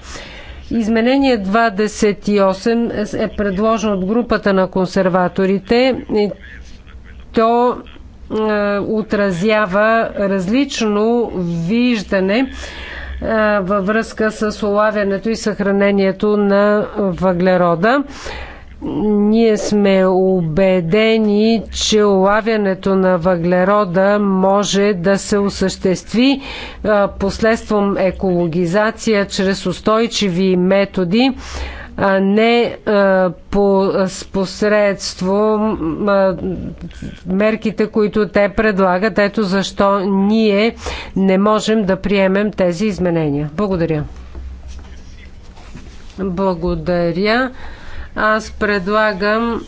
Изменение 28 е предложено от групата на консерваторите. То е, отразява различно виждане е, във връзка с улавянето и съхранението на въглерода. Ние сме убедени, че улавянето на въглерода може да се осъществи последством екологизация чрез устойчиви методи, а не по, посредством мерките, които те предлагат. Ето защо ние не можем да приемем тези изменения. Благодаря. Благодаря. Аз предлагам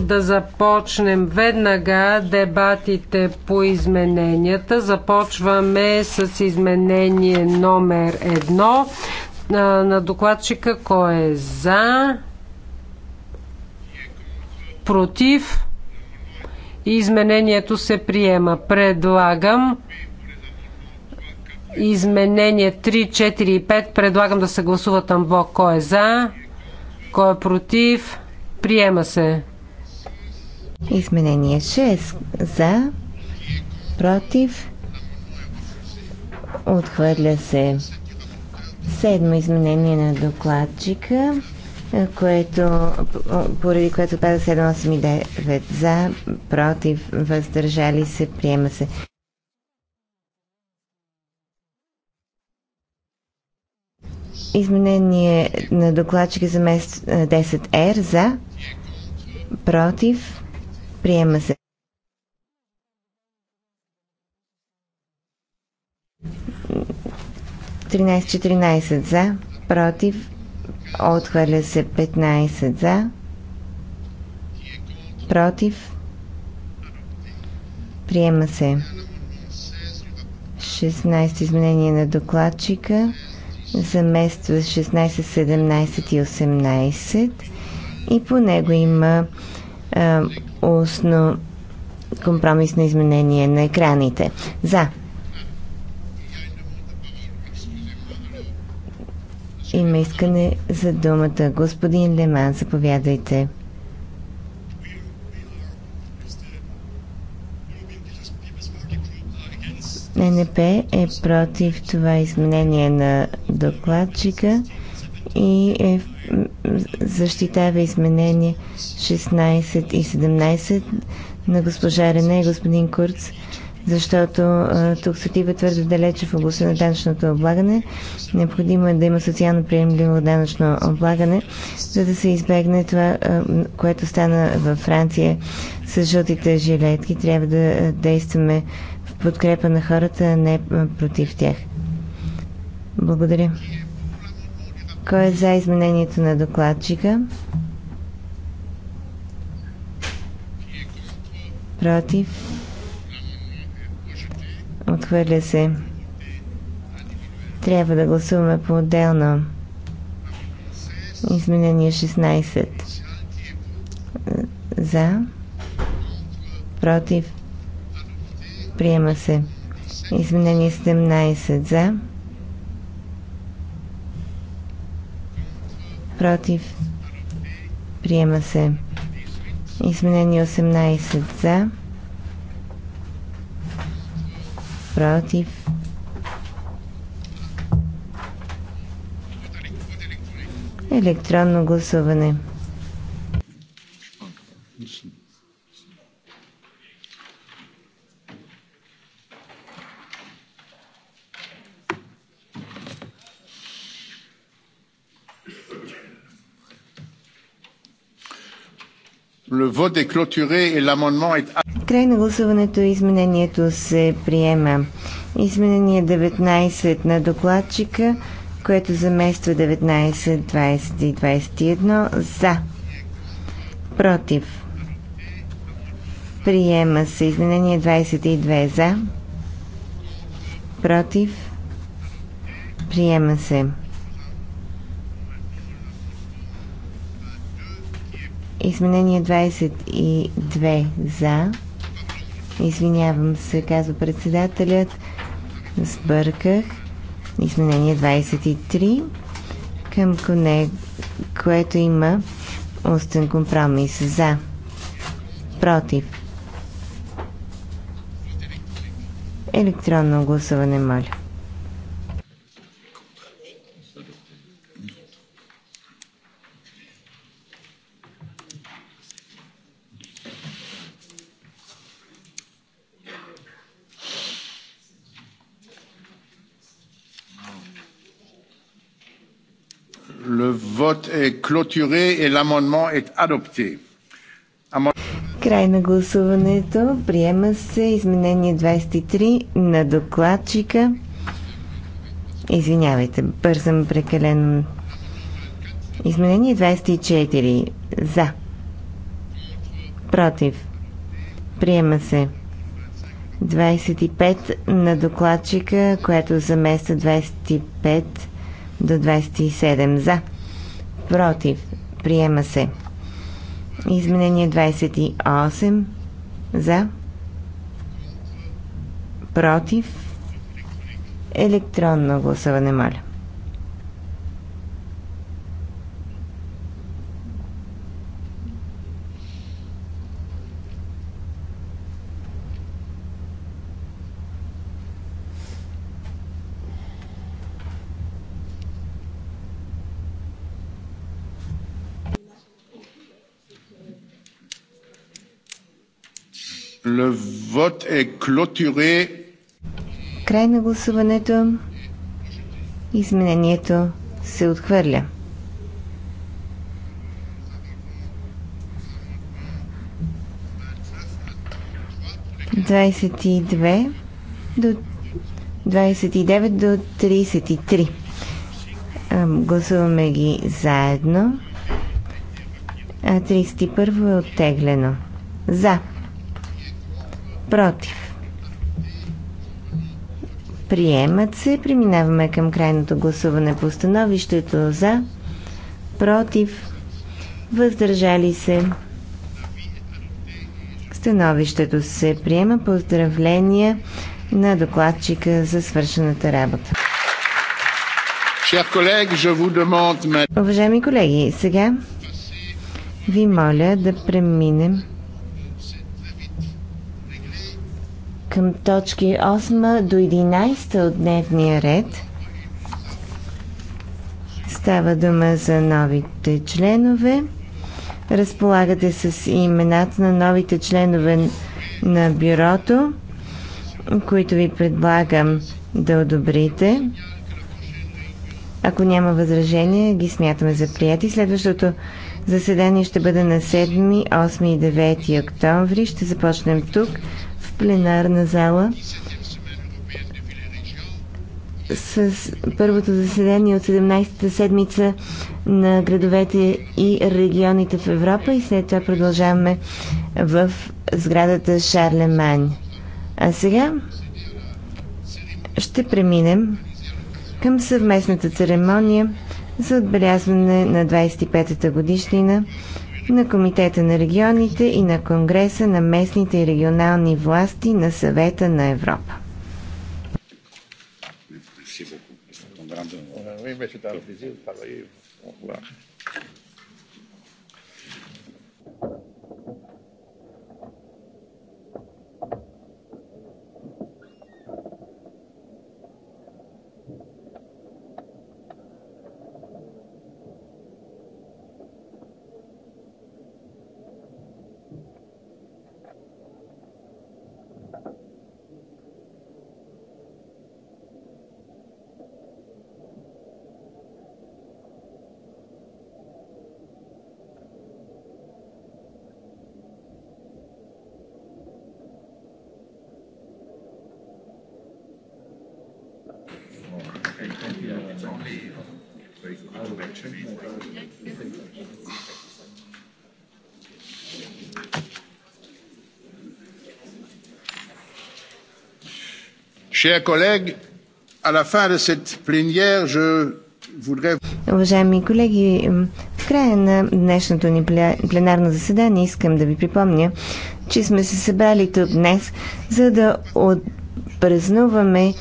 да започнем веднага дебатите по измененията. Започваме с изменение номер едно на докладчика. Кой е за? Против? Изменението се приема. Предлагам изменение 3, 4 и 5. Предлагам да се гласуват амблок. Кой е за? Кой е против? Приема се. Изменение 6. За. Против. Отхвърля се. Седмо изменение на докладчика, което, поради което пада 7, 8 и 9. За. Против. Въздържали се. Приема се. Изменение на докладчика за мест е, 10 р за, против, приема се. Тринайсет, четиринайсет за, против, отхвърля се 15 за, против, приема се 16 изменение на докладчика замества 16, 17 и 18 и по него има а, устно компромисно изменение на екраните. За. Има искане за думата. Господин Леман, заповядайте. НП е против това изменение на докладчика и е, защитава изменение 16 и 17 на госпожа Рене и господин Курц, защото а, тук се отива твърде далече в областта на данъчното облагане. Необходимо е да има социално приемливо данъчно облагане, за да се избегне това, а, което стана във Франция с жълтите жилетки. Трябва да действаме подкрепа на хората, а не против тях. Благодаря. Кой е за изменението на докладчика? Против? Отхвърля се. Трябва да гласуваме по-отделно. Изменение 16. За? Против? Приема се. Изменение 17 за. Против. Приема се. Изменение 18 за. Против. Електронно гласуване. Край на гласуването изменението се приема. Изменение 19 на докладчика, което замества 19, 20 и 21 за. Против. Приема се изменение 22 за. Против. Приема се. Изменение 22 за. Извинявам се, казва председателят. Сбърках. Изменение 23 към коне, което има устен компромис за. Против. Електронно гласуване, моля. est clôturé et l'amendement est adopté. Край на гласуването. Приема се изменение 23 на докладчика. Извинявайте, бързам прекалено. Изменение 24. За. Против. Приема се. 25 на докладчика, което замества 25 до 27 за против, приема се. Изменение 28 за, против, електронно гласуване, моля. Le vote est clôturé. Край на гласуването. Изменението се отхвърля. Двадесет и две до 29 до 33. Гласуваме ги заедно. 31 е оттеглено. За. Против. Приемат се. Преминаваме към крайното гласуване по становището за. Против. Въздържали се. Становището се приема. Поздравления на докладчика за свършената работа. Уважаеми колеги, сега ви моля да преминем към точки 8 до 11 от дневния ред. Става дума за новите членове. Разполагате с имената на новите членове на бюрото, които ви предлагам да одобрите. Ако няма възражение, ги смятаме за прияти. Следващото заседание ще бъде на 7, 8 и 9 октомври. Ще започнем тук пленарна зала с първото заседание от 17-та седмица на градовете и регионите в Европа и след това продължаваме в сградата Шарлемань. А сега ще преминем към съвместната церемония за отбелязване на 25-та годишнина на Комитета на регионите и на Конгреса на местните и регионални власти на Съвета на Европа. Chers collègues, à la fin de cette plénière, je voudrais... Уважаеми колеги, в края на днешното ни пленарно заседание искам да ви припомня, че сме се събрали тук днес, за да отпразнуваме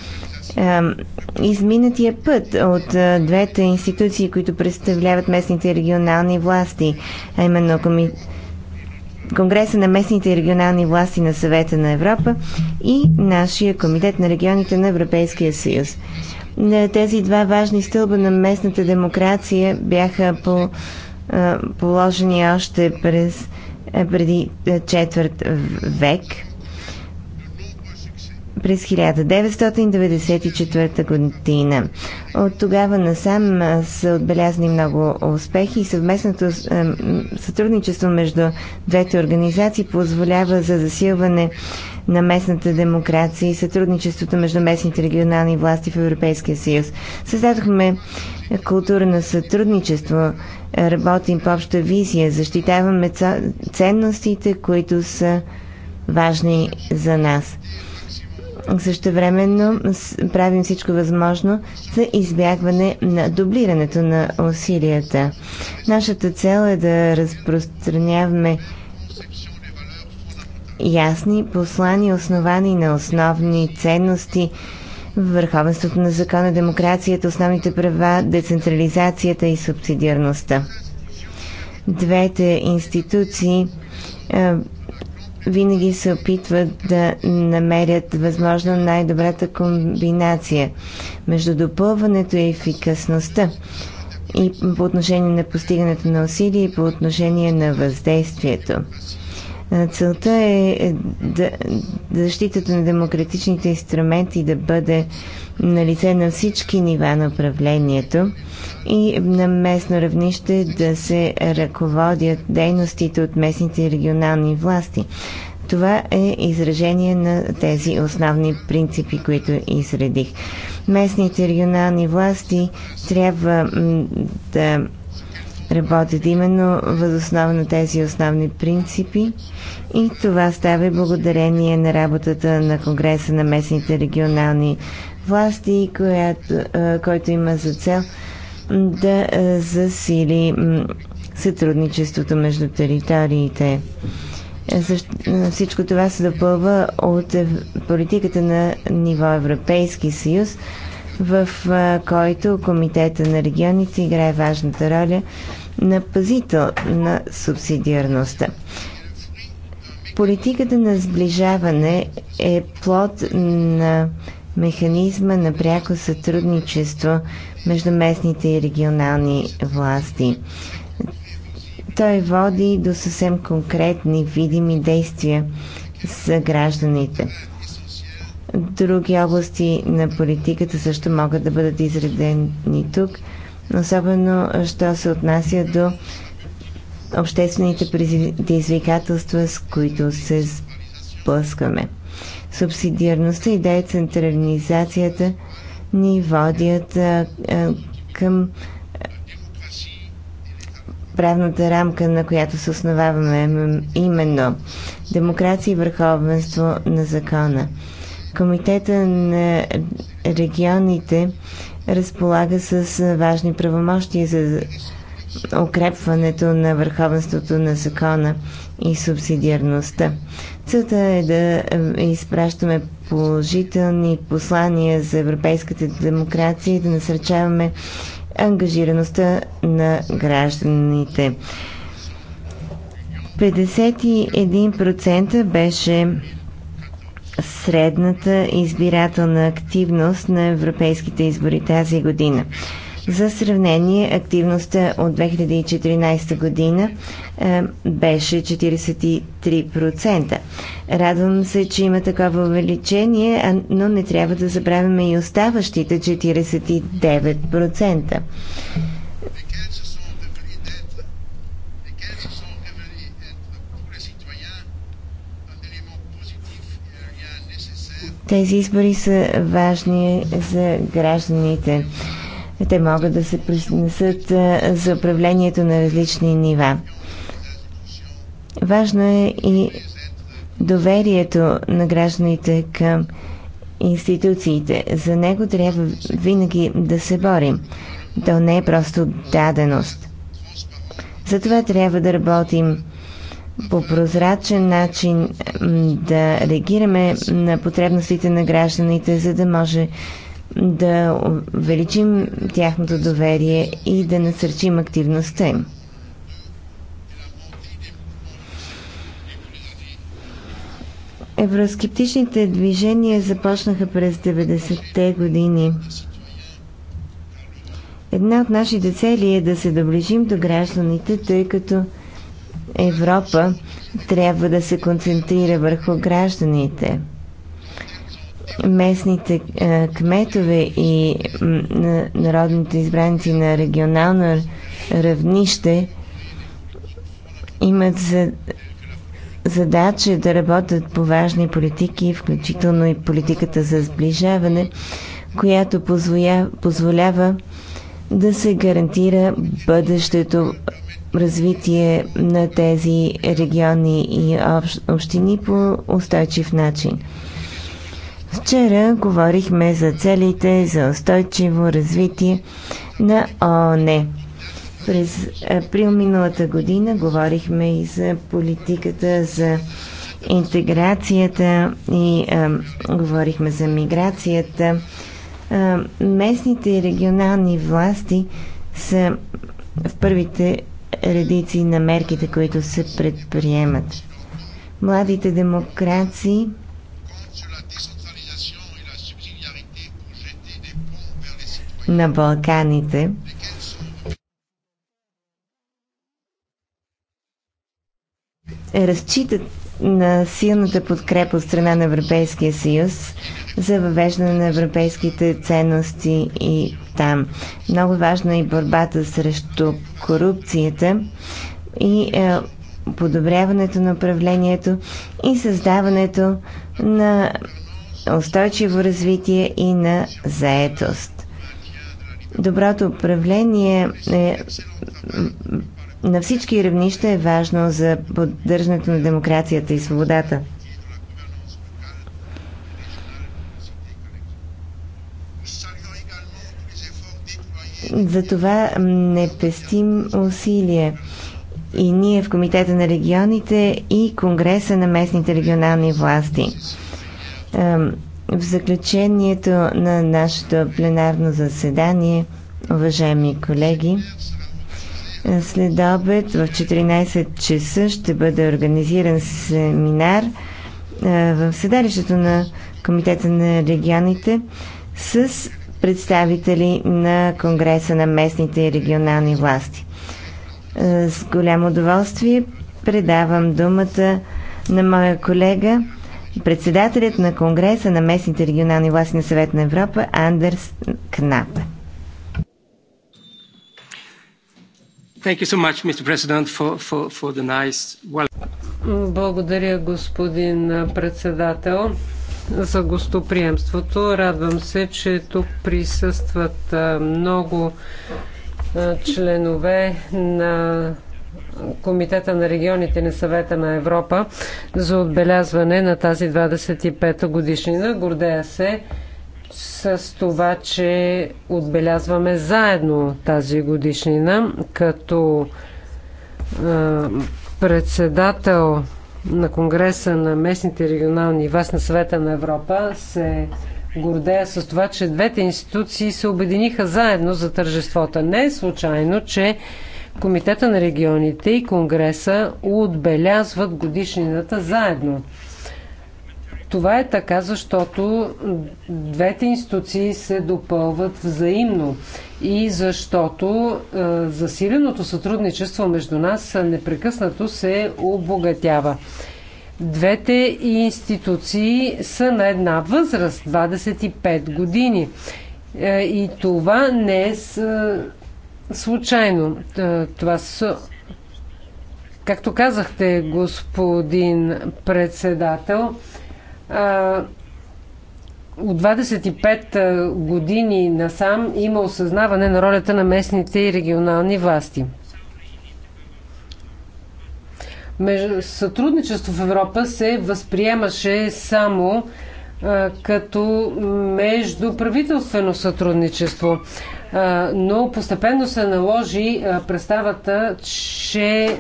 изминатия път от двете институции, които представляват местните регионални власти, а именно Комитет Конгреса на местните и регионални власти на съвета на Европа и нашия комитет на регионите на Европейския съюз. Тези два важни стълба на местната демокрация бяха по, положени още през преди четвърт век – през 1994 година. От тогава насам са отбелязани много успехи и съвместното сътрудничество между двете организации позволява за засилване на местната демокрация и сътрудничеството между местните регионални власти в Европейския съюз. Създадохме култура на сътрудничество, работим по обща визия, защитаваме ценностите, които са важни за нас. Също времено правим всичко възможно за избягване на дублирането на усилията. Нашата цел е да разпространяваме ясни послани, основани на основни ценности, върховенството на закона, демокрацията, основните права, децентрализацията и субсидиарността. Двете институции е, винаги се опитват да намерят възможно най-добрата комбинация между допълването и ефикасността и по отношение на постигането на усилия и по отношение на въздействието. Целта е да, защитата на демократичните инструменти да бъде на лице на всички нива на управлението и на местно равнище да се ръководят дейностите от местните и регионални власти. Това е изражение на тези основни принципи, които изредих. Местните регионални власти трябва да работят именно възоснова на тези основни принципи и това става благодарение на работата на Конгреса на местните регионални власти, която, е, който има за цел да е, засили сътрудничеството между териториите. Е, всичко това се допълва от политиката на ниво Европейски съюз, в който Комитета на регионите играе важната роля на пазител на субсидиарността. Политиката на сближаване е плод на механизма на пряко сътрудничество между местните и регионални власти. Той води до съвсем конкретни, видими действия за гражданите. Други области на политиката също могат да бъдат изредени тук – особено що се отнася до обществените предизвикателства, с които се сблъскваме. Субсидиарността и децентрализацията ни водят а, а, към правната рамка, на която се основаваме, именно демокрация и върховенство на закона. Комитета на регионите разполага с важни правомощи за укрепването на върховенството на закона и субсидиарността. Целта е да изпращаме положителни послания за европейската демокрация и да насърчаваме ангажираността на гражданите. 51% беше средната избирателна активност на европейските избори тази година. За сравнение, активността от 2014 година е, беше 43%. Радвам се, че има такова увеличение, но не трябва да забравяме и оставащите 49%. Тези избори са важни за гражданите. Те могат да се произнесат за управлението на различни нива. Важно е и доверието на гражданите към институциите. За него трябва винаги да се борим. То не е просто даденост. Затова трябва да работим по прозрачен начин да реагираме на потребностите на гражданите, за да може да увеличим тяхното доверие и да насърчим активността им. Евроскептичните движения започнаха през 90-те години. Една от нашите цели е да се доближим до гражданите, тъй като Европа трябва да се концентрира върху гражданите. Местните е, кметове и народните избранци на регионално равнище имат за задача да работят по важни политики, включително и политиката за сближаване, която позволя, позволява да се гарантира бъдещето развитие на тези региони и общини по устойчив начин. Вчера говорихме за целите за устойчиво развитие на ООН. През април миналата година говорихме и за политиката за интеграцията и а, говорихме за миграцията. А, местните и регионални власти са в първите редици на мерките, които се предприемат. Младите демокрации на Балканите разчитат на силната подкрепа от страна на Европейския съюз за въвеждане на европейските ценности и там. Много важна е и борбата срещу корупцията и е, подобряването на управлението и създаването на устойчиво развитие и на заетост. Доброто управление е, на всички равнища е важно за поддържането на демокрацията и свободата. Затова не пестим усилия. И ние в Комитета на регионите и Конгреса на местните регионални власти. В заключението на нашето пленарно заседание, уважаеми колеги, след обед в 14 часа ще бъде организиран семинар в седалището на Комитета на регионите с представители на Конгреса на местните и регионални власти. Е, с голямо удоволствие предавам думата на моя колега, председателят на Конгреса на местните регионални власти на Съвет на Европа Андерс Кнапе. Благодаря, господин председател за гостоприемството. Радвам се, че тук присъстват много членове на Комитета на регионите на съвета на Европа за отбелязване на тази 25-та годишнина. Гордея се с това, че отбелязваме заедно тази годишнина като председател на Конгреса на местните регионални власт на съвета на Европа се гордея с това, че двете институции се обединиха заедно за тържеството. Не е случайно, че Комитета на регионите и Конгреса отбелязват годишнината заедно. Това е така, защото двете институции се допълват взаимно и защото е, засиленото сътрудничество между нас непрекъснато се обогатява. Двете институции са на една възраст 25 години. Е, и това не е, е случайно. Е, това са Както казахте, господин председател, от 25 години насам има осъзнаване на ролята на местните и регионални власти. Сътрудничество в Европа се възприемаше само като междуправителствено сътрудничество. Но постепенно се наложи представата, че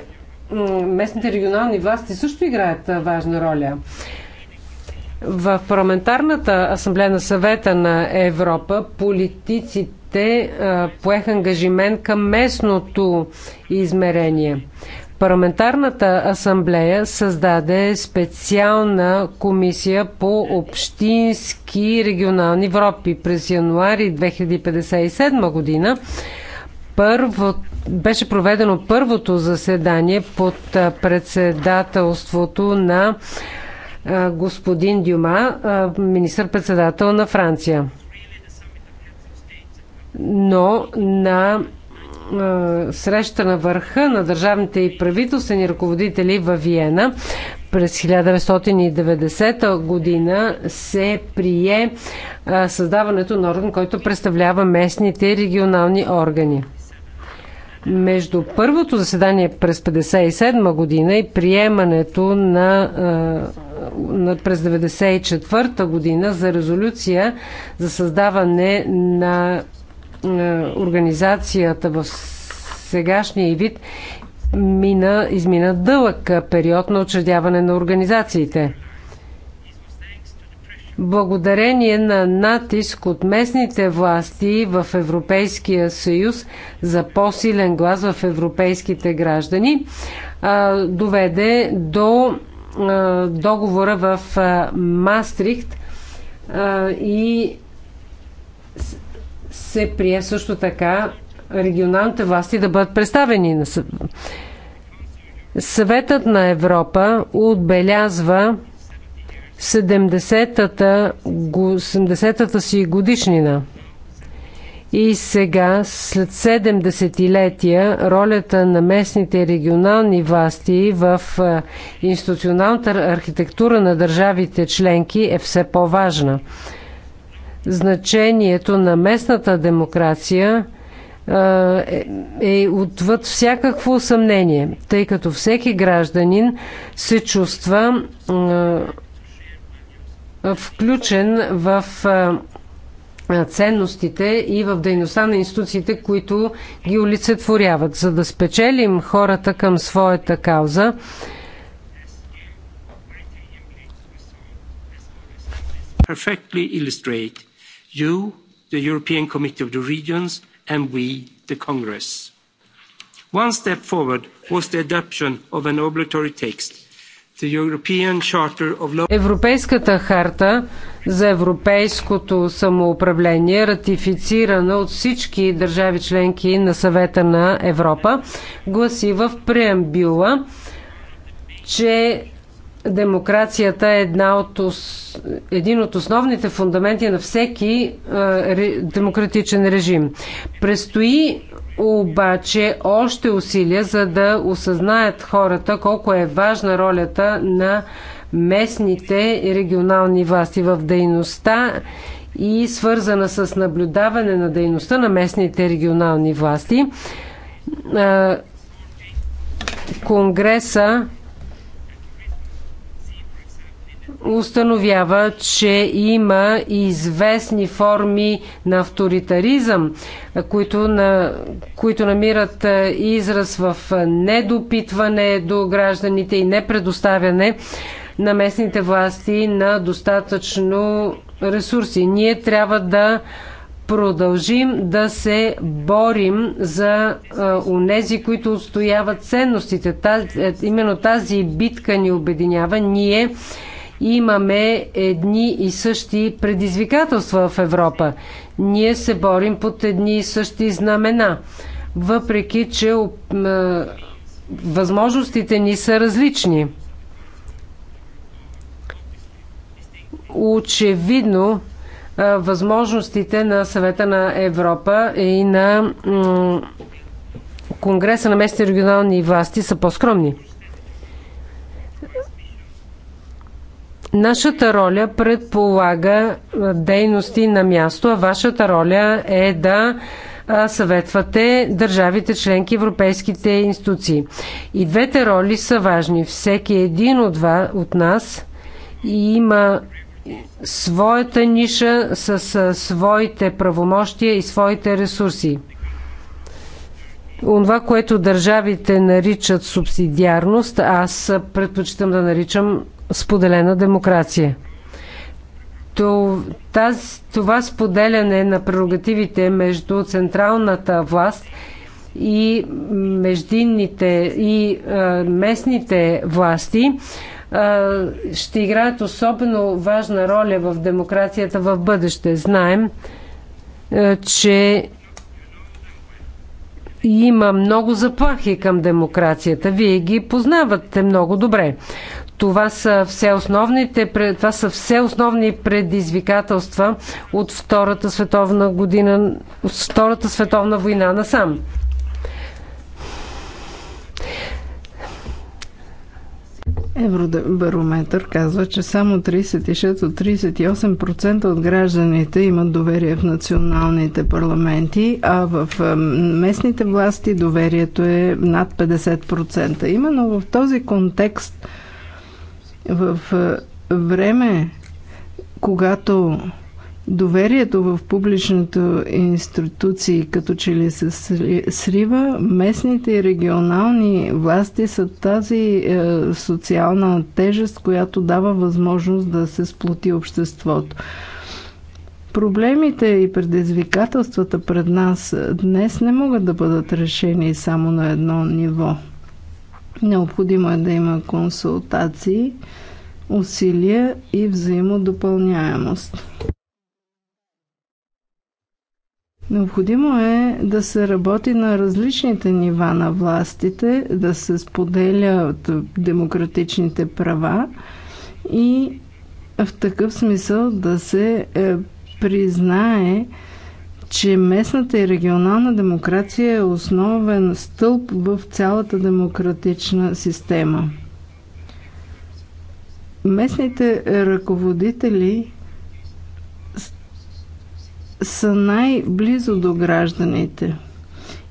местните регионални власти също играят важна роля. В парламентарната асамблея на съвета на Европа политиците поеха ангажимент към местното измерение. Парламентарната асамблея създаде специална комисия по общински регионални Европи през януари 2057 година. Първо, беше проведено първото заседание под председателството на господин Дюма, министър-председател на Франция. Но на среща на върха на държавните и правителствени ръководители във Виена през 1990 година се прие създаването на орган, който представлява местните и регионални органи. Между първото заседание през 1957 година и приемането на през 1994 година за резолюция за създаване на е, организацията в сегашния вид мина, измина дълъг период на учредяване на организациите. Благодарение на натиск от местните власти в Европейския съюз за по-силен глас в европейските граждани, доведе до договора в Мастрихт и се прие също така регионалните власти да бъдат представени. Съветът на Европа отбелязва 70-та 70 си годишнина – и сега, след 7 десетилетия, ролята на местните регионални власти в институционалната архитектура на държавите членки е все по-важна. Значението на местната демокрация е, е, отвъд всякакво съмнение, тъй като всеки гражданин се чувства включен в ценностите и в дейността на институциите, които ги олицетворяват. За да спечелим хората към своята кауза, perfectly illustrate you, the European Committee of the Regions, and we, the Congress. One step forward was the adoption of an obligatory text Европейската харта за европейското самоуправление, ратифицирана от всички държави членки на съвета на Европа, гласи в преамбюла, че демокрацията е една от един от основните фундаменти на всеки демократичен режим. Престои обаче още усилия, за да осъзнаят хората колко е важна ролята на местните и регионални власти в дейността и свързана с наблюдаване на дейността на местните регионални власти. Конгреса установява, че има известни форми на авторитаризъм, които, на, които намират израз в недопитване до гражданите и непредоставяне на местните власти на достатъчно ресурси. Ние трябва да продължим да се борим за онези, които отстояват ценностите. Тази, е, именно тази битка ни обединява. Ние имаме едни и същи предизвикателства в Европа. Ние се борим под едни и същи знамена, въпреки че възможностите ни са различни. Очевидно, възможностите на съвета на Европа и на Конгреса на местни регионални власти са по-скромни. Нашата роля предполага дейности на място, а вашата роля е да съветвате държавите членки, европейските институции. И двете роли са важни. Всеки един от, два, от нас има своята ниша с своите правомощия и своите ресурси. Онова, което държавите наричат субсидиарност, аз предпочитам да наричам споделена демокрация. Това споделяне на прерогативите между централната власт и междинните и местните власти ще играят особено важна роля в демокрацията в бъдеще. Знаем, че има много заплахи към демокрацията. Вие ги познавате много добре. Това са все, основните, това са все основни предизвикателства от Втората световна, година, Втората световна война насам. Евробарометър казва, че само 36 от 38% от гражданите имат доверие в националните парламенти, а в местните власти доверието е над 50%. Именно в този контекст в време, когато доверието в публичните институции като че ли се срива, местните и регионални власти са тази е, социална тежест, която дава възможност да се сплоти обществото. Проблемите и предизвикателствата пред нас е, днес не могат да бъдат решени само на едно ниво – Необходимо е да има консултации, усилия и взаимодопълняемост. Необходимо е да се работи на различните нива на властите, да се споделят демократичните права и в такъв смисъл да се е, признае че местната и регионална демокрация е основен стълб в цялата демократична система. Местните ръководители са най-близо до гражданите.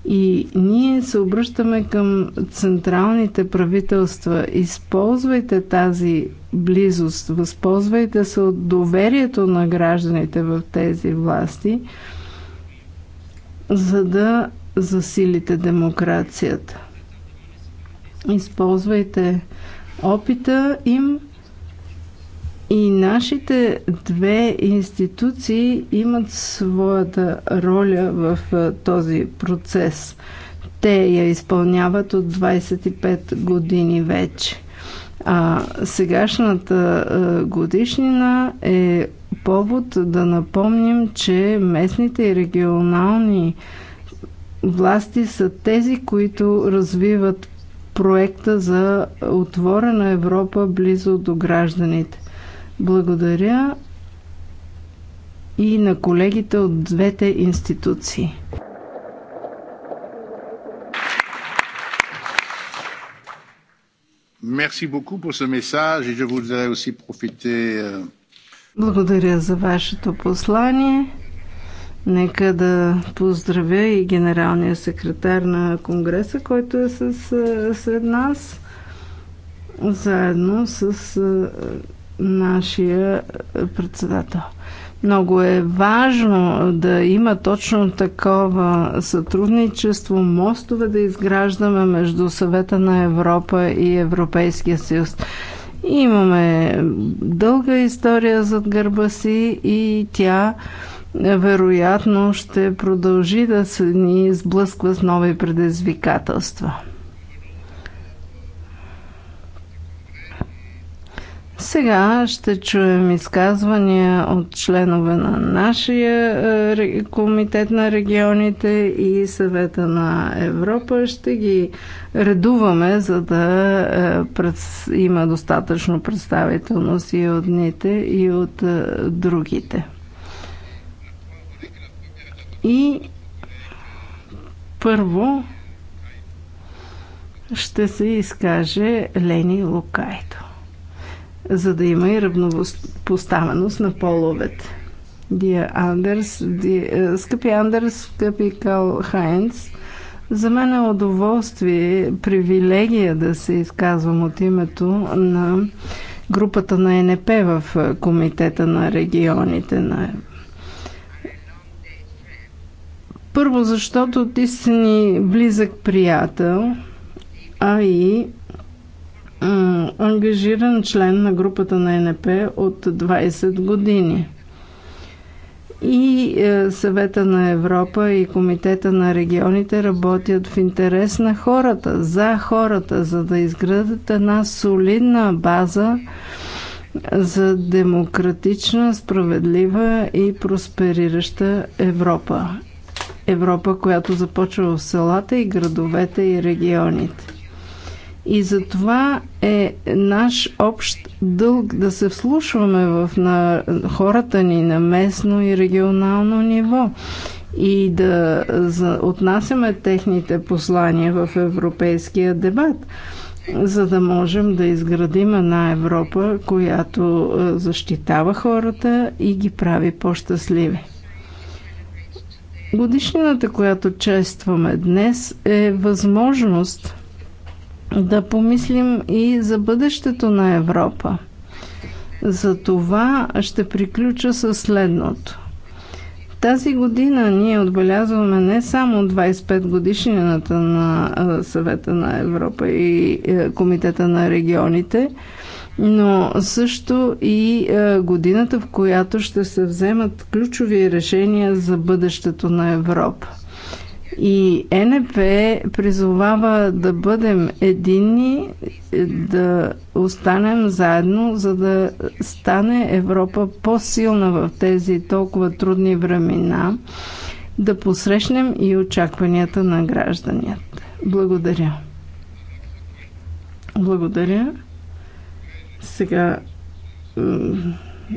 И ние се обръщаме към централните правителства. Използвайте тази близост, възползвайте се от доверието на гражданите в тези власти – за да засилите демокрацията. Използвайте опита им и нашите две институции имат своята роля в този процес. Те я изпълняват от 25 години вече. А сегашната годишнина е повод да напомним, че местните и регионални власти са тези, които развиват проекта за отворена Европа близо до гражданите. Благодаря и на колегите от двете институции. Merci beaucoup pour ce message et je voudrais aussi profiter euh, благодаря за вашето послание. Нека да поздравя и генералния секретар на Конгреса, който е с, сред нас, заедно с нашия председател. Много е важно да има точно такова сътрудничество, мостове да изграждаме между съвета на Европа и Европейския съюз. Имаме дълга история зад гърба си и тя вероятно ще продължи да се ни сблъсква с нови предизвикателства. Сега ще чуем изказвания от членове на нашия е, комитет на регионите и съвета на Европа. Ще ги редуваме, за да е, има достатъчно представителност и от дните, и от е, другите. И първо ще се изкаже Лени Лукайто за да има и равнопоставеност на половете. Дия Андерс, ди, е, скъпи Андерс, скъпи Кал Хайнц, за мен е удоволствие, привилегия да се изказвам от името на групата на НП в е, Комитета на регионите на първо, защото ти си ни близък приятел, а и ангажиран член на групата на НП от 20 години. И е, съвета на Европа и комитета на регионите работят в интерес на хората, за хората, за да изградят една солидна база за демократична, справедлива и просперираща Европа. Европа, която започва в селата и градовете и регионите. И затова е наш общ дълг да се вслушваме в на хората ни на местно и регионално ниво и да отнасяме техните послания в европейския дебат, за да можем да изградим една Европа, която е, защитава хората и ги прави по-щастливи. Годишнината, която честваме днес, е възможност – да помислим и за бъдещето на Европа. За това ще приключа със следното. Тази година ние отбелязваме не само 25 годишнината на Съвета на Европа и е, Комитета на регионите, но също и е, годината, в която ще се вземат ключови решения за бъдещето на Европа. И НП призовава да бъдем единни, да останем заедно, за да стане Европа по-силна в тези толкова трудни времена, да посрещнем и очакванията на гражданите. Благодаря. Благодаря. Сега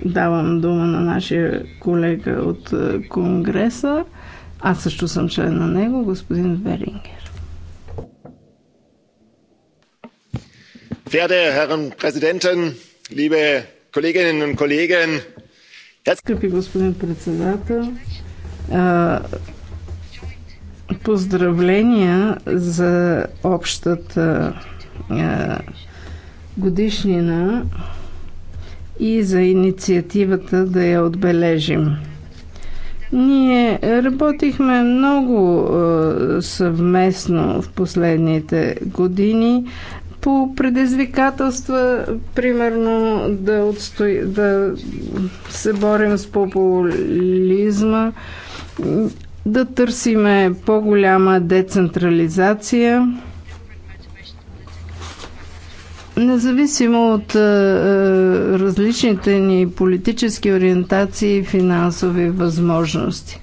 давам дума на нашия колега от е, Конгреса аз също съм член на него, господин Берингер. Верде, Herren президентен, либе колегини и колеги, Скъпи господин председател, поздравления за общата годишнина и за инициативата да я отбележим. Ние работихме много съвместно в последните години по предизвикателства, примерно да, отстои, да се борим с популизма, да търсиме по-голяма децентрализация Независимо от е, е, различните ни политически ориентации и финансови възможности.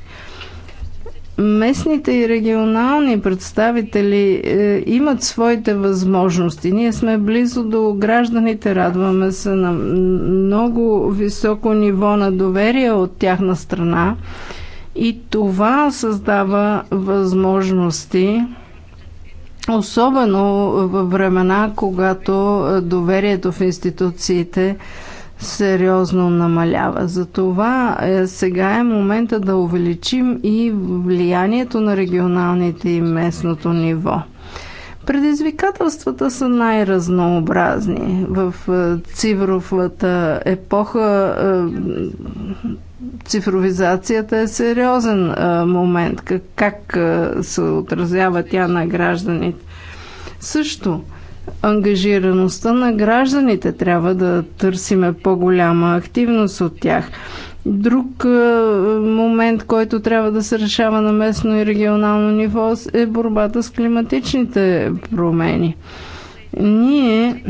Местните и регионални представители е, имат своите възможности. Ние сме близо до гражданите, радваме се на много високо ниво на доверие от тяхна страна и това създава възможности Особено във времена, когато доверието в институциите сериозно намалява. Затова е, сега е момента да увеличим и влиянието на регионалните и местното ниво. Предизвикателствата са най-разнообразни. В цифровата епоха цифровизацията е сериозен момент. Как, как се отразява тя на гражданите? Също ангажираността на гражданите трябва да търсиме по-голяма активност от тях. Друг момент, който трябва да се решава на местно и регионално ниво е борбата с климатичните промени. Ние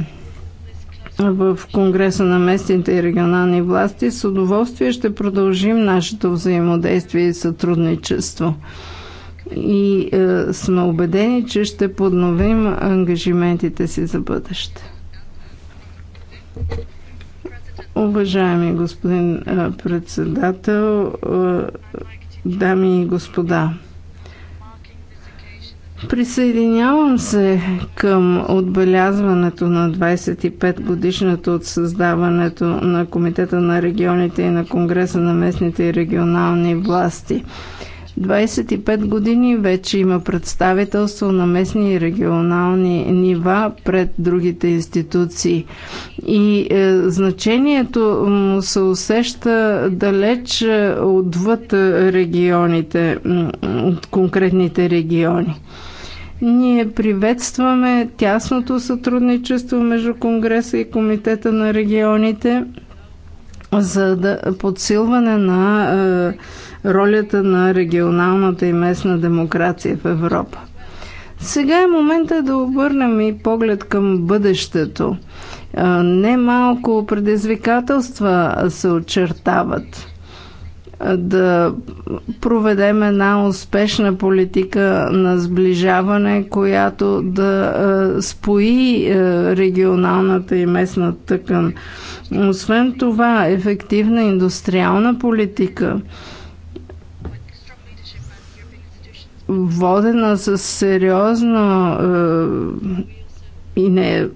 в Конгреса на местните и регионални власти, с удоволствие ще продължим нашето взаимодействие и сътрудничество. И е, сме убедени, че ще подновим ангажиментите си за бъдеще. Уважаеми господин е, председател, е, дами и господа, Присъединявам се към отбелязването на 25 годишното от създаването на Комитета на регионите и на Конгреса на местните и регионални власти. 25 години вече има представителство на местни и регионални нива пред другите институции. И е, значението му се усеща далеч е, отвъд регионите, от конкретните региони. Ние приветстваме тясното сътрудничество между Конгреса и Комитета на регионите за да, подсилване на е, ролята на регионалната и местна демокрация в Европа. Сега е момента да обърнем и поглед към бъдещето. Е, Немалко предизвикателства се очертават да проведем една успешна политика на сближаване, която да е, спои е, регионалната и местна тъкан. Освен това, ефективна индустриална политика, водена с сериозно е, и не,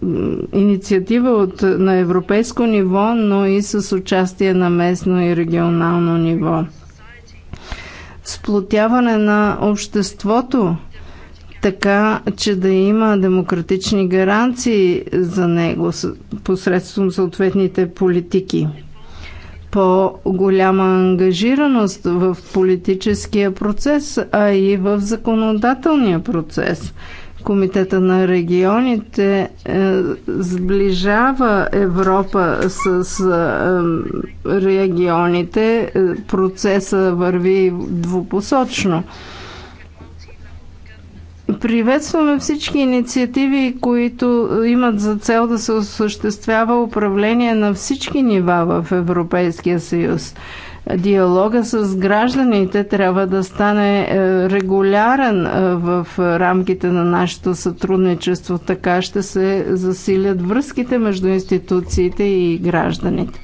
инициатива от, на европейско ниво, но и с участие на местно и регионално ниво. Сплотяване на обществото, така че да има демократични гаранции за него посредством съответните политики. По-голяма ангажираност в политическия процес, а и в законодателния процес – Комитета на регионите е, сближава Европа с регионите. Е, процеса върви двупосочно. Приветстваме всички инициативи, които имат за цел да се осъществява управление на всички нива в Европейския съюз диалога с гражданите трябва да стане е, регулярен е, в рамките на нашето сътрудничество. Така ще се засилят връзките между институциите и гражданите.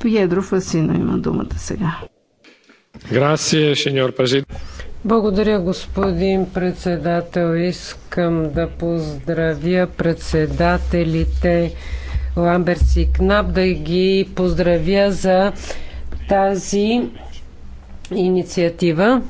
Пьедро Фасино има думата сега. Грасие, сеньор Благодаря, господин председател. Искам да поздравя председателите Ламберс и Кнап, да ги поздравя за тази инициатива.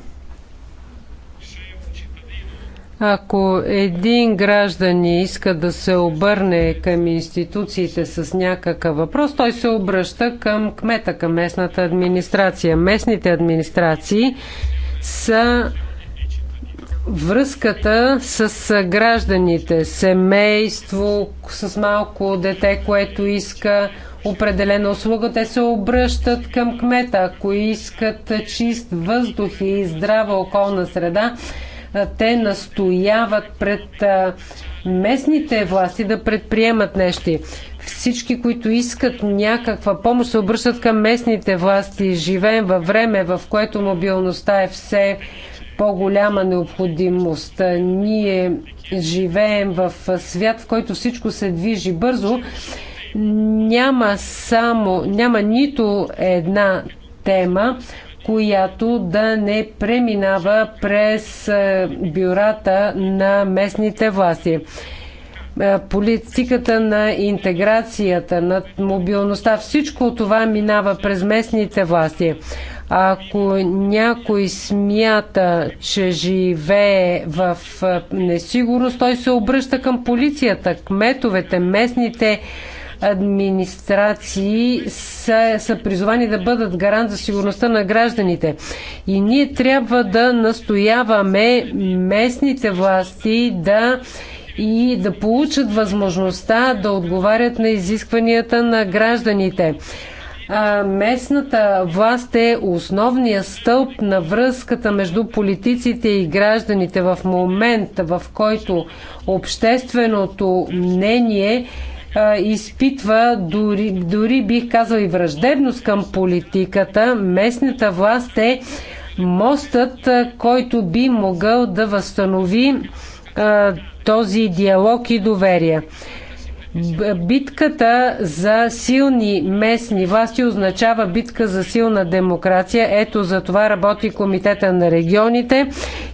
Ако един граждан иска да се обърне към институциите с някакъв въпрос, той се обръща към кмета, към местната администрация. Местните администрации са връзката с гражданите, семейство, с малко дете, което иска определена услуга, те се обръщат към кмета. Ако искат чист въздух и здрава околна среда, те настояват пред местните власти да предприемат нещо. Всички, които искат някаква помощ, се обръщат към местните власти. Живеем във време, в което мобилността е все по-голяма необходимост. Ние живеем в свят, в който всичко се движи бързо. Няма само, няма нито една тема, която да не преминава през е, бюрата на местните власти. Е, политиката на интеграцията, на мобилността, всичко това минава през местните власти. Ако някой смята, че живее в несигурност, той се обръща към полицията, кметовете, местните администрации са, са призовани да бъдат гарант за сигурността на гражданите. И ние трябва да настояваме местните власти да и да получат възможността да отговарят на изискванията на гражданите местната власт е основния стълб на връзката между политиците и гражданите в момента, в който общественото мнение изпитва дори, дори бих казал и враждебност към политиката. Местната власт е мостът, който би могъл да възстанови този диалог и доверие. Битката за силни местни власти означава битка за силна демокрация. Ето за това работи Комитета на регионите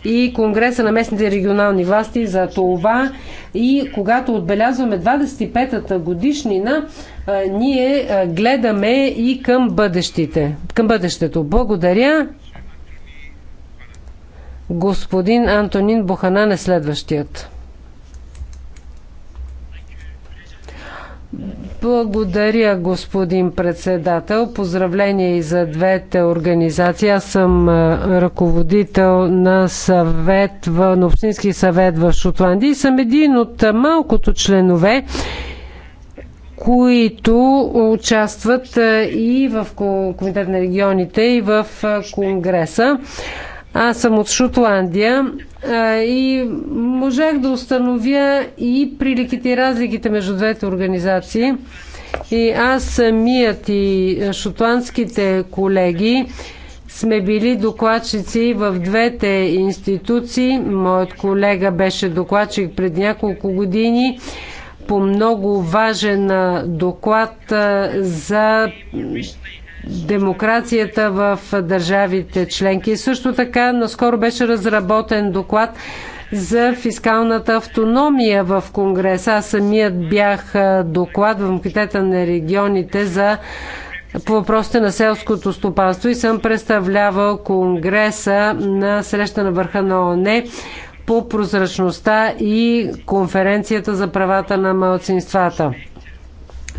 и Конгреса на местните регионални власти за това. И когато отбелязваме 25-та годишнина, ние гледаме и към, бъдещите, към бъдещето. Благодаря. Господин Антонин Бухана е следващият. Благодаря, господин председател. Поздравление и за двете организации. Аз съм ръководител на съвет в, на Общински съвет в Шотландия и съм един от малкото членове, които участват и в Комитет на регионите, и в Конгреса. Аз съм от Шотландия и можах да установя и приликите и разликите между двете организации. И аз самият и шотландските колеги сме били докладчици в двете институции. Моят колега беше докладчик пред няколко години по много важен доклад за демокрацията в държавите членки. Също така наскоро беше разработен доклад за фискалната автономия в Конгреса. Аз самият бях доклад в Комитета на регионите за по въпросите на селското стопанство и съм представлявал Конгреса на среща на върха на ОНЕ по прозрачността и конференцията за правата на малцинствата.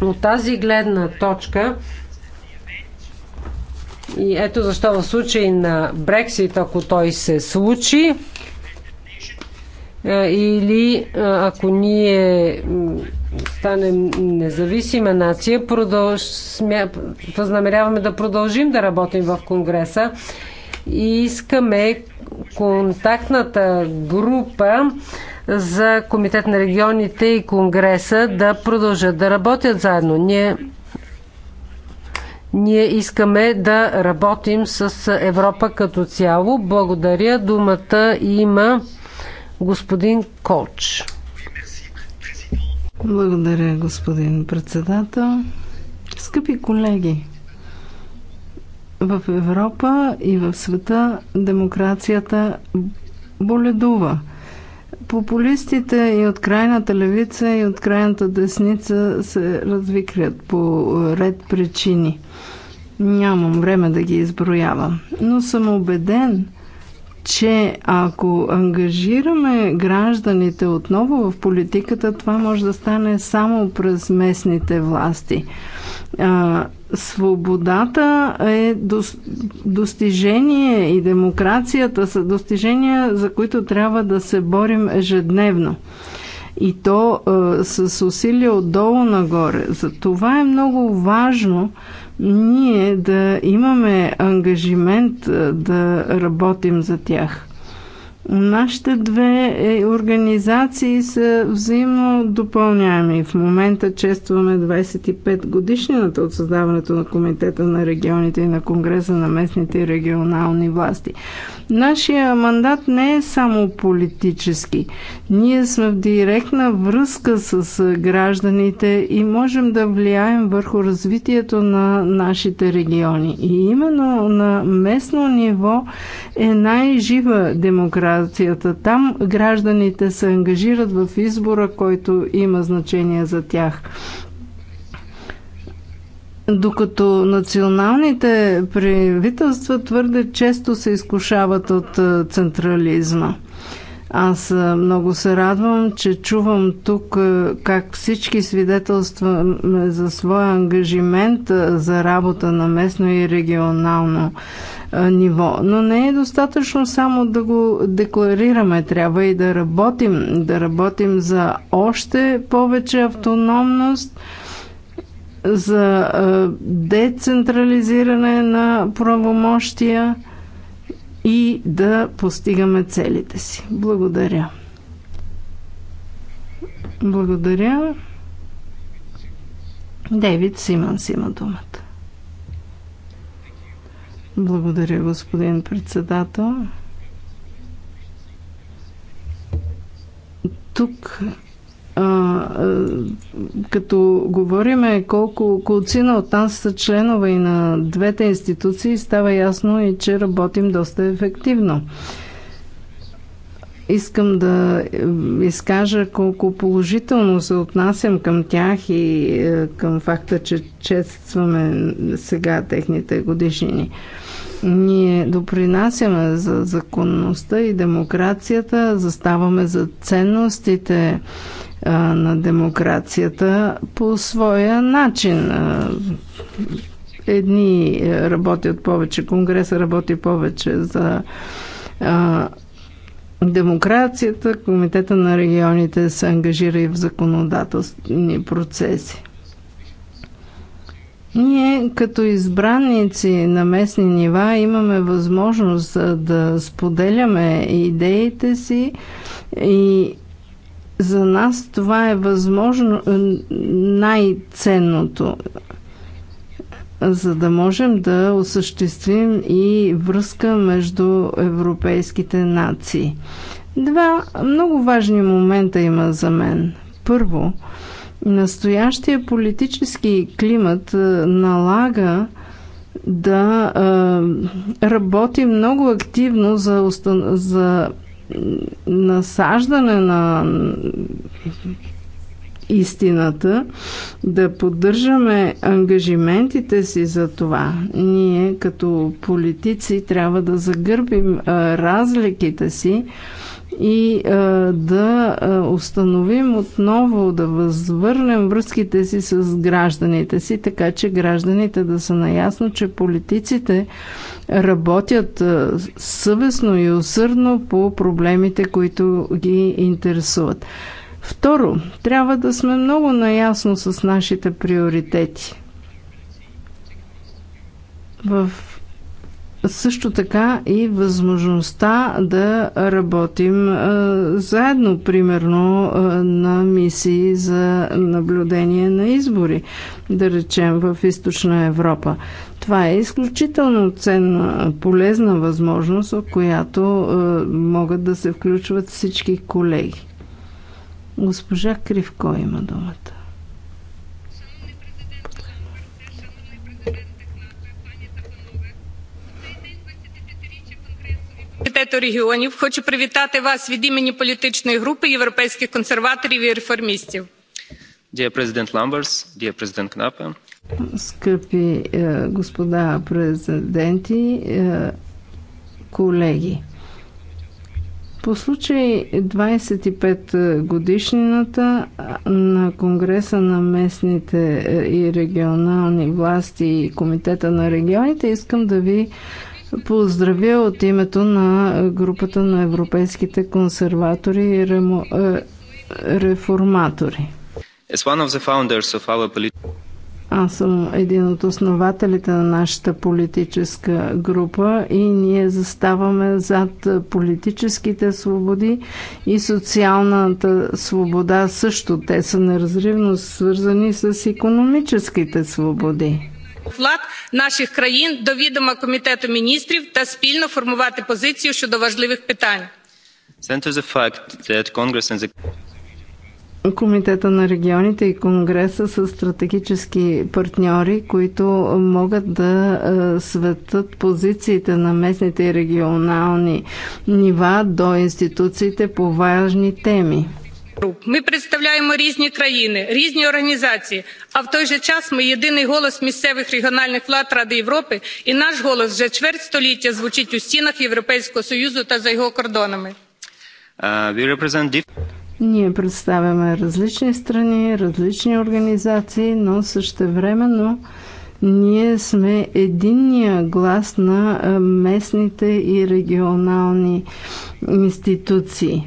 От тази гледна точка и ето защо в случай на Брексит, ако той се случи, е, или е, ако ние станем независима нация, продълж... възнамеряваме да продължим да работим в Конгреса и искаме контактната група за Комитет на регионите и Конгреса да продължат да работят заедно. Ние ние искаме да работим с Европа като цяло. Благодаря. Думата има господин Колч. Благодаря, господин председател. Скъпи колеги, в Европа и в света демокрацията боледува. Популистите и от крайната левица и от крайната десница се развикрят по ред причини. Нямам време да ги изброявам. Но съм убеден, че ако ангажираме гражданите отново в политиката, това може да стане само през местните власти а, свободата е до, достижение и демокрацията са достижения, за които трябва да се борим ежедневно. И то а, с усилия отдолу нагоре. За това е много важно ние да имаме ангажимент да работим за тях. Нашите две е, организации са взаимно допълняеми. В момента честваме 25 годишнината от създаването на Комитета на регионите и на Конгреса на местните и регионални власти. Нашия мандат не е само политически. Ние сме в директна връзка с гражданите и можем да влияем върху развитието на нашите региони. И именно на местно ниво е най-жива демокрация демокрацията. Там гражданите се ангажират в избора, който има значение за тях. Докато националните правителства твърде често се изкушават от централизма. Аз много се радвам, че чувам тук как всички свидетелстваме за своя ангажимент за работа на местно и регионално ниво. Но не е достатъчно само да го декларираме. Трябва и да работим. Да работим за още повече автономност за децентрализиране на правомощия и да постигаме целите си. Благодаря. Благодаря. Дейвид Симън има думата. Благодаря, господин председател. Тук като говориме колко колцина от нас са членове и на двете институции, става ясно и че работим доста ефективно. Искам да е, изкажа колко положително се отнасям към тях и е, към факта, че честваме сега техните годишнини. Ние допринасяме за законността и демокрацията, заставаме за ценностите на демокрацията по своя начин. Едни е, работят повече, Конгреса работи повече за демокрацията, Комитета на регионите се ангажира и в законодателни процеси. Ние като избранници на местни нива имаме възможност да споделяме идеите си и за нас това е възможно е, най-ценното, за да можем да осъществим и връзка между европейските нации. Два много важни момента има за мен. Първо, Настоящия политически климат е, налага да работим е, работи много активно за, остан... за насаждане на истината, да поддържаме ангажиментите си за това. Ние като политици трябва да загърбим а, е, разликите си и а, да установим отново, да възвърнем връзките си с гражданите си, така че гражданите да са наясно, че политиците работят съвестно и усърдно по проблемите, които ги интересуват. Второ, трябва да сме много наясно с нашите приоритети. В също така и възможността да работим заедно, примерно на мисии за наблюдение на избори, да речем в Източна Европа. Това е изключително ценна, полезна възможност, от която могат да се включват всички колеги. Госпожа Кривко има думата. Комітету регіонів хочу привітати вас від імені політичної групи європейських консерваторів і реформістів. Dear President Lambers, dear President Knappe. Скъпи е, господа президенти, е, колеги. По случай 25 годишнината на Конгреса на местните е, и регионални власти и Комитета на регионите искам да ви поздравя от името на групата на европейските консерватори и ремо... Е, реформатори. Аз съм един от основателите на нашата политическа група и ние заставаме зад политическите свободи и социалната свобода също. Те са неразривно свързани с економическите свободи влад наших країн до відома комітету міністрів та спільно формувати позицію щодо важливих питань. Комитета на регионите и Конгреса са стратегически партньори, които могат да е, светат позициите на местните и регионални нива до институциите по важни теми. Ми представляємо різні країни, різні організації, а в той же час ми єдиний голос місцевих регіональних влад Ради Європи, і наш голос вже чверть століття звучить у стінах Європейського Союзу та за його кордонами. Uh, ние представяме различни страни, различни организации, но същевременно ние сме единния глас на местните и регионални институции.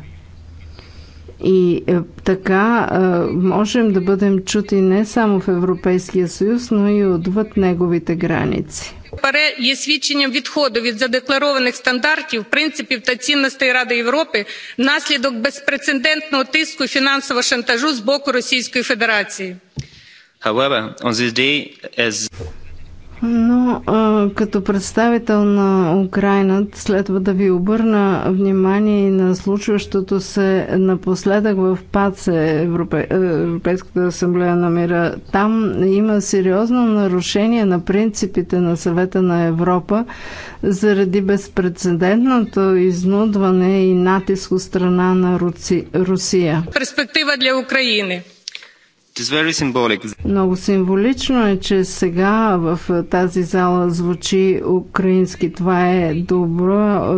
И е, така е, можем да бъдем чути не само в Европейския съюз, но и отвъд неговите граници. ПАРЕ є е свідченням відходу від задекларованих стандартів, принципів та цінностей Ради Європи внаслідок безпрецедентного тиску і фінансового шантажу з боку Російської Федерації. However, on this day, as но а, като представител на Украина следва да ви обърна внимание и на случващото се напоследък в ПАЦЕ, Европе, е, Европейската асамблея на мира. Там има сериозно нарушение на принципите на съвета на Европа заради безпредседентното изнудване и натиск от страна на Руси, Русия. Перспектива для Украины. Много символично е, че сега в тази зала звучи украински. Това е добро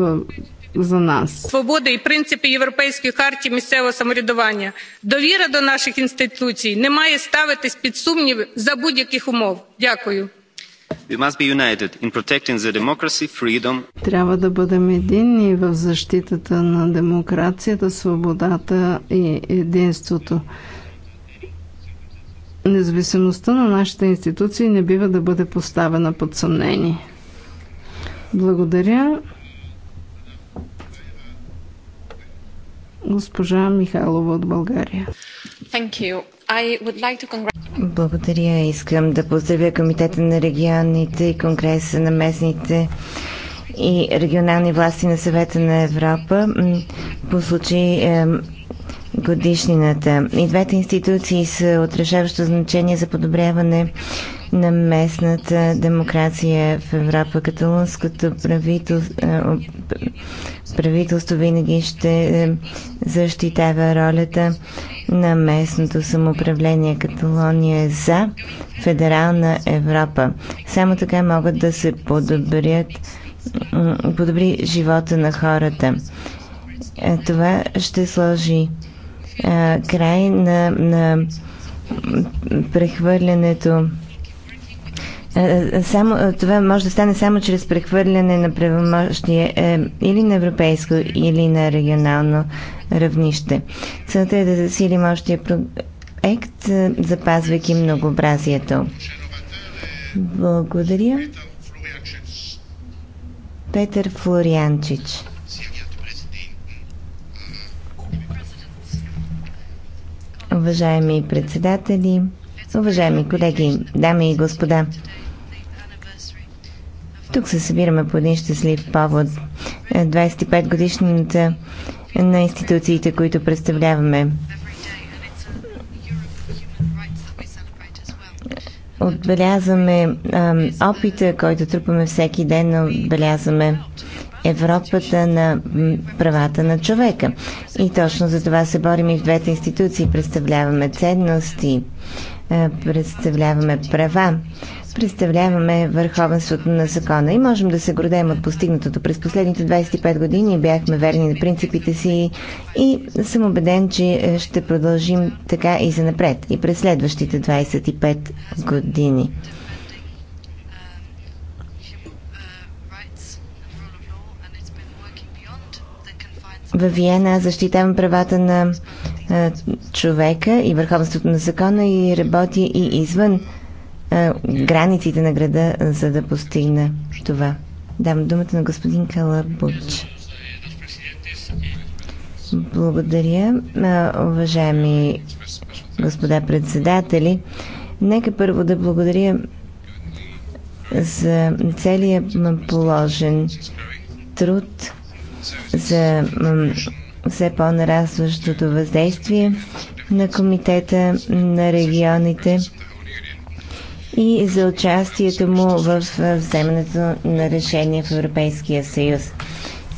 за нас. Свобода і принципи Європейської харті місцевого самоврядування. Довіра до наших інституцій не має ставитись під сумнів за будь-яких умов. Дякую. Democracy, Трябва да бъдем единни в защитата на демокрацията, свободата и единството независимостта на нашите институции не бива да бъде поставена под съмнение. Благодаря. Госпожа Михайлова от България. Like Благодаря. Искам да поздравя Комитета на регионите и Конгреса на местните и регионални власти на съвета на Европа по случай годишнината. И двете институции са отрешаващо значение за подобряване на местната демокрация в Европа. Каталунското правителство, правителство винаги ще е, защитава ролята на местното самоуправление. Каталония е за федерална Европа. Само така могат да се подобрят подобри живота на хората. Е, това ще сложи а, край на, на прехвърлянето. Само, това може да стане само чрез прехвърляне на правомощие е, или на европейско, или на регионално равнище. Целта е да засилим още проект, запазвайки многообразието. Благодаря. Петър Флорианчич. уважаеми председатели, уважаеми колеги, дами и господа. Тук се събираме по един щастлив повод. 25 годишната на институциите, които представляваме. Отбелязваме а, опита, който трупаме всеки ден, отбелязваме Европата на правата на човека. И точно за това се борим и в двете институции. Представляваме ценности, е, представляваме права, представляваме върховенството на закона и можем да се гордеем от постигнатото. През последните 25 години бяхме верни на принципите си и съм убеден, че ще продължим така и занапред и през следващите 25 години. във Виена защитавам правата на а, човека и върховенството на закона и работя и извън а, границите на града, за да постигна това. Дам думата на господин Калабуч. Благодаря, а, уважаеми господа председатели. Нека първо да благодаря за целият положен труд за все по-нарастващото въздействие на Комитета на регионите и за участието му в вземането на решения в Европейския съюз.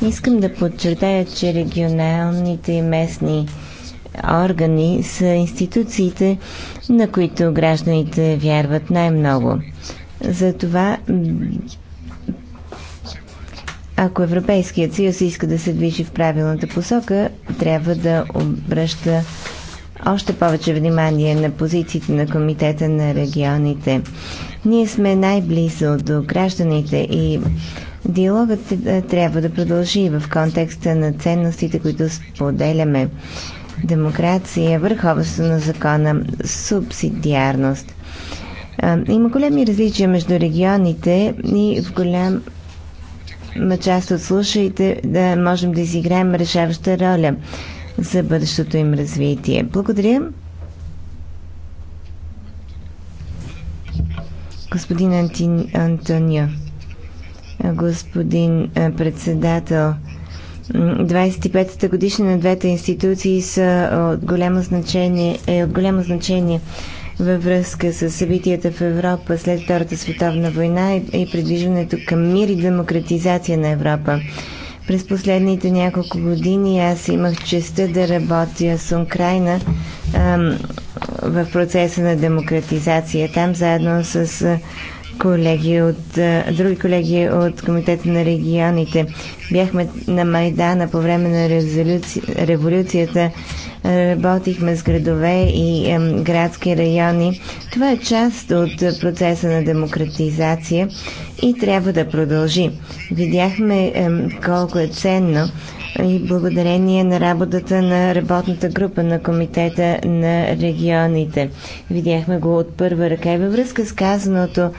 Искам да подчертая, че регионалните и местни органи са институциите, на които гражданите вярват най-много. Затова ако Европейският съюз иска да се движи в правилната посока, трябва да обръща още повече внимание на позициите на Комитета на регионите. Ние сме най-близо до гражданите и диалогът е, е, трябва да продължи в контекста на ценностите, които споделяме. Демокрация, върховенство на закона, субсидиарност. Е, има големи различия между регионите и в голям на част от слушаите да можем да изиграем решаваща роля за бъдещото им развитие. Благодаря. Господин Антин, Антонио, господин председател, 25-та годишна на двете институции са от голямо значение, е от голямо значение във връзка с събитията в Европа след Втората световна война и придвижването към мир и демократизация на Европа. През последните няколко години аз имах честа да работя с Украина ам, в процеса на демократизация. Там заедно с колеги от, други колеги от Комитета на регионите. Бяхме на Майдана по време на резолюци... революцията, работихме с градове и градски райони. Това е част от процеса на демократизация и трябва да продължи. Видяхме колко е ценно и благодарение на работата на работната група на Комитета на регионите. Видяхме го от първа ръка и във връзка с казаното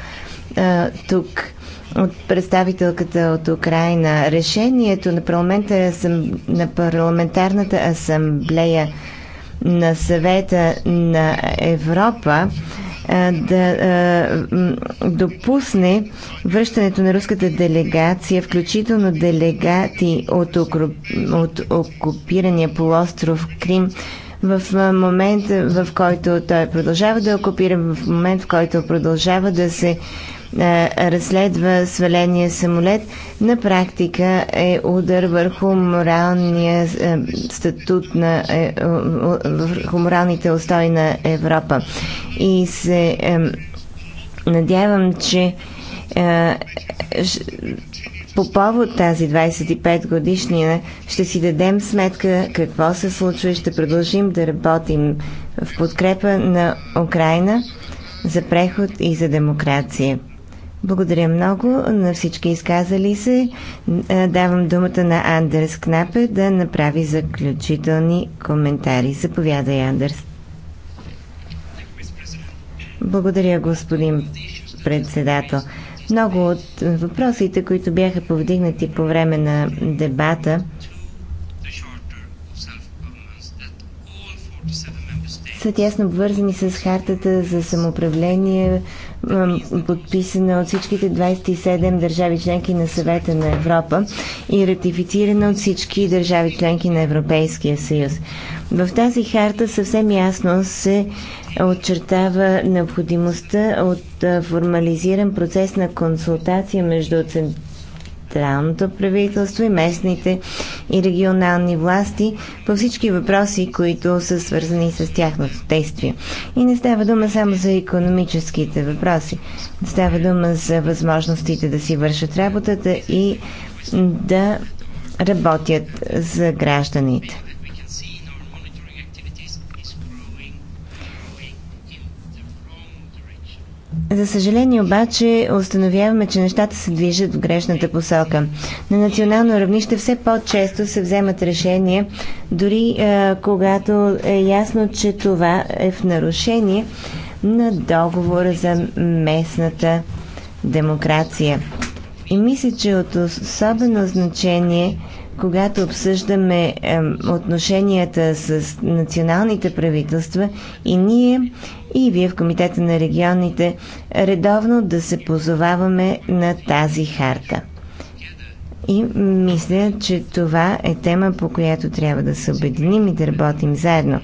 тук от представителката от Украина. Решението на, парламента, е на парламентарната асамблея на съвета на Европа да допусне връщането на руската делегация, включително делегати от, окупирания полуостров Крим в момент, в който той продължава да окупира, в момент, в който продължава да се разследва сваления самолет, на практика е удар върху моралния статут на е, върху моралните устои на Европа. И се надявам, че по повод тази 25 годишния ще си дадем сметка какво се случва и ще продължим да работим в подкрепа на Украина за преход и за демокрация. Благодаря много на всички изказали се. Е, давам думата на Андерс Кнапе да направи заключителни коментари. Заповядай, Андерс. Благодаря, господин председател. Много от въпросите, които бяха повдигнати по време на дебата, са тясно обвързани с хартата за самоуправление, подписана от всичките 27 държави членки на съвета на Европа и ратифицирана от всички държави членки на Европейския съюз. В тази харта съвсем ясно се очертава необходимостта от формализиран процес на консултация между централното правителство и местните и регионални власти по всички въпроси, които са свързани с тяхното действие. И не става дума само за економическите въпроси. Става дума за възможностите да си вършат работата и да работят за гражданите. За съжаление обаче установяваме, че нещата се движат в грешната посока. На национално равнище все по-често се вземат решения, дори е, когато е ясно, че това е в нарушение на договора за местната демокрация. И мисля, че от особено значение когато обсъждаме отношенията с националните правителства и ние, и вие в Комитета на регионите, редовно да се позоваваме на тази харта. И мисля, че това е тема, по която трябва да се обединим и да работим заедно.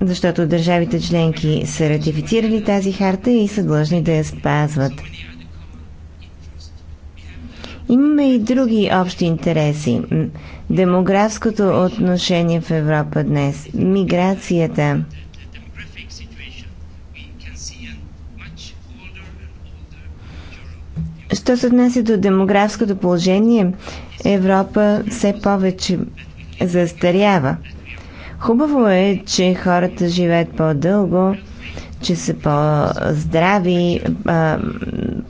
Защото държавите членки са ратифицирали тази харта и са длъжни да я спазват. Имаме и други общи интереси. Демографското отношение в Европа днес, миграцията, Що се отнася до демографското положение, Европа все повече застарява. Хубаво е, че хората живеят по-дълго, че са по-здрави,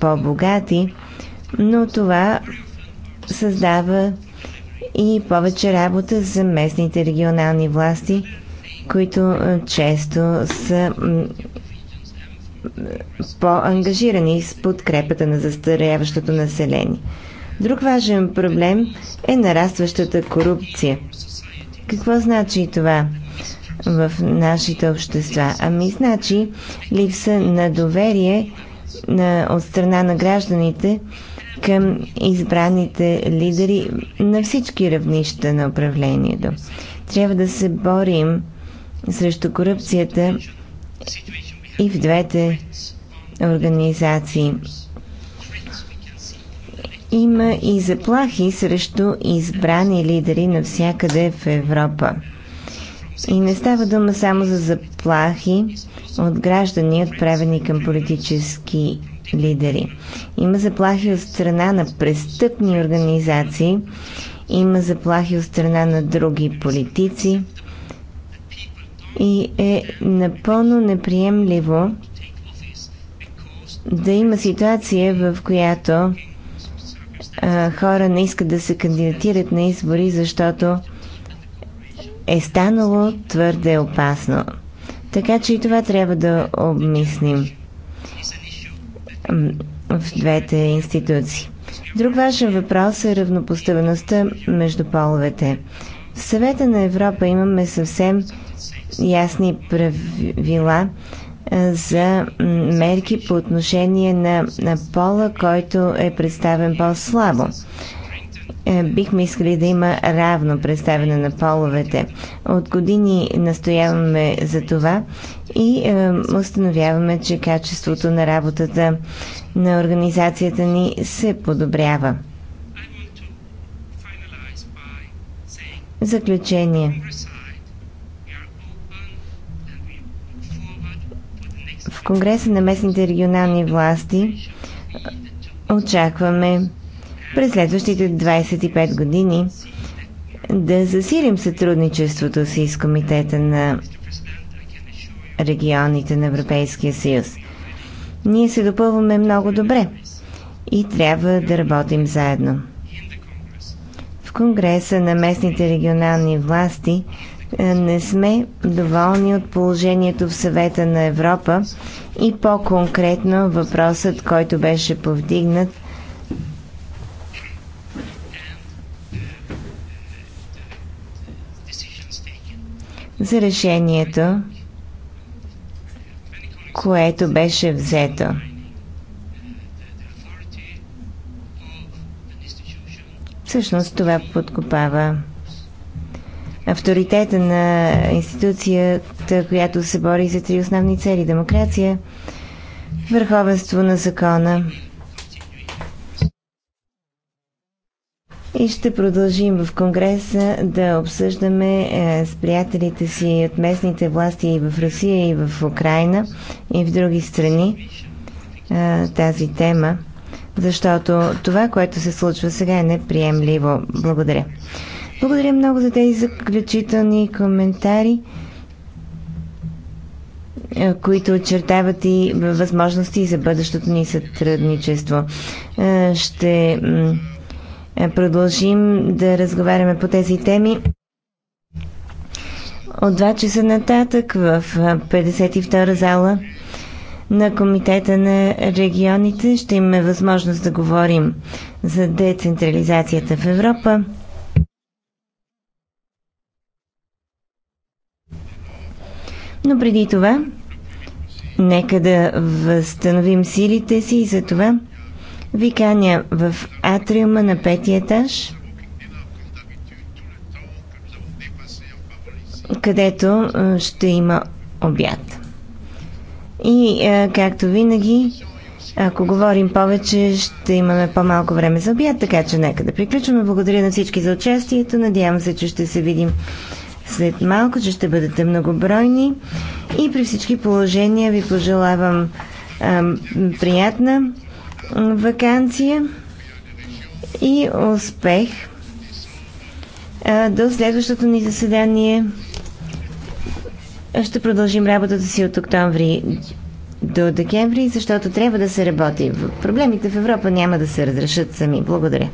по-богати но това създава и повече работа за местните регионални власти, които е, често са по-ангажирани с подкрепата на застаряващото население. Друг важен проблем е нарастващата корупция. Какво значи това в нашите общества? Ами значи липса на доверие на, от страна на гражданите към избраните лидери на всички равнища на управлението. Трябва да се борим срещу корупцията и в двете организации. Има и заплахи срещу избрани лидери навсякъде в Европа. И не става дума само за заплахи от граждани, отправени към политически лидери. Има заплахи от страна на престъпни организации, има заплахи от страна на други политици и е напълно неприемливо да има ситуация, в която а, хора не искат да се кандидатират на избори, защото е станало твърде опасно. Така че и това трябва да обмислим в двете институции. Друг важен въпрос е равнопоставеността между половете. В съвета на Европа имаме съвсем ясни правила за мерки по отношение на, на пола, който е представен по-слабо. Е, бихме искали да има равно представяне на половете. От години настояваме за това и е, установяваме, че качеството на работата на организацията ни се подобрява. В заключение. В Конгреса на местните регионални власти е, очакваме през следващите 25 години да засилим сътрудничеството си с Комитета на регионите на Европейския съюз. Ние се допълваме много добре и трябва да работим заедно. В Конгреса на местните регионални власти е, не сме доволни от положението в съвета на Европа и по-конкретно въпросът, който беше повдигнат за решението, което беше взето. Всъщност това подкопава авторитета на институцията, която се бори за три основни цели – демокрация, върховенство на закона и ще продължим в Конгреса да обсъждаме е, с приятелите си от местните власти и в Русия, и в Украина, и в други страни е, тази тема, защото това, което се случва сега е неприемливо. Благодаря. Благодаря много за тези заключителни коментари, е, които очертават и възможности за бъдещото ни сътрудничество. Ще е, продължим да разговаряме по тези теми. От 2 часа нататък в 52 е, зала на Комитета на регионите ще имаме възможност да говорим за децентрализацията в Европа. Но преди това, нека да възстановим силите си и за това Виканя в атриума на петия етаж, където ще има обяд. И както винаги, ако говорим повече, ще имаме по-малко време за обяд, така че нека да приключваме. Благодаря на всички за участието. Надявам се, че ще се видим след малко, че ще бъдете многобройни. И при всички положения ви пожелавам ам, приятна вакансия и успех до следващото ни заседание. Ще продължим работата си от октомври до декември, защото трябва да се работи. Проблемите в Европа няма да се разрешат сами. Благодаря.